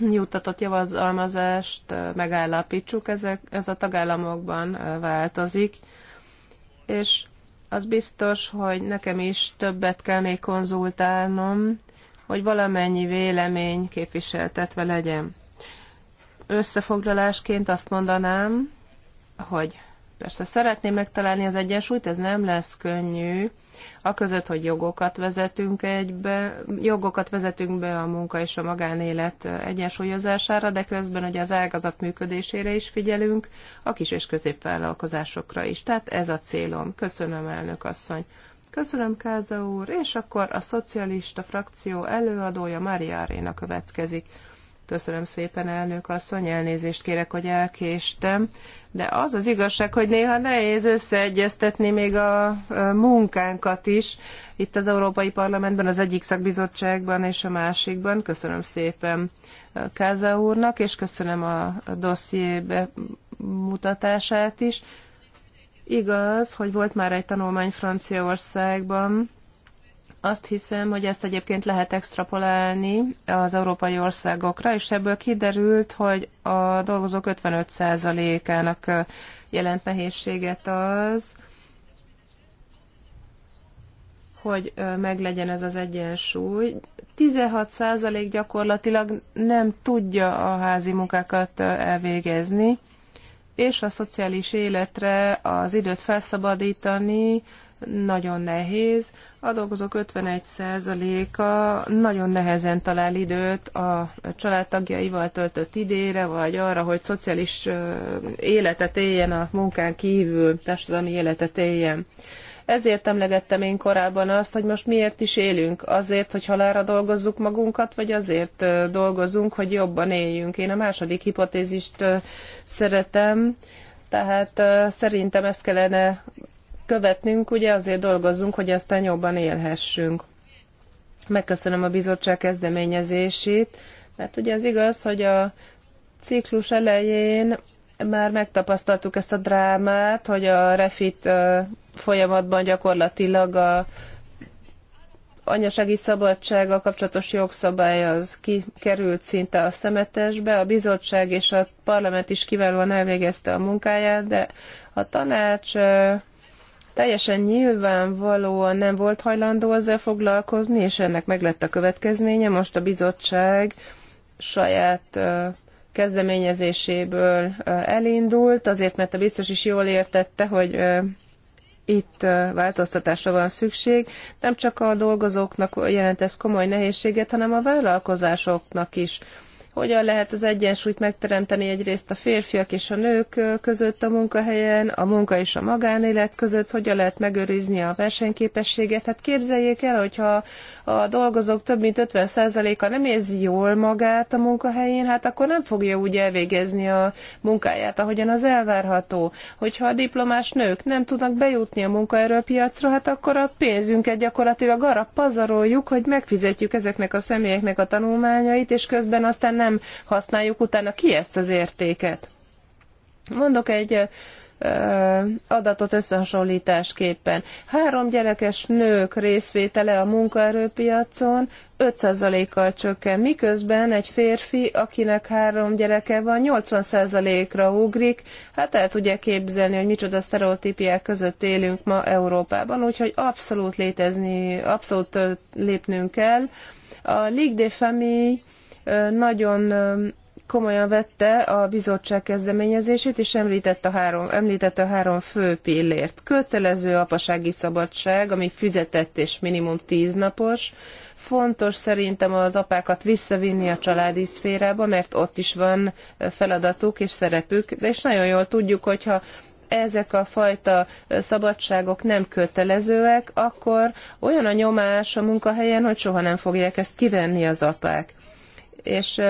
C: juttatott javazalmazást megállapítsuk, ezek, ez a tagállamokban változik, és az biztos, hogy nekem is többet kell még konzultálnom, hogy valamennyi vélemény képviseltetve legyen. Összefoglalásként azt mondanám, hogy persze szeretném megtalálni az egyensúlyt, ez nem lesz könnyű, aközött, hogy jogokat vezetünk egybe, jogokat vezetünk be a munka és a magánélet egyensúlyozására, de közben ugye az ágazat működésére is figyelünk, a kis és középvállalkozásokra is. Tehát ez a célom. Köszönöm, elnök asszony. Köszönöm, Káza úr, és akkor a szocialista frakció előadója Mária Aréna következik. Köszönöm szépen, elnök asszony, elnézést kérek, hogy elkéstem. De az az igazság, hogy néha nehéz összeegyeztetni még a munkánkat is, itt az Európai Parlamentben, az egyik szakbizottságban és a másikban. Köszönöm szépen Káza úrnak, és köszönöm a dosszié bemutatását is. Igaz, hogy volt már egy tanulmány Franciaországban, azt hiszem, hogy ezt egyébként lehet extrapolálni az európai országokra, és ebből kiderült, hogy a dolgozók 55%-ának jelent nehézséget az, hogy meglegyen ez az egyensúly. 16% gyakorlatilag nem tudja a házi munkákat elvégezni, és a szociális életre az időt felszabadítani nagyon nehéz. A dolgozók 51%-a nagyon nehezen talál időt a családtagjaival töltött idére, vagy arra, hogy szociális életet éljen a munkán kívül, társadalmi életet éljen. Ezért emlegettem én korábban azt, hogy most miért is élünk. Azért, hogy halára dolgozzuk magunkat, vagy azért dolgozunk, hogy jobban éljünk. Én a második hipotézist szeretem, tehát szerintem ezt kellene követnünk, ugye azért dolgozzunk, hogy aztán jobban élhessünk. Megköszönöm a bizottság kezdeményezését, mert ugye az igaz, hogy a ciklus elején már megtapasztaltuk ezt a drámát, hogy a refit folyamatban gyakorlatilag a anyasági szabadsága kapcsolatos jogszabály az kikerült szinte a szemetesbe, a bizottság és a parlament is kiválóan elvégezte a munkáját, de a tanács teljesen nyilvánvalóan nem volt hajlandó ezzel foglalkozni, és ennek meg lett a következménye. Most a bizottság saját kezdeményezéséből elindult, azért mert a biztos is jól értette, hogy itt változtatásra van szükség. Nem csak a dolgozóknak jelent ez komoly nehézséget, hanem a vállalkozásoknak is hogyan lehet az egyensúlyt megteremteni egyrészt a férfiak és a nők között a munkahelyen, a munka és a magánélet között, hogyan lehet megőrizni a versenyképességet. Hát képzeljék el, hogyha a dolgozók több mint 50%-a nem érzi jól magát a munkahelyén, hát akkor nem fogja úgy elvégezni a munkáját, ahogyan az elvárható. Hogyha a diplomás nők nem tudnak bejutni a munkaerőpiacra, hát akkor a pénzünket gyakorlatilag arra pazaroljuk, hogy megfizetjük ezeknek a személyeknek a tanulmányait, és közben aztán nem használjuk, utána ki ezt az értéket? Mondok egy adatot összehasonlításképpen. Három gyerekes nők részvétele a munkaerőpiacon 5%-kal csökken, miközben egy férfi, akinek három gyereke van, 80%-ra ugrik. Hát el tudja képzelni, hogy micsoda sztereotípiák között élünk ma Európában, úgyhogy abszolút létezni, abszolút lépnünk kell. A Ligue de Famille nagyon komolyan vette a bizottság kezdeményezését, és említette a három, említette a három fő pillért. Kötelező apasági szabadság, ami fizetett és minimum tíz napos. Fontos szerintem az apákat visszavinni a családi szférába, mert ott is van feladatuk és szerepük, de és nagyon jól tudjuk, hogyha ezek a fajta szabadságok nem kötelezőek, akkor olyan a nyomás a munkahelyen, hogy soha nem fogják ezt kivenni az apák és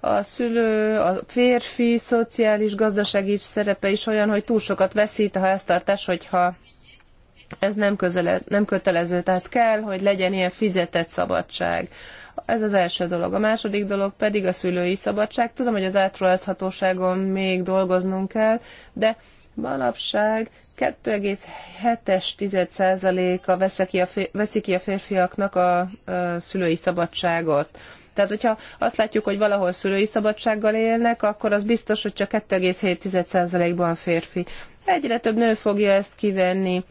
C: a szülő, a férfi szociális, gazdasági szerepe is olyan, hogy túl sokat veszít a háztartás, hogyha ez nem, közele, nem kötelező, tehát kell, hogy legyen ilyen fizetett szabadság. Ez az első dolog. A második dolog pedig a szülői szabadság. Tudom, hogy az átrólázhatóságon még dolgoznunk kell, de manapság 2,7%-a veszi ki a férfiaknak a szülői szabadságot. Tehát, hogyha azt látjuk, hogy valahol szülői szabadsággal élnek, akkor az biztos, hogy csak 2,7%-ban férfi. Egyre több nő fogja ezt kivenni,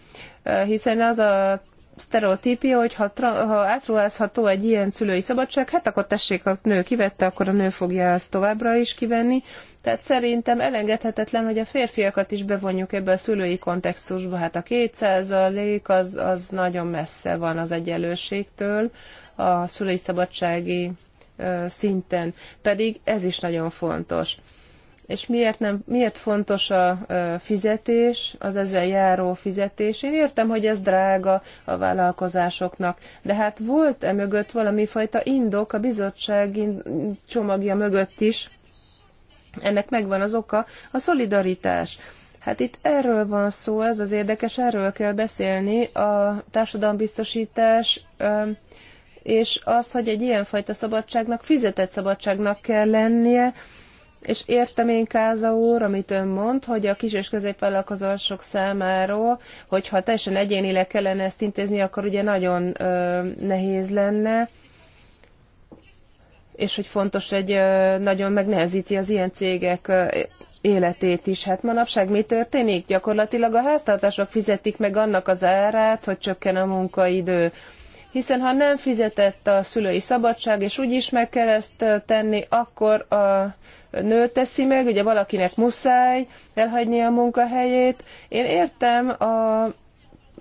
C: hiszen az a sztereotípia, hogy ha, tra- ha átruházható egy ilyen szülői szabadság, hát akkor tessék, a nő kivette, akkor a nő fogja ezt továbbra is kivenni. Tehát szerintem elengedhetetlen, hogy a férfiakat is bevonjuk ebbe a szülői kontextusba. Hát a 2% az, az nagyon messze van az egyenlőségtől, a szülői szabadsági szinten, pedig ez is nagyon fontos. És miért, nem, miért fontos a fizetés, az ezzel járó fizetés? Én értem, hogy ez drága a vállalkozásoknak, de hát volt e mögött valami fajta indok a bizottság csomagja mögött is, ennek megvan az oka, a szolidaritás. Hát itt erről van szó, ez az érdekes, erről kell beszélni. A társadalombiztosítás és az, hogy egy ilyenfajta szabadságnak fizetett szabadságnak kell lennie, és értem én Káza úr, amit ön mond, hogy a kis és középvállalkozások számáról, hogyha teljesen egyénileg kellene ezt intézni, akkor ugye nagyon ö, nehéz lenne, és hogy fontos, egy ö, nagyon megnehezíti az ilyen cégek ö, életét is. Hát manapság mi történik? Gyakorlatilag a háztartások fizetik meg annak az árát, hogy csökken a munkaidő. Ö, hiszen ha nem fizetett a szülői szabadság, és úgyis meg kell ezt tenni, akkor a nő teszi meg, ugye valakinek muszáj elhagyni a munkahelyét. Én értem a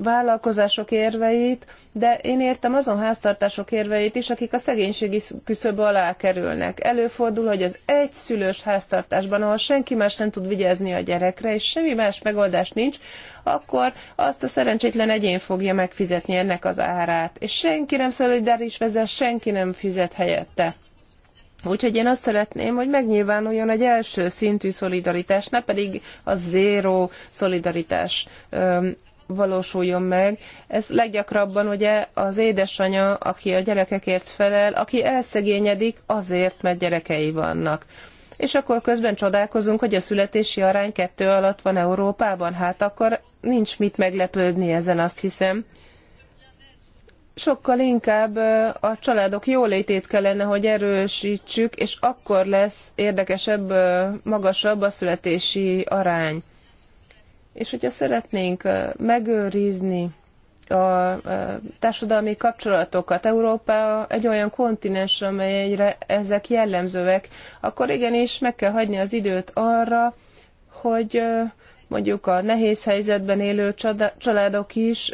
C: vállalkozások érveit, de én értem azon háztartások érveit is, akik a szegénységi küszöb alá kerülnek. Előfordul, hogy az egy szülős háztartásban, ahol senki más nem tud vigyázni a gyerekre, és semmi más megoldás nincs, akkor azt a szerencsétlen egyén fogja megfizetni ennek az árát. És senki nem szolidáris vezet, senki nem fizet helyette. Úgyhogy én azt szeretném, hogy megnyilvánuljon egy első szintű szolidaritás, ne pedig a zéró szolidaritás valósuljon meg. Ez leggyakrabban ugye az édesanya, aki a gyerekekért felel, aki elszegényedik azért, mert gyerekei vannak. És akkor közben csodálkozunk, hogy a születési arány kettő alatt van Európában. Hát akkor nincs mit meglepődni ezen, azt hiszem sokkal inkább a családok jólétét kellene, hogy erősítsük, és akkor lesz érdekesebb, magasabb a születési arány. És hogyha szeretnénk megőrizni a társadalmi kapcsolatokat, Európa egy olyan kontinens, amelyre ezek jellemzőek, akkor igenis meg kell hagyni az időt arra, hogy mondjuk a nehéz helyzetben élő családok is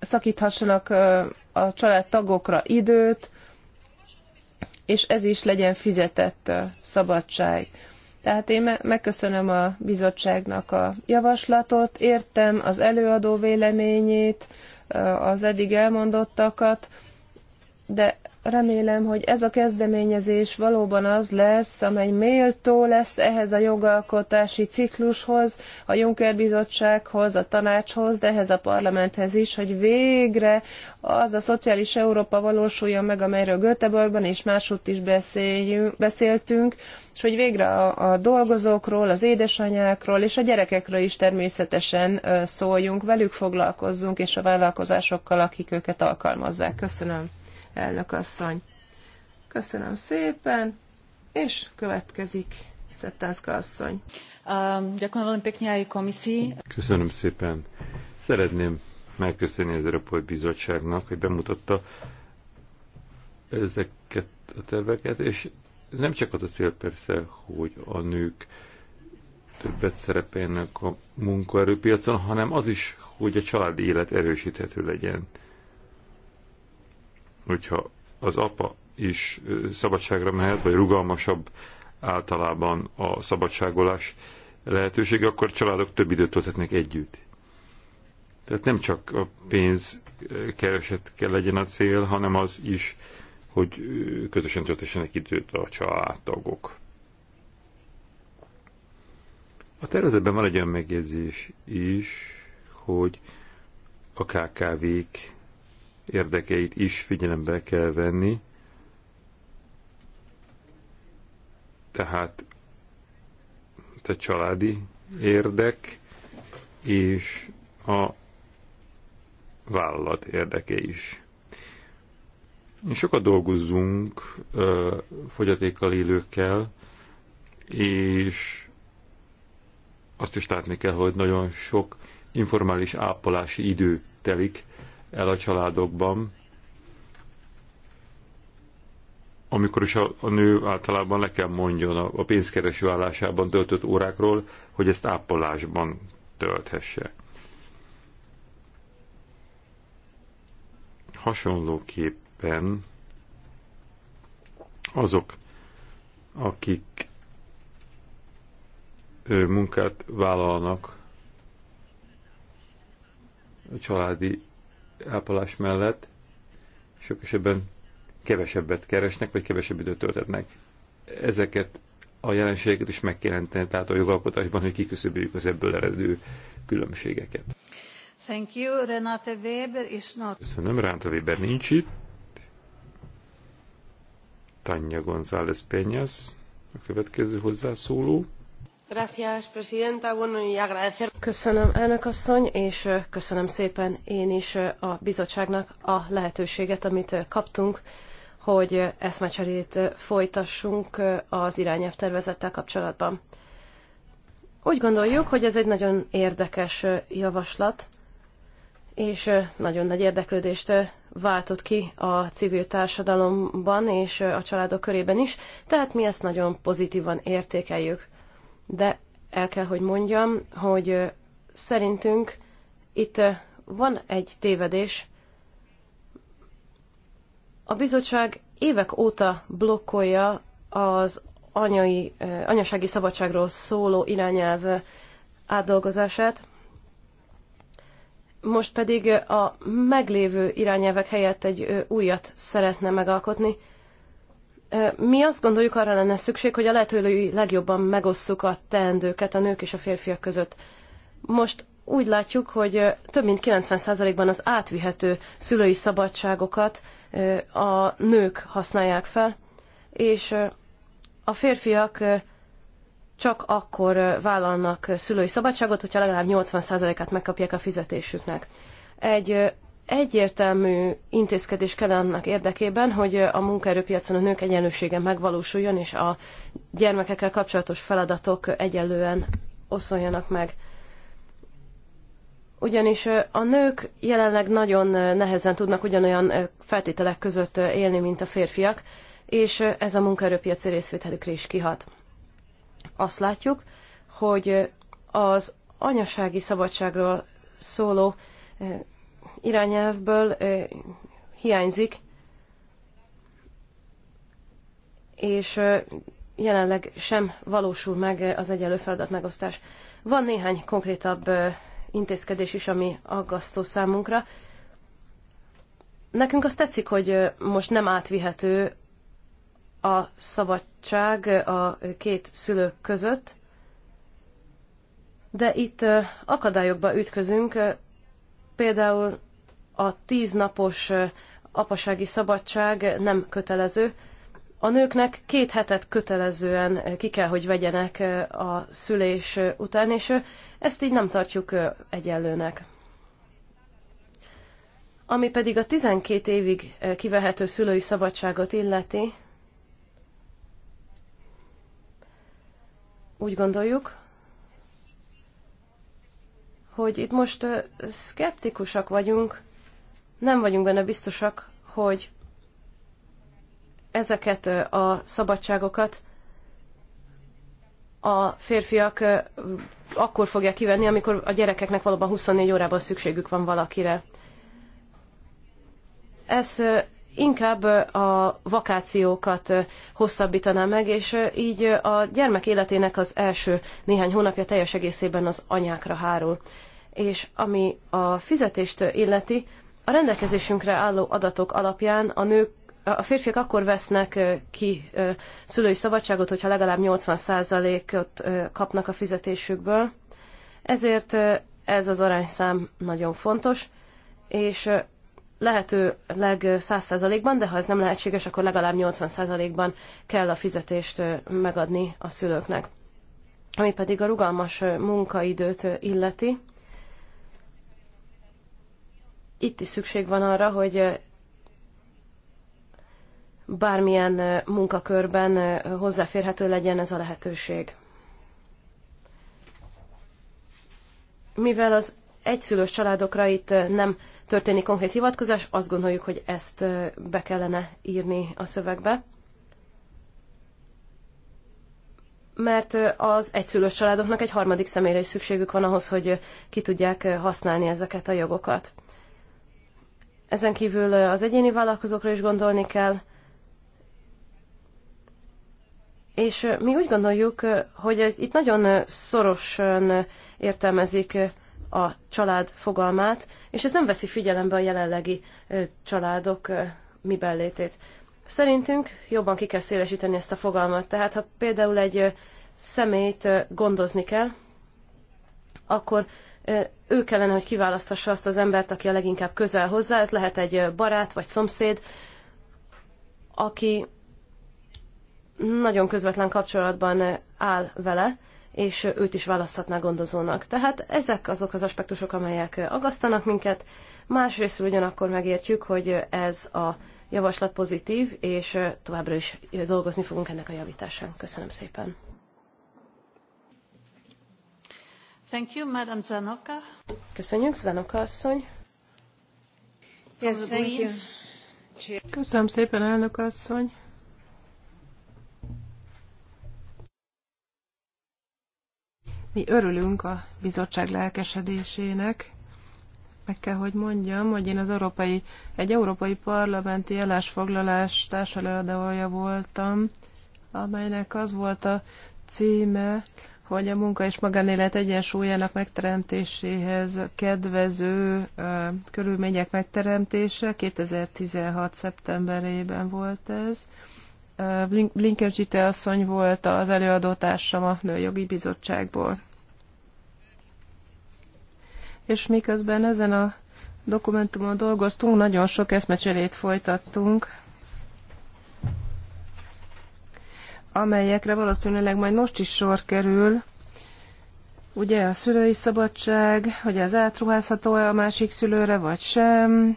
C: szakíthassanak a családtagokra időt, és ez is legyen fizetett szabadság. Tehát én megköszönöm a bizottságnak a javaslatot, értem az előadó véleményét, az eddig elmondottakat, de remélem, hogy ez a kezdeményezés valóban az lesz, amely méltó lesz ehhez a jogalkotási ciklushoz, a Juncker Bizottsághoz, a tanácshoz, de ehhez a parlamenthez is, hogy végre az a szociális Európa valósuljon meg, amelyről Göteborgban és máshogy is beszéltünk, és hogy végre a, a dolgozókról, az édesanyákról és a gyerekekről is természetesen szóljunk, velük foglalkozzunk, és a vállalkozásokkal, akik őket alkalmazzák. Köszönöm elnök asszony. Köszönöm szépen, és következik Szettánszka asszony.
B: Köszönöm szépen. Szeretném megköszönni az Európai Bizottságnak, hogy bemutatta ezeket a terveket, és nem csak az a cél persze, hogy a nők többet szerepeljenek a munkaerőpiacon, hanem az is, hogy a családi élet erősíthető legyen hogyha az apa is szabadságra mehet, vagy rugalmasabb általában a szabadságolás lehetőség, akkor családok több időt tölthetnek együtt. Tehát nem csak a pénz kereset kell legyen a cél, hanem az is, hogy közösen töltessenek időt a családtagok. A tervezetben van egy olyan megjegyzés is, hogy a KKV-k érdekeit is figyelembe kell venni. Tehát a családi érdek és a vállalat érdeke is. Sokat dolgozzunk fogyatékkal élőkkel, és azt is látni kell, hogy nagyon sok informális ápolási idő telik el a családokban, amikor is a, a nő általában le kell mondjon a, a pénzkereső állásában töltött órákról, hogy ezt ápolásban tölthesse. Hasonlóképpen azok, akik munkát vállalnak a családi ápolás mellett sok esetben kevesebbet keresnek, vagy kevesebb időt töltetnek. Ezeket a jelenségeket is meg kell tehát a jogalkotásban, hogy kiküszöböljük az ebből eredő különbségeket.
A: Thank you. Renate Weber is not...
B: Köszönöm, Renate Weber nincs itt. Tanya González Peñas, a következő hozzászóló.
E: Köszönöm, elnök asszony, és köszönöm szépen én is a bizottságnak a lehetőséget, amit kaptunk, hogy eszmecserét folytassunk az irányelv tervezettel kapcsolatban. Úgy gondoljuk, hogy ez egy nagyon érdekes javaslat, és nagyon nagy érdeklődést váltott ki a civil társadalomban és a családok körében is, tehát mi ezt nagyon pozitívan értékeljük de el kell, hogy mondjam, hogy szerintünk itt van egy tévedés. A bizottság évek óta blokkolja az anyai, anyasági szabadságról szóló irányelv átdolgozását, most pedig a meglévő irányelvek helyett egy újat szeretne megalkotni, mi azt gondoljuk, arra lenne szükség, hogy a lehető legjobban megosszuk a teendőket a nők és a férfiak között. Most úgy látjuk, hogy több mint 90%-ban az átvihető szülői szabadságokat a nők használják fel, és a férfiak csak akkor vállalnak szülői szabadságot, hogyha legalább 80%-át megkapják a fizetésüknek. Egy egyértelmű intézkedés kell annak érdekében, hogy a munkaerőpiacon a nők egyenlősége megvalósuljon, és a gyermekekkel kapcsolatos feladatok egyenlően oszoljanak meg. Ugyanis a nők jelenleg nagyon nehezen tudnak ugyanolyan feltételek között élni, mint a férfiak, és ez a munkaerőpiaci részvételükre is kihat. Azt látjuk, hogy az anyasági szabadságról szóló irányelvből hiányzik, és jelenleg sem valósul meg az egyenlő feladat megosztás. Van néhány konkrétabb intézkedés is, ami aggasztó számunkra. Nekünk azt tetszik, hogy most nem átvihető a szabadság a két szülők között, de itt akadályokba ütközünk, például a tíz napos apasági szabadság nem kötelező. A nőknek két hetet kötelezően ki kell, hogy vegyenek a szülés után, és ezt így nem tartjuk egyenlőnek. Ami pedig a 12 évig kivehető szülői szabadságot illeti, úgy gondoljuk, hogy itt most szkeptikusak vagyunk nem vagyunk benne biztosak, hogy ezeket a szabadságokat a férfiak akkor fogják kivenni, amikor a gyerekeknek valóban 24 órában szükségük van valakire. Ez inkább a vakációkat hosszabbítaná meg, és így a gyermek életének az első néhány hónapja teljes egészében az anyákra hárul. És ami a fizetést illeti, a rendelkezésünkre álló adatok alapján a nők a férfiak akkor vesznek ki szülői szabadságot, hogyha legalább 80%-ot kapnak a fizetésükből. Ezért ez az arányszám nagyon fontos, és lehetőleg 100%-ban, de ha ez nem lehetséges, akkor legalább 80%-ban kell a fizetést megadni a szülőknek. Ami pedig a rugalmas munkaidőt illeti, itt is szükség van arra, hogy bármilyen munkakörben hozzáférhető legyen ez a lehetőség. Mivel az egyszülős családokra itt nem történik konkrét hivatkozás, azt gondoljuk, hogy ezt be kellene írni a szövegbe. Mert az egyszülős családoknak egy harmadik személyre is szükségük van ahhoz, hogy ki tudják használni ezeket a jogokat. Ezen kívül az egyéni vállalkozókra is gondolni kell, és mi úgy gondoljuk, hogy ez itt nagyon szorosan értelmezik a család fogalmát, és ez nem veszi figyelembe a jelenlegi családok miben létét. Szerintünk jobban ki kell szélesíteni ezt a fogalmat. Tehát ha például egy személyt gondozni kell, akkor ő kellene, hogy kiválasztassa azt az embert, aki a leginkább közel hozzá. Ez lehet egy barát vagy szomszéd, aki nagyon közvetlen kapcsolatban áll vele, és őt is választhatná gondozónak. Tehát ezek azok az aspektusok, amelyek agasztanak minket. Másrészt ugyanakkor megértjük, hogy ez a javaslat pozitív, és továbbra is dolgozni fogunk ennek a javításán. Köszönöm szépen!
A: Thank you, Madam Zanoka.
C: Köszönjük, Zanoka asszony. Yes, thank you. Köszönöm szépen, elnök asszony. Mi örülünk a bizottság lelkesedésének. Meg kell, hogy mondjam, hogy én az európai, egy európai parlamenti állásfoglalás társelőadója voltam, amelynek az volt a címe, hogy a munka és magánélet egyensúlyának megteremtéséhez kedvező ö, körülmények megteremtése. 2016. szeptemberében volt ez. Blinker Zsite asszony volt az előadótársam a Nőjogi Bizottságból. És miközben ezen a dokumentumon dolgoztunk, nagyon sok eszmecserét folytattunk amelyekre valószínűleg majd most is sor kerül, ugye a szülői szabadság, hogy az átruházható-e a másik szülőre, vagy sem,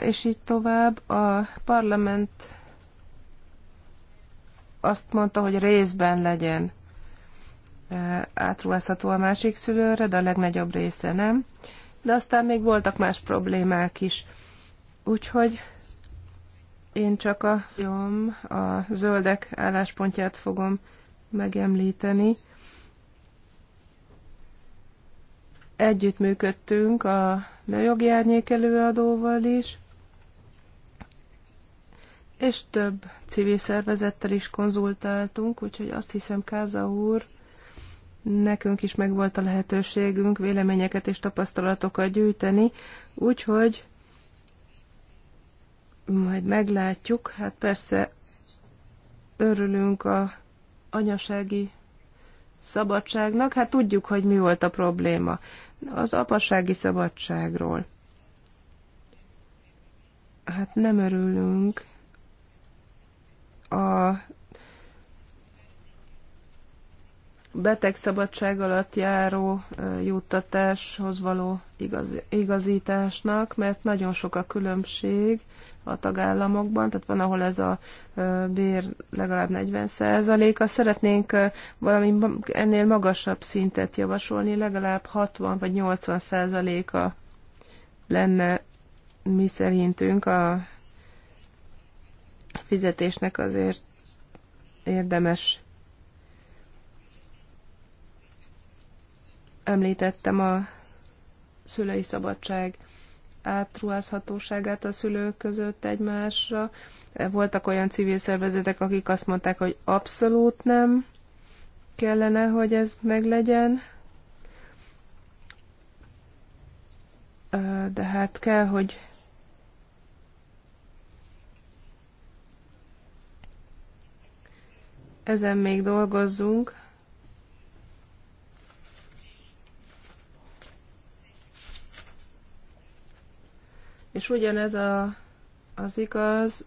C: és így tovább. A parlament azt mondta, hogy részben legyen e, átruházható a másik szülőre, de a legnagyobb része nem. De aztán még voltak más problémák is. Úgyhogy én csak a, jom, a zöldek álláspontját fogom megemlíteni. Együttműködtünk a jogi árnyék előadóval is, és több civil szervezettel is konzultáltunk, úgyhogy azt hiszem, Káza úr, nekünk is megvolt a lehetőségünk véleményeket és tapasztalatokat gyűjteni, úgyhogy majd meglátjuk. Hát persze örülünk a anyasági szabadságnak, hát tudjuk, hogy mi volt a probléma. Az apasági szabadságról. Hát nem örülünk a betegszabadság alatt járó juttatáshoz való igaz, igazításnak, mert nagyon sok a különbség a tagállamokban, tehát van, ahol ez a bér legalább 40%-a. Szeretnénk valami ennél magasabb szintet javasolni, legalább 60 vagy 80%-a lenne mi szerintünk a fizetésnek azért érdemes Említettem a szülei szabadság átruházhatóságát a szülők között egymásra. Voltak olyan civil szervezetek, akik azt mondták, hogy abszolút nem kellene, hogy ez meglegyen. De hát kell, hogy ezen még dolgozzunk, És ugyanez a, az igaz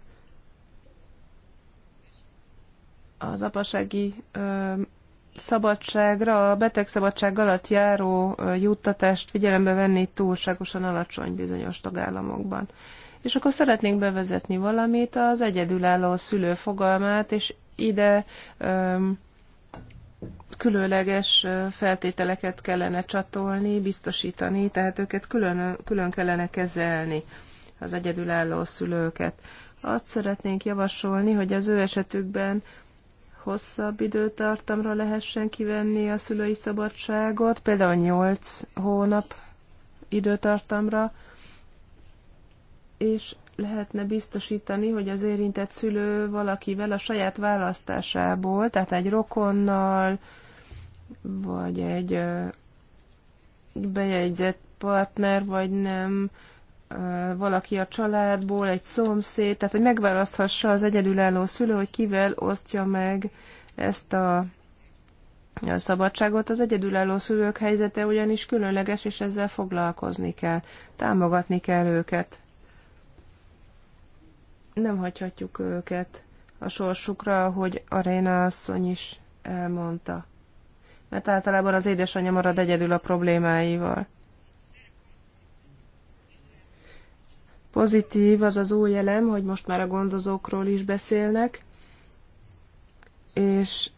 C: az apasági ö, szabadságra, a betegszabadság alatt járó ö, juttatást figyelembe venni túlságosan alacsony bizonyos tagállamokban. És akkor szeretnénk bevezetni valamit az egyedülálló szülő fogalmát, és ide Ö, különleges feltételeket kellene csatolni, biztosítani, tehát őket külön, külön kellene kezelni, az egyedülálló szülőket. Azt szeretnénk javasolni, hogy az ő esetükben hosszabb időtartamra lehessen kivenni a szülői szabadságot, például 8 hónap időtartamra, és lehetne biztosítani, hogy az érintett szülő valakivel a saját választásából, tehát egy rokonnal, vagy egy bejegyzett partner, vagy nem, valaki a családból, egy szomszéd, tehát hogy megválaszthassa az egyedülálló szülő, hogy kivel osztja meg ezt a a szabadságot az egyedülálló szülők helyzete ugyanis különleges, és ezzel foglalkozni kell, támogatni kell őket nem hagyhatjuk őket a sorsukra, hogy a Réna asszony is elmondta. Mert általában az édesanyja marad egyedül a problémáival. Pozitív az az új elem, hogy most már a gondozókról is beszélnek, és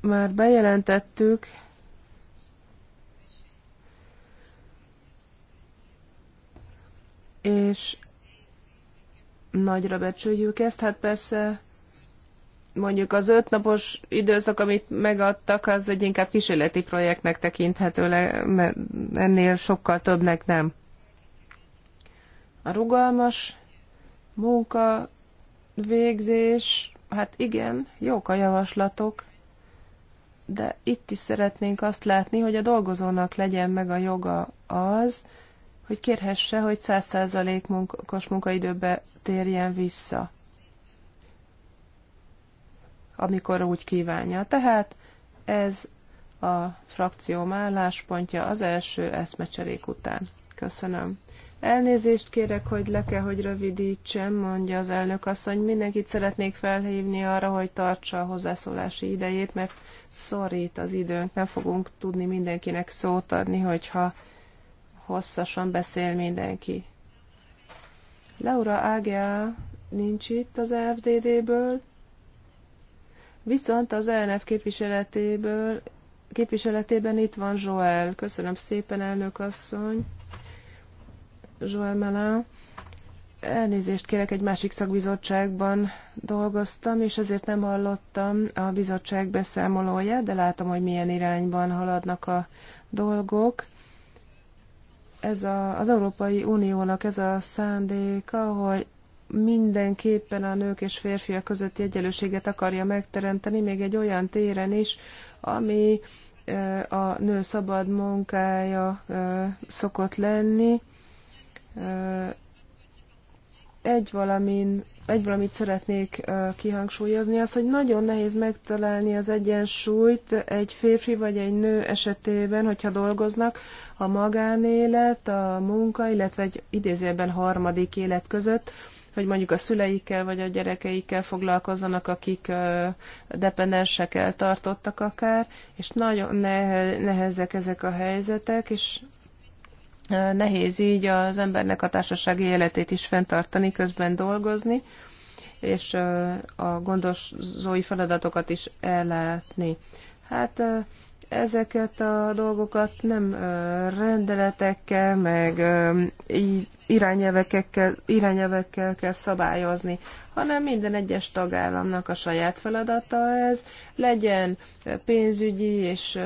C: már bejelentettük, és nagyra becsüljük ezt. Hát persze mondjuk az ötnapos időszak, amit megadtak, az egy inkább kísérleti projektnek tekinthető, le, mert ennél sokkal többnek nem. A rugalmas munka végzés, hát igen, jók a javaslatok, de itt is szeretnénk azt látni, hogy a dolgozónak legyen meg a joga az, hogy kérhesse, hogy 100% munkos munkaidőbe térjen vissza, amikor úgy kívánja. Tehát ez a frakcióm álláspontja az első eszmecserék után. Köszönöm. Elnézést kérek, hogy le kell, hogy rövidítsem, mondja az elnök asszony. Mindenkit szeretnék felhívni arra, hogy tartsa a hozzászólási idejét, mert szorít az időnk, nem fogunk tudni mindenkinek szót adni, hogyha hosszasan beszél mindenki. Laura Ágia nincs itt az FDD-ből, viszont az ELNF képviseletéből, képviseletében itt van Joel. Köszönöm szépen, elnök asszony. Joel Melin. Elnézést kérek, egy másik szakbizottságban dolgoztam, és ezért nem hallottam a bizottság beszámolóját, de látom, hogy milyen irányban haladnak a dolgok ez a, az Európai Uniónak ez a szándéka, hogy mindenképpen a nők és férfiak közötti egyenlőséget akarja megteremteni, még egy olyan téren is, ami a nő szabad munkája szokott lenni, egy valamin egy valamit szeretnék kihangsúlyozni, az, hogy nagyon nehéz megtalálni az egyensúlyt egy férfi vagy egy nő esetében, hogyha dolgoznak, a magánélet, a munka, illetve egy idézőben harmadik élet között, hogy mondjuk a szüleikkel vagy a gyerekeikkel foglalkozzanak, akik dependensekkel tartottak akár, és nagyon nehezek ezek a helyzetek, és nehéz így az embernek a társasági életét is fenntartani, közben dolgozni, és a gondozói feladatokat is ellátni. Hát ezeket a dolgokat nem rendeletekkel, meg irányelvekkel, irányelvekkel kell szabályozni, hanem minden egyes tagállamnak a saját feladata ez, legyen pénzügyi és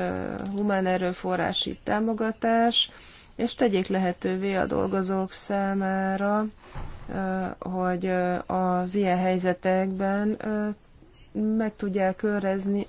C: humán erőforrási támogatás, és tegyék lehetővé a dolgozók számára, hogy az ilyen helyzetekben meg tudják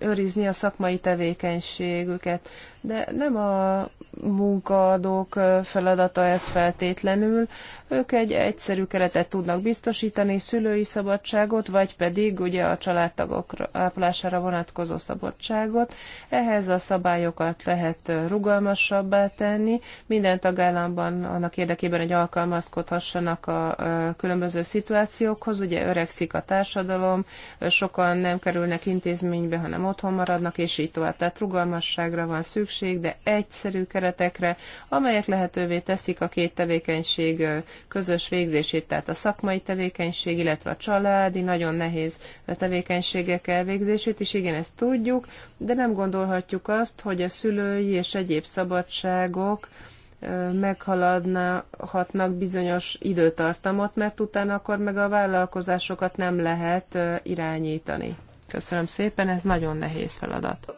C: őrizni a szakmai tevékenységüket. De nem a munkaadók feladata ez feltétlenül. Ők egy egyszerű keretet tudnak biztosítani, szülői szabadságot, vagy pedig ugye a családtagok ápolására vonatkozó szabadságot. Ehhez a szabályokat lehet rugalmasabbá tenni. Minden tagállamban annak érdekében, hogy alkalmazkodhassanak a különböző szituációkhoz. Ugye öregszik a társadalom, sokan nem kerülnek intézménybe, hanem otthon maradnak, és így tovább. Tehát rugalmasságra van szükség szükség, de egyszerű keretekre, amelyek lehetővé teszik a két tevékenység közös végzését, tehát a szakmai tevékenység, illetve a családi, nagyon nehéz tevékenységek elvégzését is, igen, ezt tudjuk, de nem gondolhatjuk azt, hogy a szülői és egyéb szabadságok, meghaladhatnak bizonyos időtartamot, mert utána akkor meg a vállalkozásokat nem lehet irányítani. Köszönöm szépen, ez nagyon nehéz feladat.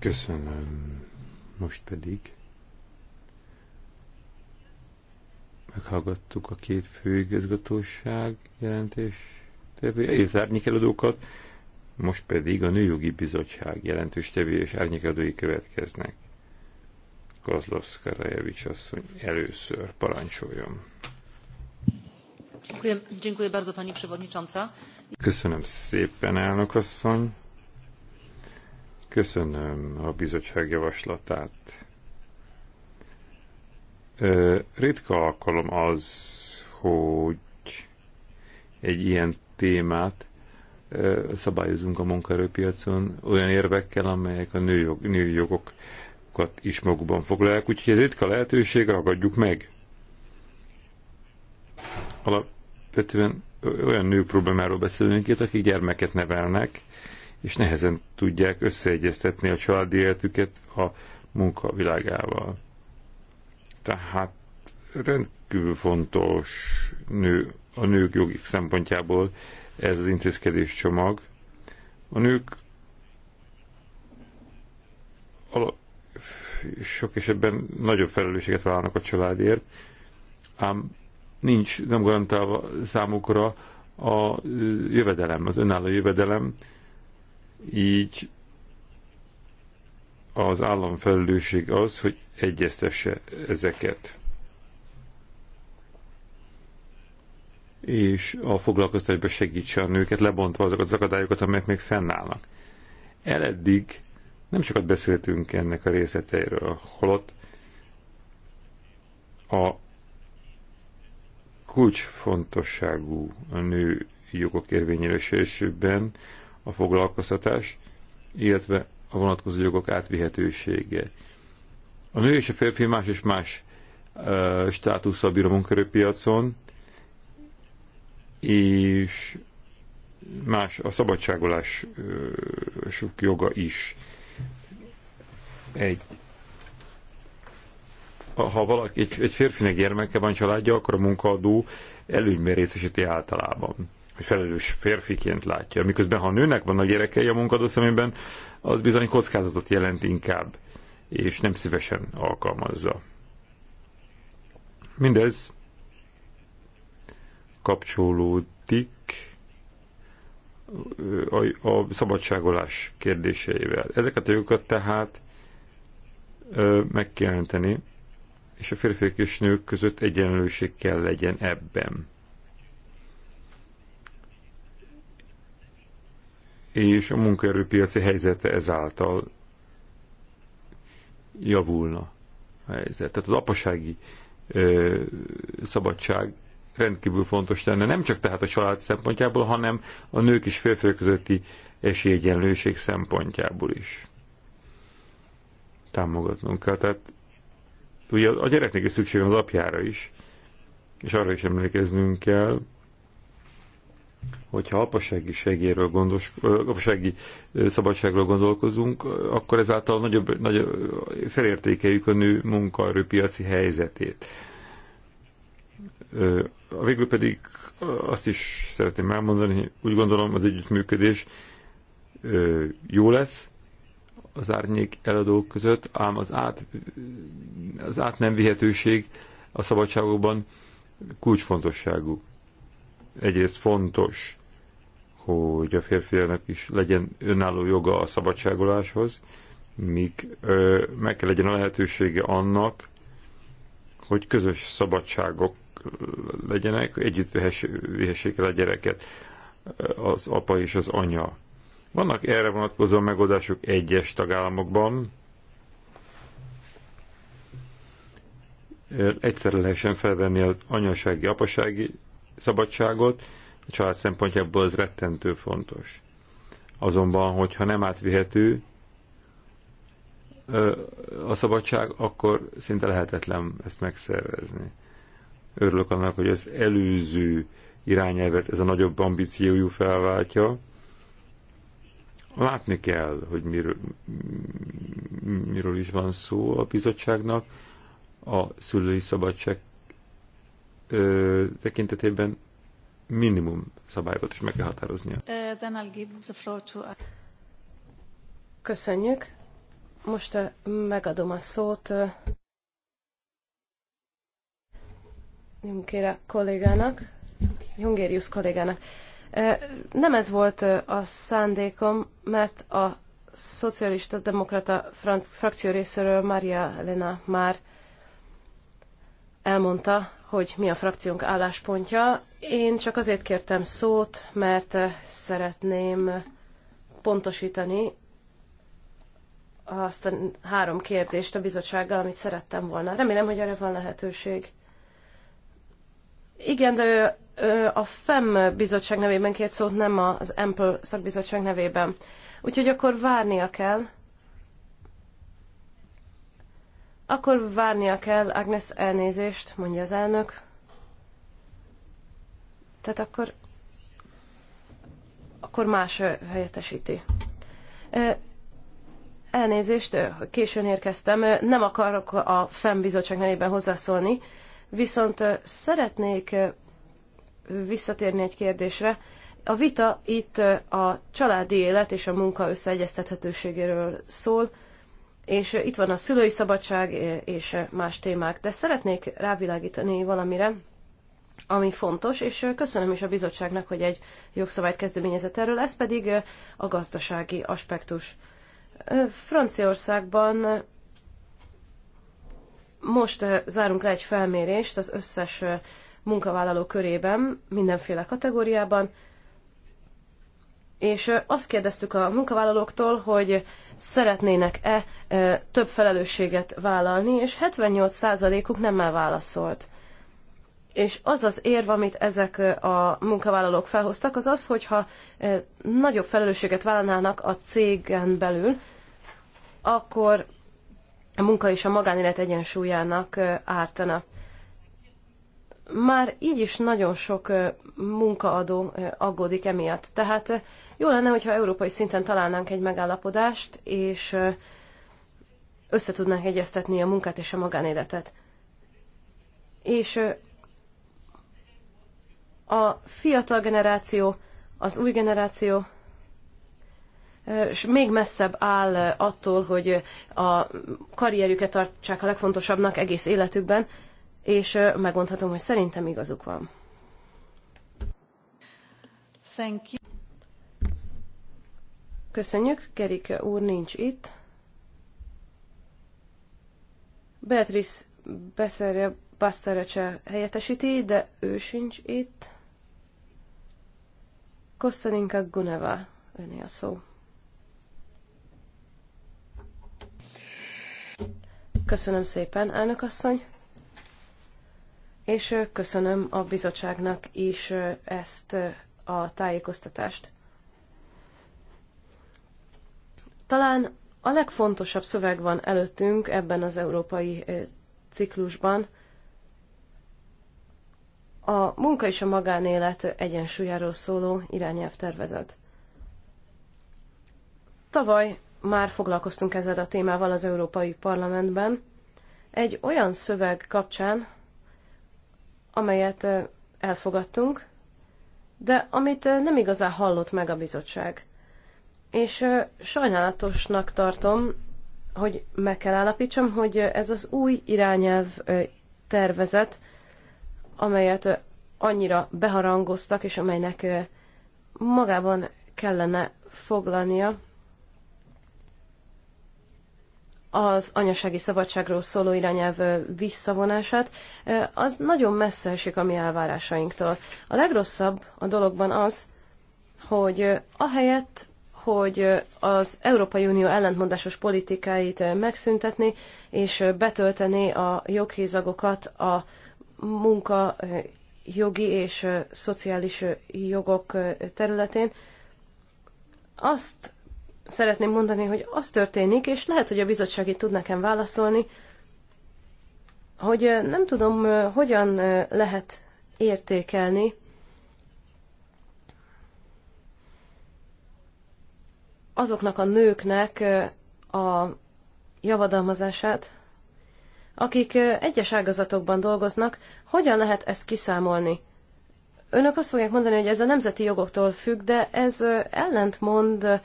B: Köszönöm. Most pedig meghallgattuk a két főigazgatóság jelentés tevője, és árnyékelődókat, most pedig a Nőjogi Bizottság jelentős tevője és árnyékelődői következnek. Kozlovszka Rajevics asszony először parancsoljon. Köszönöm szépen, elnök asszony. Köszönöm a bizottság javaslatát. Ritka alkalom az, hogy egy ilyen témát szabályozunk a munkaerőpiacon olyan érvekkel, amelyek a nőjog, női jogokat is magukban foglalják, úgyhogy ez ritka lehetőség, ragadjuk meg. Alapvetően olyan nő problémáról beszélünk itt, akik gyermeket nevelnek, és nehezen tudják összeegyeztetni a családi életüket a munkavilágával. Tehát rendkívül fontos nő, a nők jogi szempontjából ez az intézkedés csomag. A nők sok esetben nagyobb felelősséget vállalnak a családért, ám nincs nem garantálva számukra a jövedelem, az önálló jövedelem, így az állam felelősség az, hogy egyeztesse ezeket. És a foglalkoztatásban segítse a nőket, lebontva azokat az akadályokat, amelyek még fennállnak. Eleddig nem sokat beszéltünk ennek a részleteiről, holott a kulcsfontosságú a nő jogok érvényesülésében a foglalkoztatás, illetve a vonatkozó jogok átvihetősége. A nő és a férfi más és más uh, státusszal bír a munkerőpiacon, és más a szabadságolás sok joga is. Egy, ha valaki, egy, egy férfinek gyermeke van családja, akkor a munkaadó előnyben részesíti általában hogy felelős férfiként látja. Miközben, ha a nőnek vannak gyerekei a munkadó szemében, az bizony kockázatot jelent inkább, és nem szívesen alkalmazza. Mindez kapcsolódik a, szabadságolás kérdéseivel. Ezeket a jogokat tehát meg kell jelenteni, és a férfiak és nők között egyenlőség kell legyen ebben. és a munkaerőpiaci helyzete ezáltal javulna a helyzet. Tehát az apasági ö, szabadság rendkívül fontos lenne, nem csak tehát a család szempontjából, hanem a nők és férfiak közötti esélyegyenlőség szempontjából is. Támogatnunk kell. Tehát ugye a gyereknek is szükség van az apjára is, és arra is emlékeznünk kell, hogyha apasági segéről gondos, apasági szabadságról gondolkozunk, akkor ezáltal nagyobb, nagyobb felértékeljük a nő munkaerőpiaci helyzetét. A végül pedig azt is szeretném elmondani, úgy gondolom az együttműködés jó lesz az árnyék eladók között, ám az át, az át nem vihetőség a szabadságokban kulcsfontosságú. Egyrészt fontos, hogy a férfiaknak is legyen önálló joga a szabadságoláshoz, míg ö, meg kell legyen a lehetősége annak, hogy közös szabadságok legyenek, együtt vihessék el a gyereket az apa és az anya. Vannak erre vonatkozó megoldások egyes tagállamokban. Egyszerre lehessen felvenni az anyasági, apasági szabadságot, a család szempontjából ez rettentő fontos. Azonban, hogyha nem átvihető a szabadság, akkor szinte lehetetlen ezt megszervezni. Örülök annak, hogy az előző irányelvet ez a nagyobb ambíciójú felváltja. Látni kell, hogy miről, miről is van szó a bizottságnak. A szülői szabadság ö, tekintetében minimum szabályokat is meg kell határoznia.
E: Uh, uh, Köszönjük. Most uh, megadom a szót Junkéra kollégának, Jungérius kollégának. Nem ez volt a szándékom, mert a szocialista demokrata frakció részéről Maria Lena már elmondta, hogy mi a frakciónk álláspontja. Én csak azért kértem szót, mert eh, szeretném pontosítani azt a három kérdést a bizottsággal, amit szerettem volna. Remélem, hogy erre van lehetőség. Igen, de eh, a FEM bizottság nevében kért szót, nem az Ample szakbizottság nevében. Úgyhogy akkor várnia kell, Akkor várnia kell, Agnes, elnézést, mondja az elnök. Tehát akkor, akkor más helyettesíti. Elnézést, későn érkeztem, nem akarok a FEM bizottság nevében hozzászólni, viszont szeretnék visszatérni egy kérdésre. A vita itt a családi élet és a munka összeegyeztethetőségéről szól, és itt van a szülői szabadság eh, és eh, más témák. De szeretnék rávilágítani valamire, ami fontos, és eh, köszönöm is a bizottságnak, hogy egy jogszabályt kezdeményezett erről, ez pedig a gazdasági aspektus. Franciaországban most zárunk le egy felmérést az összes munkavállaló körében, mindenféle kategóriában, és azt kérdeztük a munkavállalóktól, hogy szeretnének-e több felelősséget vállalni, és 78%-uk nemmel válaszolt. És az az érv, amit ezek a munkavállalók felhoztak, az az, hogyha nagyobb felelősséget vállalnának a cégen belül, akkor a munka és a magánélet egyensúlyának ártana már így is nagyon sok munkaadó aggódik emiatt. Tehát jó lenne, hogyha európai szinten találnánk egy megállapodást, és összetudnánk egyeztetni a munkát és a magánéletet. És a fiatal generáció, az új generáció, és még messzebb áll attól, hogy a karrierjüket tartsák a legfontosabbnak egész életükben, és megmondhatom, hogy szerintem igazuk van. Thank you. Köszönjük, Gerik úr nincs itt. Beatrice Beszerje Basterecse helyettesíti, de ő sincs itt. Kosszaninka Guneva, öné a szó. Köszönöm szépen, elnök asszony és köszönöm a bizottságnak is ezt a tájékoztatást. Talán a legfontosabb szöveg van előttünk ebben az európai ciklusban. A munka és a magánélet egyensúlyáról szóló irányelvtervezet. Tavaly már foglalkoztunk ezzel a témával az Európai Parlamentben, egy olyan szöveg kapcsán, amelyet elfogadtunk, de amit nem igazán hallott meg a bizottság. És sajnálatosnak tartom, hogy meg kell állapítsam, hogy ez az új irányelv tervezet, amelyet annyira beharangoztak, és amelynek magában kellene foglalnia az anyasági szabadságról szóló irányelv visszavonását, az nagyon messze esik a mi elvárásainktól. A legrosszabb a dologban az, hogy ahelyett, hogy az Európai Unió ellentmondásos politikáit megszüntetni, és betölteni a joghézagokat a munka jogi és szociális jogok területén, azt szeretném mondani, hogy az történik, és lehet, hogy a bizottság itt tud nekem válaszolni, hogy nem tudom, hogyan lehet értékelni azoknak a nőknek a javadalmazását, akik egyes ágazatokban dolgoznak, hogyan lehet ezt kiszámolni? Önök azt fogják mondani, hogy ez a nemzeti jogoktól függ, de ez ellentmond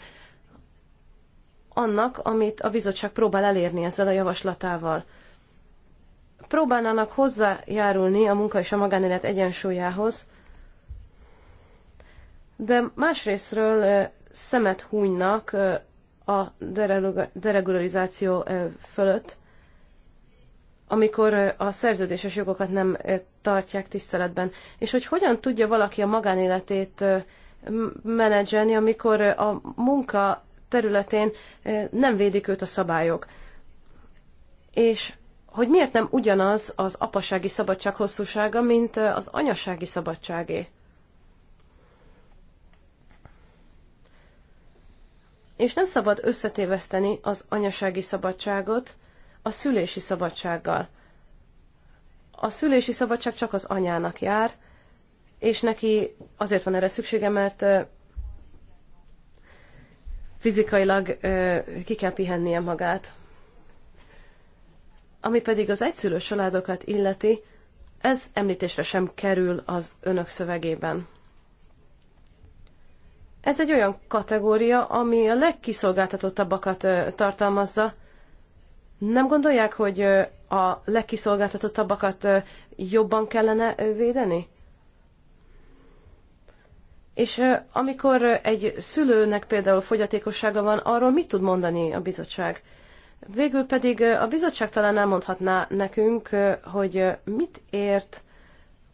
E: annak, amit a bizottság próbál elérni ezzel a javaslatával. Próbálnának hozzájárulni a munka és a magánélet egyensúlyához, de másrésztről szemet hunynak a deregularizáció fölött, amikor a szerződéses jogokat nem tartják tiszteletben. És hogy hogyan tudja valaki a magánéletét menedzselni, amikor a munka területén nem védik őt a szabályok. És hogy miért nem ugyanaz az apasági szabadság hosszúsága, mint az anyasági szabadságé? És nem szabad összetéveszteni az anyasági szabadságot a szülési szabadsággal. A szülési szabadság csak az anyának jár, és neki azért van erre szüksége, mert fizikailag ki kell pihennie magát. Ami pedig az egyszülő családokat illeti, ez említésre sem kerül az önök szövegében. Ez egy olyan kategória, ami a legkiszolgáltatottabbakat tartalmazza. Nem gondolják, hogy a legkiszolgáltatottabbakat jobban kellene védeni? És amikor egy szülőnek például fogyatékossága van, arról mit tud mondani a bizottság? Végül pedig a bizottság talán elmondhatná nekünk, hogy mit ért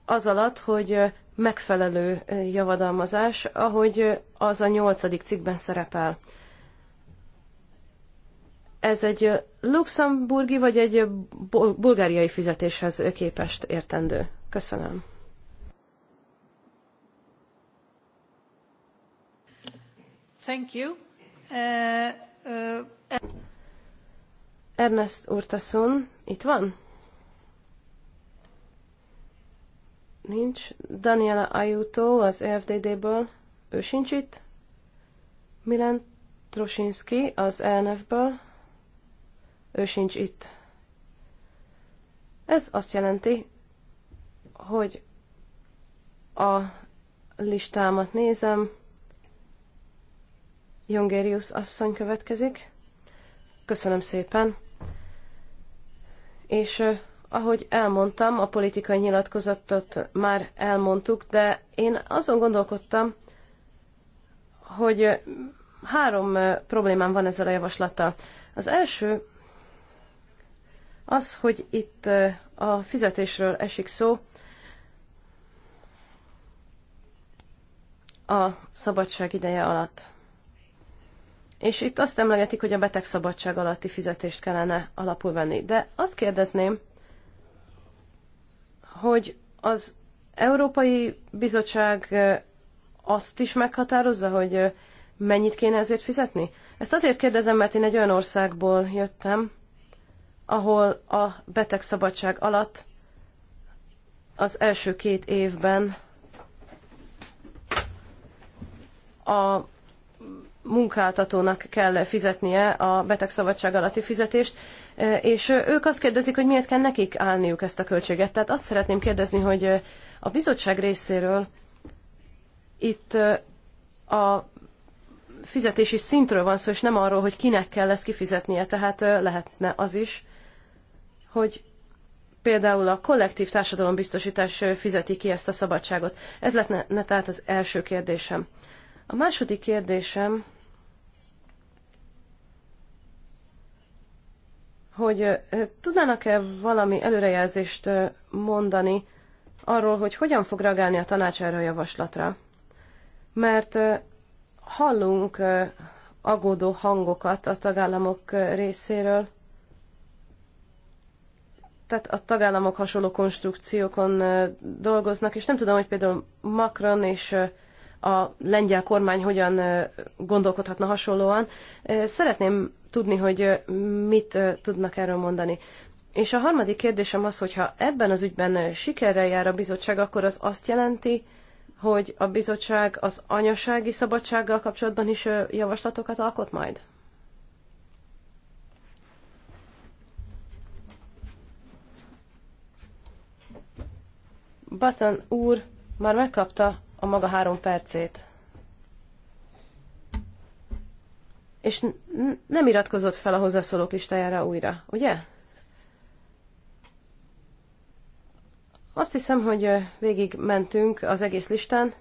E: az alatt, hogy megfelelő javadalmazás, ahogy az a nyolcadik cikkben szerepel. Ez egy luxemburgi vagy egy bulgáriai fizetéshez képest értendő. Köszönöm.
A: Thank you. Uh, uh,
E: Ernest Urtasun itt van? Nincs. Daniela Ayuto az EFDD-ből, ő sincs itt. Milan Trosinski az ENF-ből, ő sincs itt. Ez azt jelenti, hogy a listámat nézem, Jongerius asszony következik. Köszönöm szépen. És ahogy elmondtam, a politikai nyilatkozatot már elmondtuk, de én azon gondolkodtam, hogy három problémám van ezzel a javaslattal. Az első az, hogy itt a fizetésről esik szó, a szabadság ideje alatt és itt azt emlegetik, hogy a szabadság alatti fizetést kellene alapul venni. De azt kérdezném, hogy az Európai Bizottság azt is meghatározza, hogy mennyit kéne ezért fizetni? Ezt azért kérdezem, mert én egy olyan országból jöttem, ahol a szabadság alatt az első két évben a munkáltatónak kell fizetnie a betegszabadság alatti fizetést, e, és ők azt kérdezik, hogy miért kell nekik állniuk ezt a költséget. Tehát azt szeretném kérdezni, hogy e, a bizottság részéről itt e, a fizetési szintről van szó, és nem arról, hogy kinek kell ezt kifizetnie. Tehát lehetne az is, hogy például a kollektív társadalombiztosítás fizeti ki ezt a szabadságot. Ez lett ne tehát az első kérdésem. A második kérdésem hogy tudnának-e valami előrejelzést mondani arról, hogy hogyan fog reagálni a tanács erre a javaslatra? Mert hallunk agódó hangokat a tagállamok részéről, tehát a tagállamok hasonló konstrukciókon dolgoznak, és nem tudom, hogy például Macron és a lengyel kormány hogyan gondolkodhatna hasonlóan. Szeretném tudni, hogy mit tudnak erről mondani. És a harmadik kérdésem az, hogyha ebben az ügyben sikerrel jár a bizottság, akkor az azt jelenti, hogy a bizottság az anyasági szabadsággal kapcsolatban is javaslatokat alkot majd? Button úr már megkapta a maga három percét. És nem iratkozott fel a hozzászólók listájára újra, ugye? Azt hiszem, hogy végig mentünk az egész listán.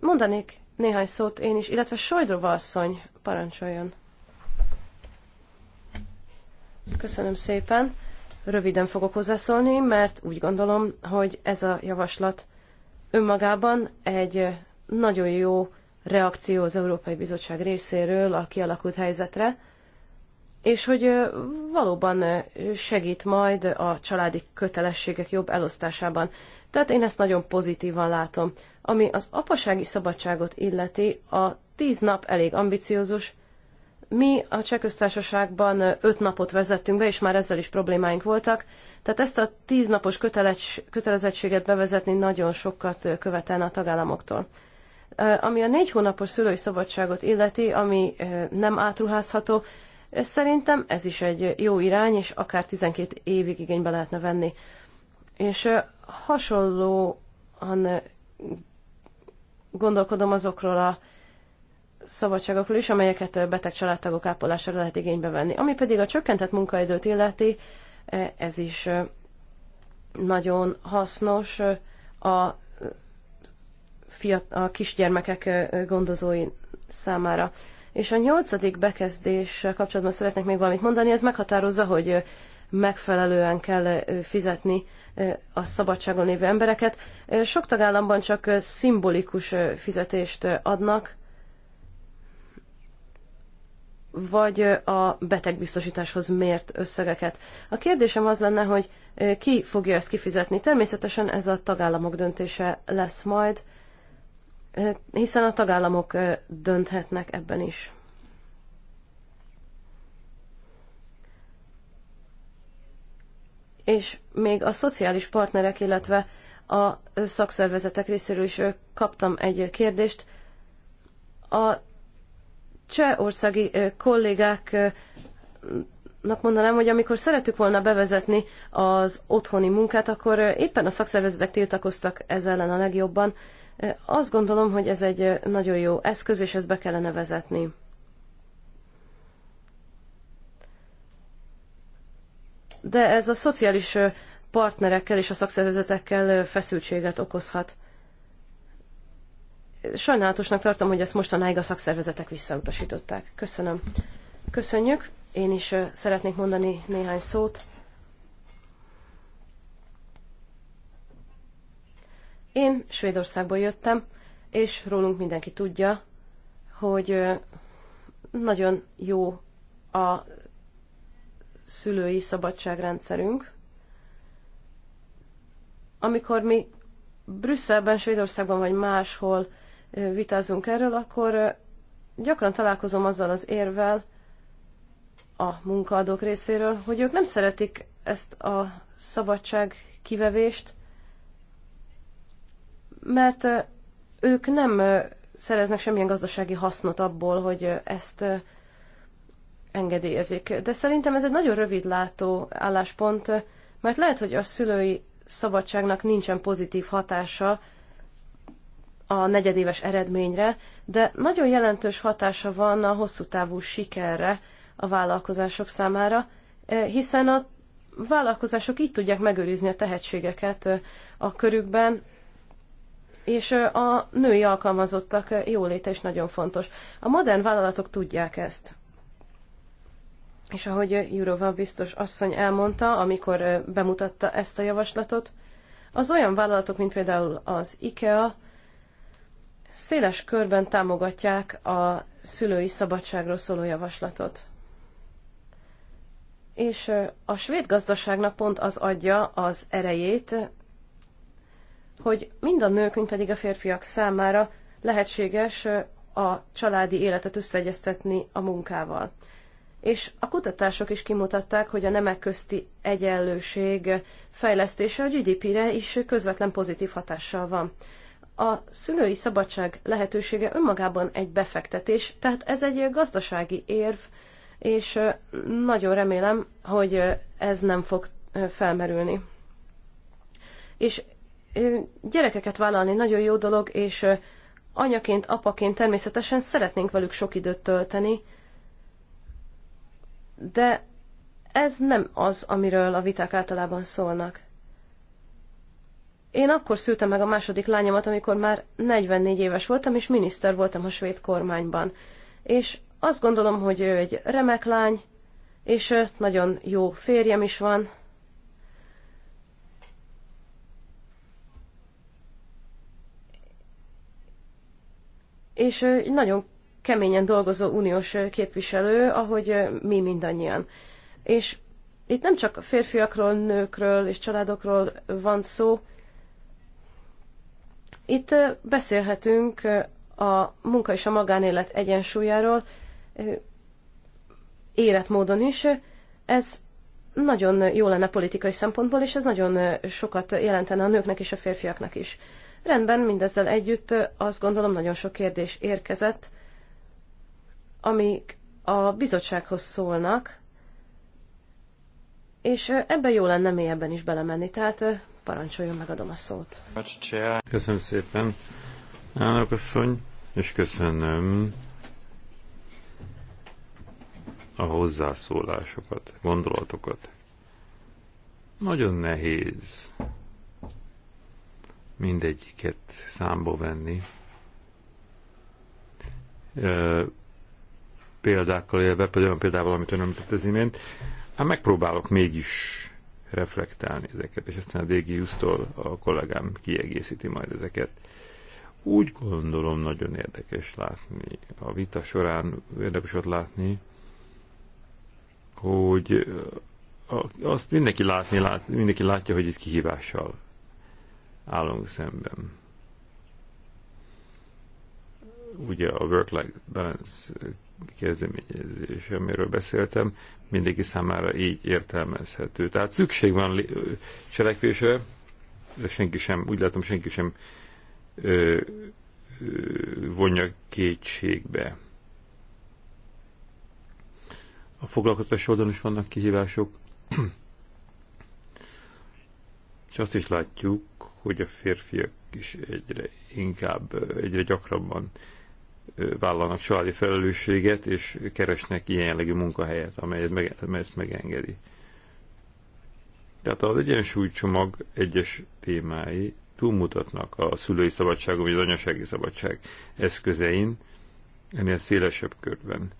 E: Mondanék néhány szót én is, illetve Sojdrova asszony parancsoljon. Köszönöm szépen. Röviden fogok hozzászólni, mert úgy gondolom, hogy ez a javaslat önmagában egy nagyon jó reakció az Európai Bizottság részéről a kialakult helyzetre, és hogy valóban segít majd a családi kötelességek jobb elosztásában. Tehát én ezt nagyon pozitívan látom. Ami az apasági szabadságot illeti, a tíz nap elég ambiciózus, mi a Csehköztársaságban öt napot vezettünk be, és már ezzel is problémáink voltak, tehát ezt a tíz napos kötelezettséget bevezetni nagyon sokat követelne a tagállamoktól. Ami a négy hónapos szülői szabadságot illeti, ami nem átruházható, szerintem ez is egy jó irány, és akár 12 évig igénybe lehetne venni. És hasonlóan gondolkodom azokról a szabadságokról is, amelyeket beteg családtagok ápolására lehet igénybe venni. Ami pedig a csökkentett munkaidőt illeti, e, ez is nagyon hasznos a, fiat, a kisgyermekek gondozói számára. És a nyolcadik bekezdés kapcsolatban szeretnék még valamit mondani, ez meghatározza, hogy megfelelően kell fizetni a szabadságon lévő embereket. Sok tagállamban csak szimbolikus fizetést adnak, vagy a betegbiztosításhoz mért összegeket. A kérdésem az lenne, hogy ki fogja ezt kifizetni. Természetesen ez a tagállamok döntése lesz majd, hiszen a tagállamok dönthetnek ebben is. És még a szociális partnerek, illetve a szakszervezetek részéről is kaptam egy kérdést. A csehországi kollégáknak mondanám, hogy amikor szerettük volna bevezetni az otthoni munkát, akkor éppen a szakszervezetek tiltakoztak ez ellen a legjobban. Azt gondolom, hogy ez egy nagyon jó eszköz, és ezt be kellene vezetni. De ez a szociális partnerekkel és a szakszervezetekkel feszültséget okozhat sajnálatosnak tartom, hogy ezt mostanáig a szakszervezetek visszautasították. Köszönöm. Köszönjük. Én is szeretnék mondani néhány szót. Én Svédországból jöttem, és rólunk mindenki tudja, hogy nagyon jó a szülői szabadságrendszerünk. Amikor mi Brüsszelben, Svédországban vagy máshol vitázunk erről, akkor gyakran találkozom azzal az érvel a munkaadók részéről, hogy ők nem szeretik ezt a szabadság kivevést, mert ők nem szereznek semmilyen gazdasági hasznot abból, hogy ezt engedélyezik. De szerintem ez egy nagyon rövidlátó álláspont, mert lehet, hogy a szülői szabadságnak nincsen pozitív hatása a negyedéves eredményre, de nagyon jelentős hatása van a hosszú távú sikerre a vállalkozások számára, eh, hiszen a vállalkozások így tudják megőrizni a tehetségeket eh, a körükben, és eh, a női alkalmazottak jóléte is nagyon fontos. A modern vállalatok tudják ezt. És ahogy Jurova biztos asszony elmondta, amikor bemutatta ezt a javaslatot, az olyan vállalatok, mint például az IKEA, széles körben támogatják a szülői szabadságról szóló javaslatot. És a svéd gazdaságnak pont az adja az erejét, hogy mind a nők, mind pedig a férfiak számára lehetséges a családi életet összeegyeztetni a munkával. És a kutatások is kimutatták, hogy a nemek közti egyenlőség fejlesztése a GDP-re is közvetlen pozitív hatással van a szülői szabadság lehetősége önmagában egy befektetés, tehát ez egy gazdasági érv, és nagyon remélem, hogy ez nem fog felmerülni. És gyerekeket vállalni nagyon jó dolog, és anyaként, apaként természetesen szeretnénk velük sok időt tölteni, de ez nem az, amiről a viták általában szólnak. Én akkor szültem meg a második lányomat, amikor már 44 éves voltam, és miniszter voltam a svéd kormányban. És azt gondolom, hogy ő egy remek lány, és nagyon jó férjem is van. És egy nagyon keményen dolgozó uniós képviselő, ahogy mi mindannyian. És itt nem csak férfiakról, nőkről és családokról van szó, itt beszélhetünk a munka és a magánélet egyensúlyáról életmódon is. Ez nagyon jó lenne politikai szempontból, és ez nagyon sokat jelentene a nőknek és a férfiaknak is. Rendben, mindezzel együtt azt gondolom nagyon sok kérdés érkezett, amik a bizottsághoz szólnak, és ebben jó lenne mélyebben is belemenni. Tehát Parancsoljon, megadom a szót.
B: Köszönöm szépen, Állok asszony, és köszönöm a hozzászólásokat, gondolatokat. Nagyon nehéz mindegyiket számba venni. E, példákkal élve, például olyan példával, amit ön említett az imént, hát megpróbálok mégis reflektálni ezeket, és aztán a dégi tól a kollégám kiegészíti majd ezeket. Úgy gondolom nagyon érdekes látni, a vita során érdekes ott látni, hogy azt mindenki, látni, lát, mindenki látja, hogy itt kihívással állunk szemben. Ugye a work-life balance kezdeményezés, amiről beszéltem, mindenki számára így értelmezhető. Tehát szükség van cselekvésre, de senki sem, úgy látom, senki sem ö, ö, vonja kétségbe. A foglalkoztatás oldalon is vannak kihívások, és azt is látjuk, hogy a férfiak is egyre inkább, egyre gyakrabban vállalnak családi felelősséget, és keresnek ilyen jellegű munkahelyet, amelyet meg, amely ezt megengedi. Tehát az egyensúlycsomag egyes témái túlmutatnak a szülői szabadságon vagy az anyasági szabadság eszközein, ennél szélesebb körben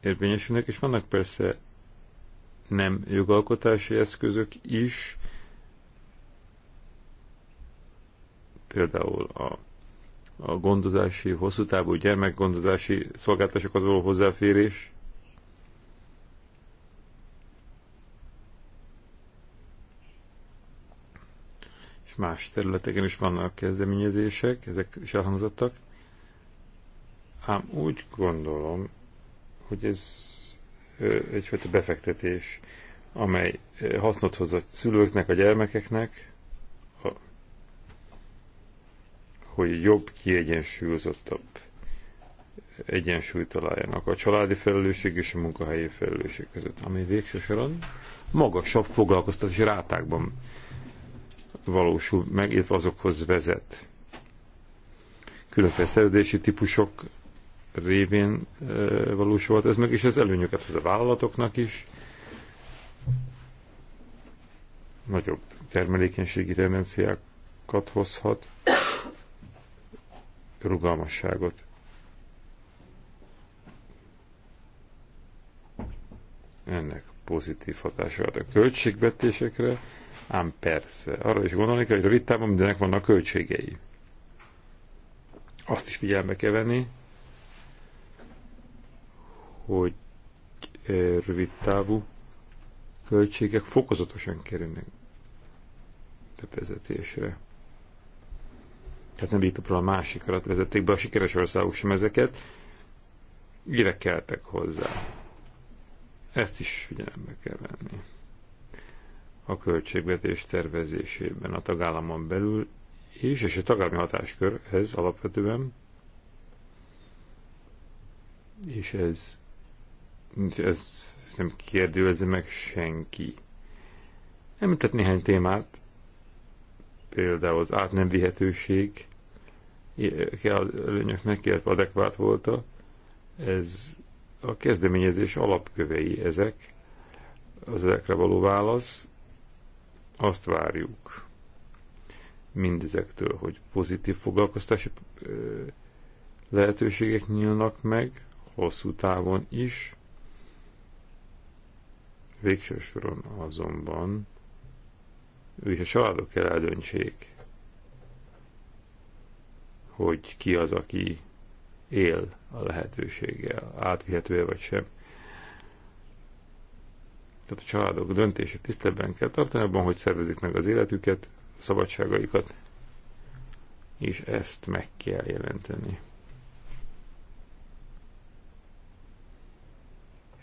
B: érvényesülnek, és vannak persze nem jogalkotási eszközök is, például a a gondozási, hosszú távú gyermekgondozási szolgáltatásokhoz való hozzáférés, és más területeken is vannak kezdeményezések, ezek is elhangzottak. Ám úgy gondolom, hogy ez egyfajta befektetés, amely hasznot hoz a szülőknek, a gyermekeknek, hogy jobb, kiegyensúlyozottabb egyensúlyt találjanak a családi felelősség és a munkahelyi felelősség között, ami végső soron magasabb foglalkoztatási rátákban valósul meg, illetve azokhoz vezet. Különféle szerződési típusok révén e, valósulhat ez meg, és ez előnyöket hoz a vállalatoknak is. Nagyobb termelékenységi tendenciákat hozhat, rugalmasságot. Ennek pozitív hatása a költségvetésekre, ám persze, arra is gondolni kell, hogy rövid távon mindenek vannak költségei. Azt is figyelme kell venni, hogy e, rövid távú költségek fokozatosan kerülnek bevezetésre tehát nem Litvánról a másikra vezették be, a sikeres országok sem ezeket, gyerekeltek hozzá. Ezt is figyelembe kell venni. A költségvetés tervezésében a tagállamon belül is, és a tagállami hatáskör ez alapvetően, és ez, ez nem kérdőjelezi meg senki. Említett néhány témát, például az át nem vihetőség, kell előnyöknek, illetve adekvát volt a, ez a kezdeményezés alapkövei ezek, az ezekre való válasz, azt várjuk mindezektől, hogy pozitív foglalkoztási lehetőségek nyílnak meg, hosszú távon is, végső soron azonban ő is a családok kell eldöntsék, hogy ki az, aki él a lehetőséggel, átvihető-e vagy sem. Tehát a családok döntését tisztelben kell tartani abban, hogy szervezik meg az életüket, a szabadságaikat, és ezt meg kell jelenteni.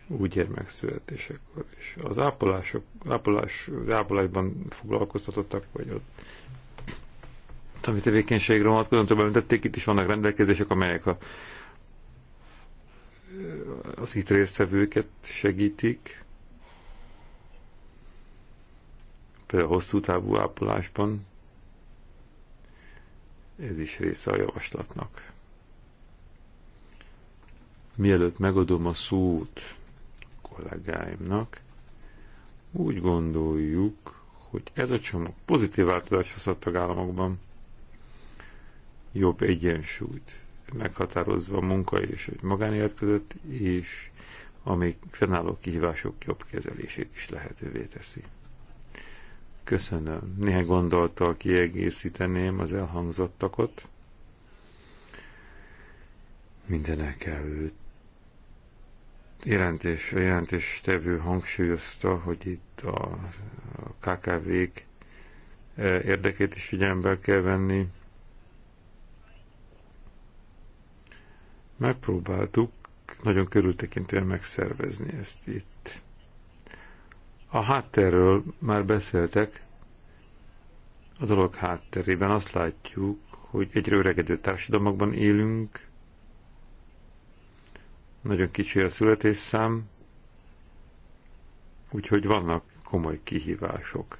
B: úgy gyermekszületésekor is. Az ápolások, ápolás, ápolásban foglalkoztatottak, vagy ott állami tevékenységre vonatkozóan több említették, itt is vannak rendelkezések, amelyek a, az itt résztvevőket segítik. Például a hosszú távú ápolásban. Ez is része a javaslatnak. Mielőtt megadom a szót kollégáimnak, úgy gondoljuk, hogy ez a csomag pozitív változás a tagállamokban jobb egyensúlyt meghatározva a munka és a magánélet között, és ami fennálló kihívások jobb kezelését is lehetővé teszi. Köszönöm. Néhány gondoltal kiegészíteném az elhangzottakot. Mindenek előtt jelentés, a jelentéstevő hangsúlyozta, hogy itt a, a KKV-k eh, érdekét is figyelembe kell venni, Megpróbáltuk nagyon körültekintően megszervezni ezt itt. A hátterről már beszéltek, a dolog hátterében azt látjuk, hogy egyre öregedő társadalmakban élünk, nagyon kicsi a születésszám, úgyhogy vannak komoly kihívások.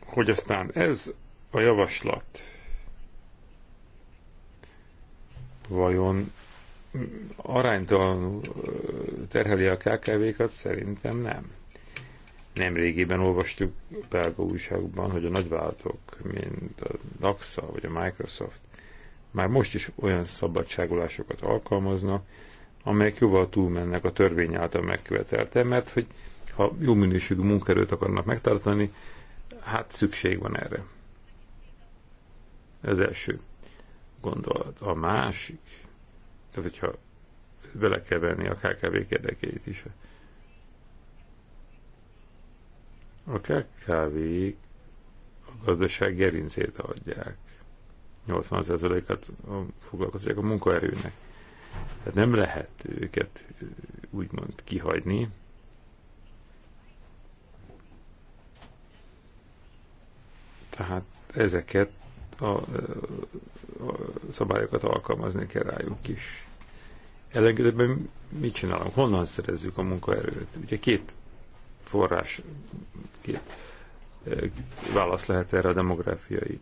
B: Hogy aztán ez a javaslat vajon aránytalanul terheli a KKV-kat? Szerintem nem. Nemrégiben olvastuk belga újságban, hogy a nagyvállalatok, mint a NAXA vagy a Microsoft már most is olyan szabadságolásokat alkalmaznak, amelyek jóval túlmennek a törvény által megkövetelte, mert hogy ha jó minőségű munkerőt akarnak megtartani, hát szükség van erre. Ez első gondolat. A másik, tehát hogyha bele kell venni a KKV érdekeit is. A KKV a gazdaság gerincét adják. 80 at foglalkozik a munkaerőnek. Tehát nem lehet őket úgymond kihagyni. Tehát ezeket a szabályokat alkalmazni kell rájuk is. Elengedőben mit csinálunk? Honnan szerezzük a munkaerőt? Ugye két forrás, két válasz lehet erre a demográfiai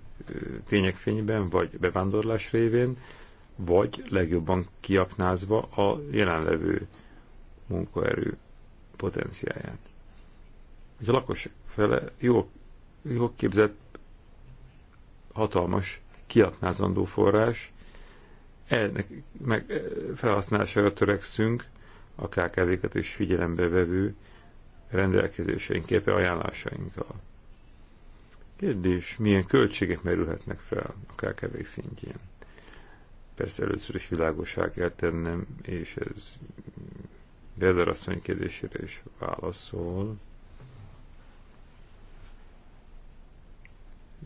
B: tények fényében, vagy bevándorlás révén, vagy legjobban kiaknázva a jelenlevő munkaerő potenciáját. Hogy a lakosság fele jó, jó képzett, hatalmas kiaknázandó forrás, ennek meg eh, felhasználására törekszünk, a KKV-ket is figyelembe vevő rendelkezéseinkkel, ajánlásainkkal. Kérdés, milyen költségek merülhetnek fel a kkv szintjén? Persze először is világosá kell tennem, és ez asszony kérdésére is válaszol.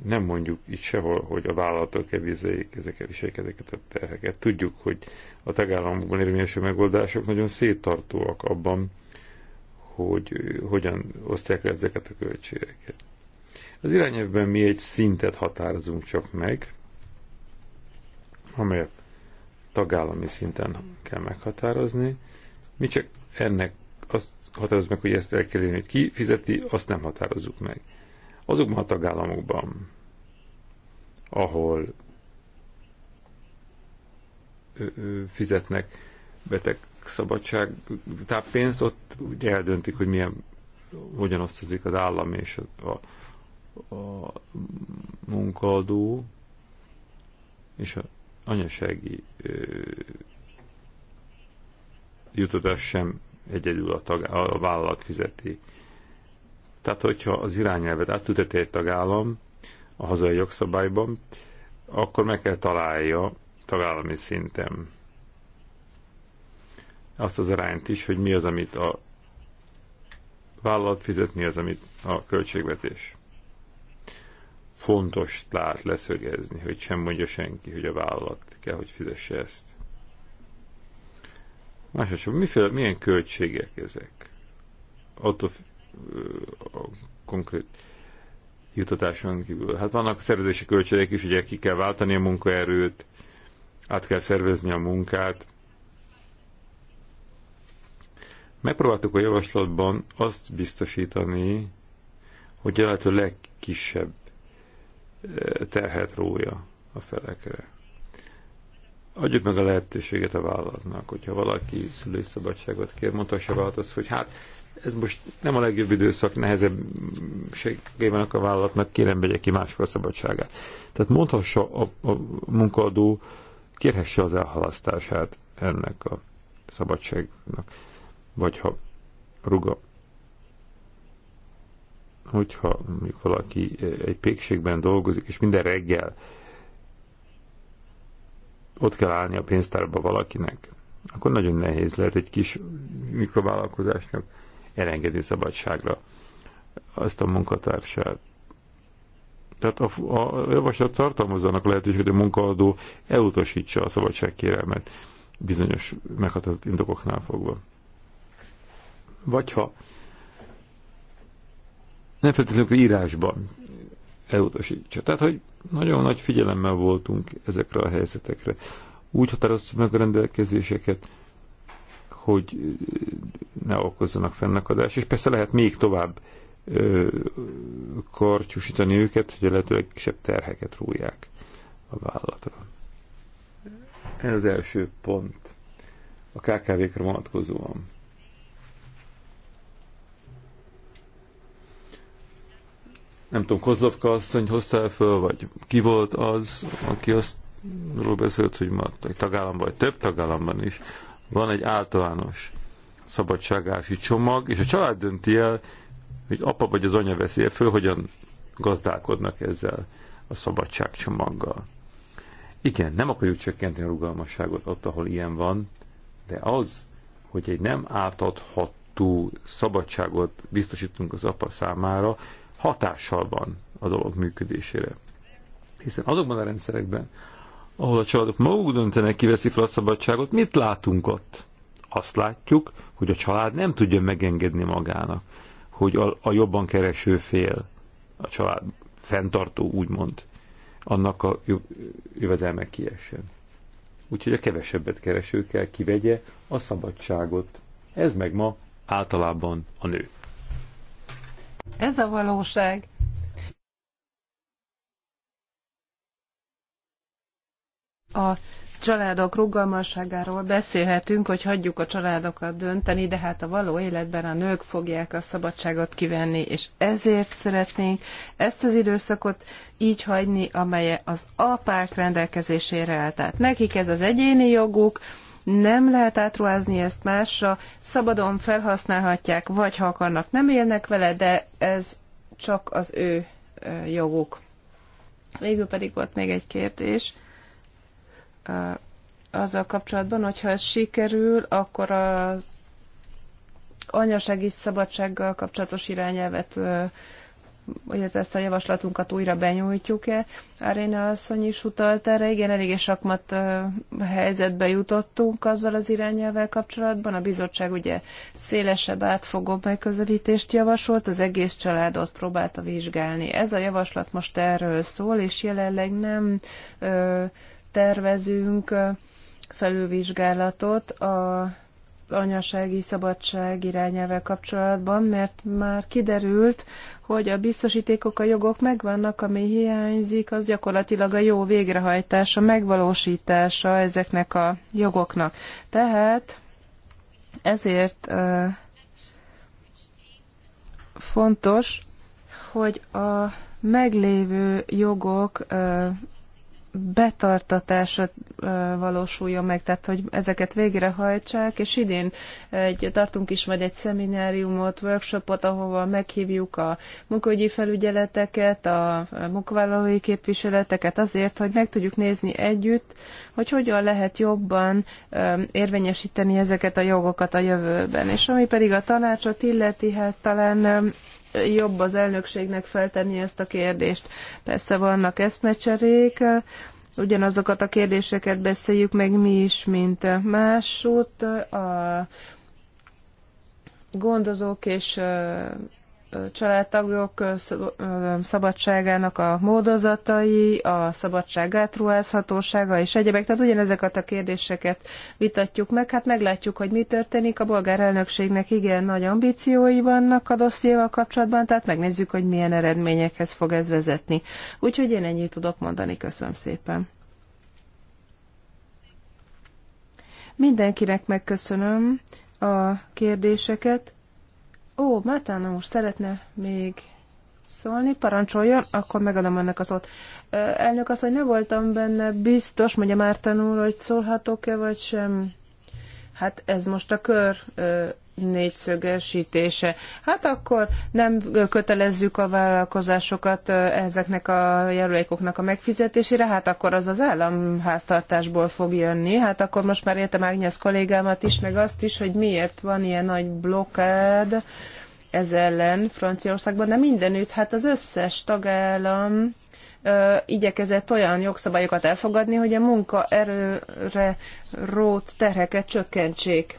B: nem mondjuk itt sehol, hogy a vállalatok kevizeljék ezeket, is, ezeket a terheket. Tudjuk, hogy a tagállamokban érvényes megoldások nagyon széttartóak abban, hogy hogyan osztják le ezeket a költségeket. Az irányelvben mi egy szintet határozunk csak meg, amelyet tagállami szinten kell meghatározni. Mi csak ennek azt határozunk meg, hogy ezt el kell érni, hogy ki fizeti, azt nem határozunk meg. Azokban a tagállamokban, ahol fizetnek beteg szabadság táppénzt, ott ugye eldöntik, hogy milyen, hogyan osztozik az állam és a, a, a munkaadó és a anyasági ö, jutatás sem egyedül a, tag, a vállalat fizeti. Tehát, hogyha az irányelvet átüteti egy tagállam a hazai jogszabályban, akkor meg kell találja tagállami szinten azt az arányt is, hogy mi az, amit a vállalat fizet, mi az, amit a költségvetés. Fontos lát leszögezni, hogy sem mondja senki, hogy a vállalat kell, hogy fizesse ezt. Másosabban, miféle, milyen költségek ezek? Attól a konkrét jutatáson kívül. Hát vannak szervezési költségek is, ugye ki kell váltani a munkaerőt, át kell szervezni a munkát. Megpróbáltuk a javaslatban azt biztosítani, hogy a lehető legkisebb terhet rója a felekre. Adjuk meg a lehetőséget a vállalatnak, hogyha valaki szülőszabadságot kér, mondhassa vállalat azt, hogy hát ez most nem a legjobb időszak, nehezebb vannak a vállalatnak, kérem vegye ki máskor a szabadságát. Tehát mondhassa a, a munkaadó, kérhesse az elhalasztását ennek a szabadságnak. Vagy ha ruga, hogyha mondjuk valaki egy pékségben dolgozik, és minden reggel ott kell állni a pénztárba valakinek, akkor nagyon nehéz lehet egy kis mikrovállalkozásnak elengedi szabadságra azt a munkatársát. Tehát a, a javaslat tartalmazzanak lehetőséget, hogy a munkaadó elutasítsa a szabadságkérelmet bizonyos meghatározott indokoknál fogva. Vagy ha nem feltétlenül írásban elutasítsa. Tehát, hogy nagyon nagy figyelemmel voltunk ezekre a helyzetekre. Úgy határoztuk meg a rendelkezéseket, hogy ne okozzanak fennakadást, és persze lehet még tovább ö, karcsúsítani őket, hogy a lehető kisebb terheket rújják a vállalatra. Ez az első pont a KKV-kra vonatkozóan. Nem tudom, Kozlovka asszony hozta -e föl, vagy ki volt az, aki azt arról beszélt, hogy ma egy tagállamban, vagy több tagállamban is van egy általános szabadságási csomag, és a család dönti el, hogy apa vagy az anya veszi föl, hogyan gazdálkodnak ezzel a szabadságcsomaggal. Igen, nem akarjuk csökkenteni a rugalmasságot ott, ahol ilyen van, de az, hogy egy nem átadható szabadságot biztosítunk az apa számára, hatással van a dolog működésére. Hiszen azokban a rendszerekben, ahol a családok maguk döntenek, kiveszi fel a szabadságot, mit látunk ott? Azt látjuk, hogy a család nem tudja megengedni magának, hogy a, a jobban kereső fél, a család fenntartó úgymond, annak a jövedelme kiesen. Úgyhogy a kevesebbet kereső kell kivegye a szabadságot. Ez meg ma általában a nő.
C: Ez a valóság. a családok rugalmasságáról beszélhetünk, hogy hagyjuk a családokat dönteni, de hát a való életben a nők fogják a szabadságot kivenni, és ezért szeretnénk ezt az időszakot így hagyni, amely az apák rendelkezésére áll. Tehát nekik ez az egyéni joguk, nem lehet átruházni ezt másra, szabadon felhasználhatják, vagy ha akarnak, nem élnek vele, de ez csak az ő joguk. Végül pedig volt még egy kérdés azzal kapcsolatban, hogyha ez sikerül, akkor az anyasági szabadsággal kapcsolatos irányelvet illetve ezt a javaslatunkat újra benyújtjuk-e. Aréna asszony is utalt erre, igen, eléggé sakmat helyzetbe jutottunk azzal az irányelvel kapcsolatban. A bizottság ugye szélesebb, átfogóbb megközelítést javasolt, az egész családot próbálta vizsgálni. Ez a javaslat most erről szól, és jelenleg nem ö, tervezünk felülvizsgálatot a anyasági szabadság irányával kapcsolatban, mert már kiderült, hogy a biztosítékok, a jogok megvannak, ami hiányzik, az gyakorlatilag a jó végrehajtása, megvalósítása ezeknek a jogoknak. Tehát ezért fontos, hogy a meglévő jogok betartatása valósulja meg, tehát hogy ezeket végrehajtsák, hajtsák, és idén egy, tartunk is majd egy szemináriumot, workshopot, ahova meghívjuk a munkaügyi felügyeleteket, a munkavállalói képviseleteket azért, hogy meg tudjuk nézni együtt, hogy hogyan lehet jobban érvényesíteni ezeket a jogokat a jövőben. És ami pedig a tanácsot illeti, hát talán jobb az elnökségnek feltenni ezt a kérdést. Persze vannak eszmecserék, ugyanazokat a kérdéseket beszéljük meg mi is, mint másút. A gondozók és családtagok szabadságának a módozatai, a szabadság átruházhatósága és egyebek. Tehát ugyanezeket a kérdéseket vitatjuk meg. Hát meglátjuk, hogy mi történik. A bolgár elnökségnek igen nagy ambíciói vannak a dossziéval kapcsolatban, tehát megnézzük, hogy milyen eredményekhez fog ez vezetni. Úgyhogy én ennyit tudok mondani. Köszönöm szépen. Mindenkinek megköszönöm a kérdéseket. Ó, Mátán úr szeretne még szólni, parancsoljon, akkor megadom ennek az ott. Elnök az, hogy ne voltam benne biztos, mondja Márten úr, hogy szólhatok-e, vagy sem. Hát ez most a kör négyszögesítése. Hát akkor nem kötelezzük a vállalkozásokat ezeknek a járulékoknak a megfizetésére, hát akkor az az államháztartásból fog jönni. Hát akkor most már értem Ágnyász kollégámat is, meg azt is, hogy miért van ilyen nagy blokkád ez ellen Franciaországban, de mindenütt, hát az összes tagállam ö, igyekezett olyan jogszabályokat elfogadni, hogy a munkaerőre rót terheket csökkentsék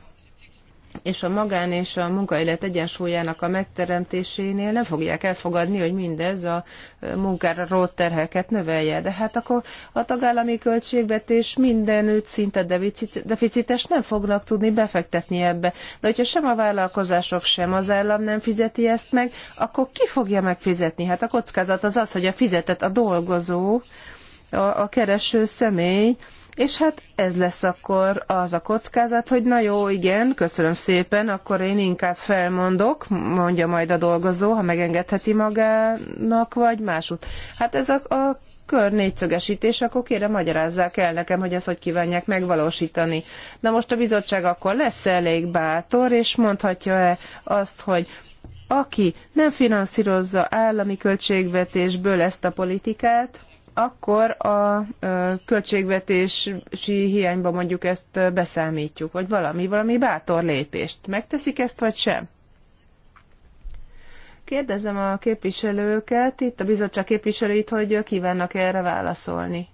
C: és a magán és a munkaélet egyensúlyának a megteremtésénél nem fogják elfogadni, hogy mindez a munkára rót terheket növelje. De hát akkor a tagállami költségvetés mindenütt szinte deficites nem fognak tudni befektetni ebbe. De hogyha sem a vállalkozások, sem az állam nem fizeti ezt meg, akkor ki fogja megfizetni? Hát a kockázat az az, hogy a fizetett a dolgozó, a, a kereső személy, és hát ez lesz akkor az a kockázat, hogy na jó, igen, köszönöm szépen, akkor én inkább felmondok, mondja majd a dolgozó, ha megengedheti magának, vagy másút. Hát ez a, a kör négyszögesítés, akkor kérem magyarázzák el nekem, hogy ezt hogy kívánják megvalósítani. Na most a bizottság akkor lesz elég bátor, és mondhatja-e azt, hogy aki nem finanszírozza állami költségvetésből ezt a politikát, akkor a költségvetési hiányba mondjuk ezt beszámítjuk, vagy valami, valami bátor lépést. Megteszik ezt, vagy sem? Kérdezem a képviselőket, itt a bizottság képviselőit, hogy kívánnak -e erre válaszolni.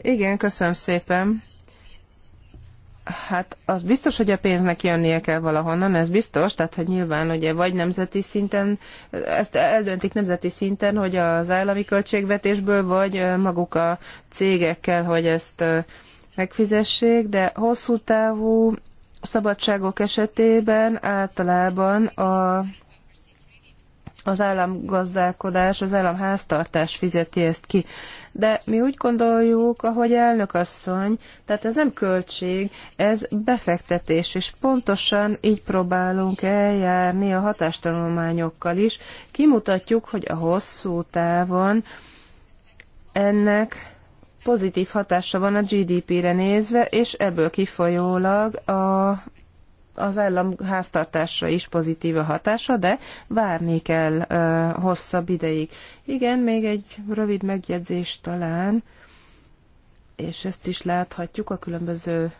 C: Igen, köszönöm szépen. Hát az biztos, hogy a pénznek jönnie kell valahonnan, ez biztos, tehát hogy nyilván ugye vagy nemzeti szinten, ezt eldöntik nemzeti szinten, hogy az állami költségvetésből, vagy maguk a cégekkel, hogy ezt megfizessék, de hosszú távú szabadságok esetében általában a, az államgazdálkodás, az államháztartás fizeti ezt ki de mi úgy gondoljuk, ahogy elnökasszony, tehát ez nem költség, ez befektetés, és pontosan így próbálunk eljárni a hatástanulmányokkal is. Kimutatjuk, hogy a hosszú távon ennek pozitív hatása van a GDP-re nézve, és ebből kifolyólag a az állam háztartásra is pozitív a hatása, de várni kell ö, hosszabb ideig. Igen, még egy rövid megjegyzés talán, és ezt is láthatjuk a különböző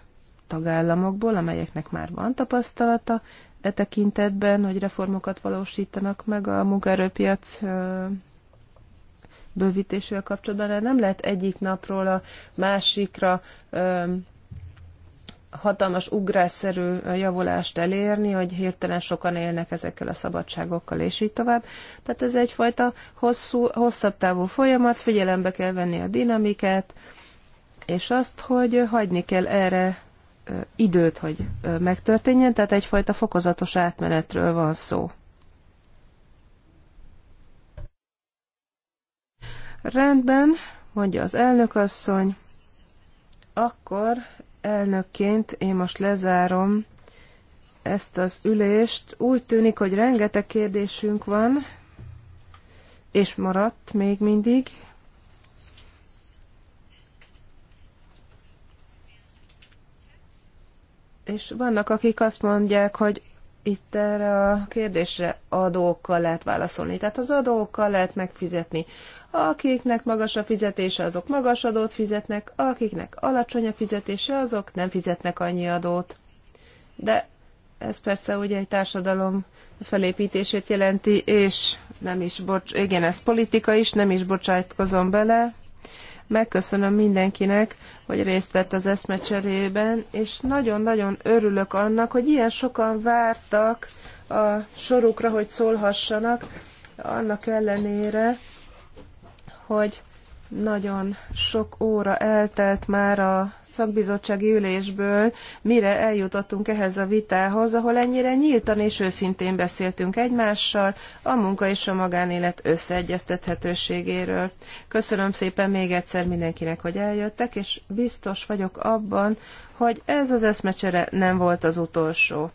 C: tagállamokból, amelyeknek már van tapasztalata e tekintetben, hogy reformokat valósítanak meg a munkaerőpiac ö, bővítésével kapcsolatban, nem lehet egyik napról a másikra ö, hatalmas ugrásszerű javulást elérni, hogy hirtelen sokan élnek ezekkel a szabadságokkal, és így tovább. Tehát ez egyfajta hosszú, hosszabb távú folyamat, figyelembe kell venni a dinamikát, és azt, hogy hagyni kell erre időt, hogy megtörténjen, tehát egyfajta fokozatos átmenetről van szó. Rendben, mondja az elnökasszony, akkor elnökként én most lezárom ezt az ülést. Úgy tűnik, hogy rengeteg kérdésünk van, és maradt még mindig. És vannak, akik azt mondják, hogy itt erre a kérdésre adókkal lehet válaszolni. Tehát az adókkal lehet megfizetni Akiknek magas a fizetése, azok magas adót fizetnek, akiknek alacsony a fizetése, azok nem fizetnek annyi adót. De ez persze ugye egy társadalom felépítését jelenti, és nem is, bocs, igen, ez politika is, nem is bocsájtkozom bele. Megköszönöm mindenkinek, hogy részt vett az eszmecserében, és nagyon-nagyon örülök annak, hogy ilyen sokan vártak a sorukra, hogy szólhassanak, annak ellenére, hogy nagyon sok óra eltelt már a szakbizottsági ülésből, mire eljutottunk ehhez a vitához, ahol ennyire nyíltan és őszintén beszéltünk egymással a munka és a magánélet összeegyeztethetőségéről. Köszönöm szépen még egyszer mindenkinek, hogy eljöttek, és biztos vagyok abban, hogy ez az eszmecsere nem volt az utolsó.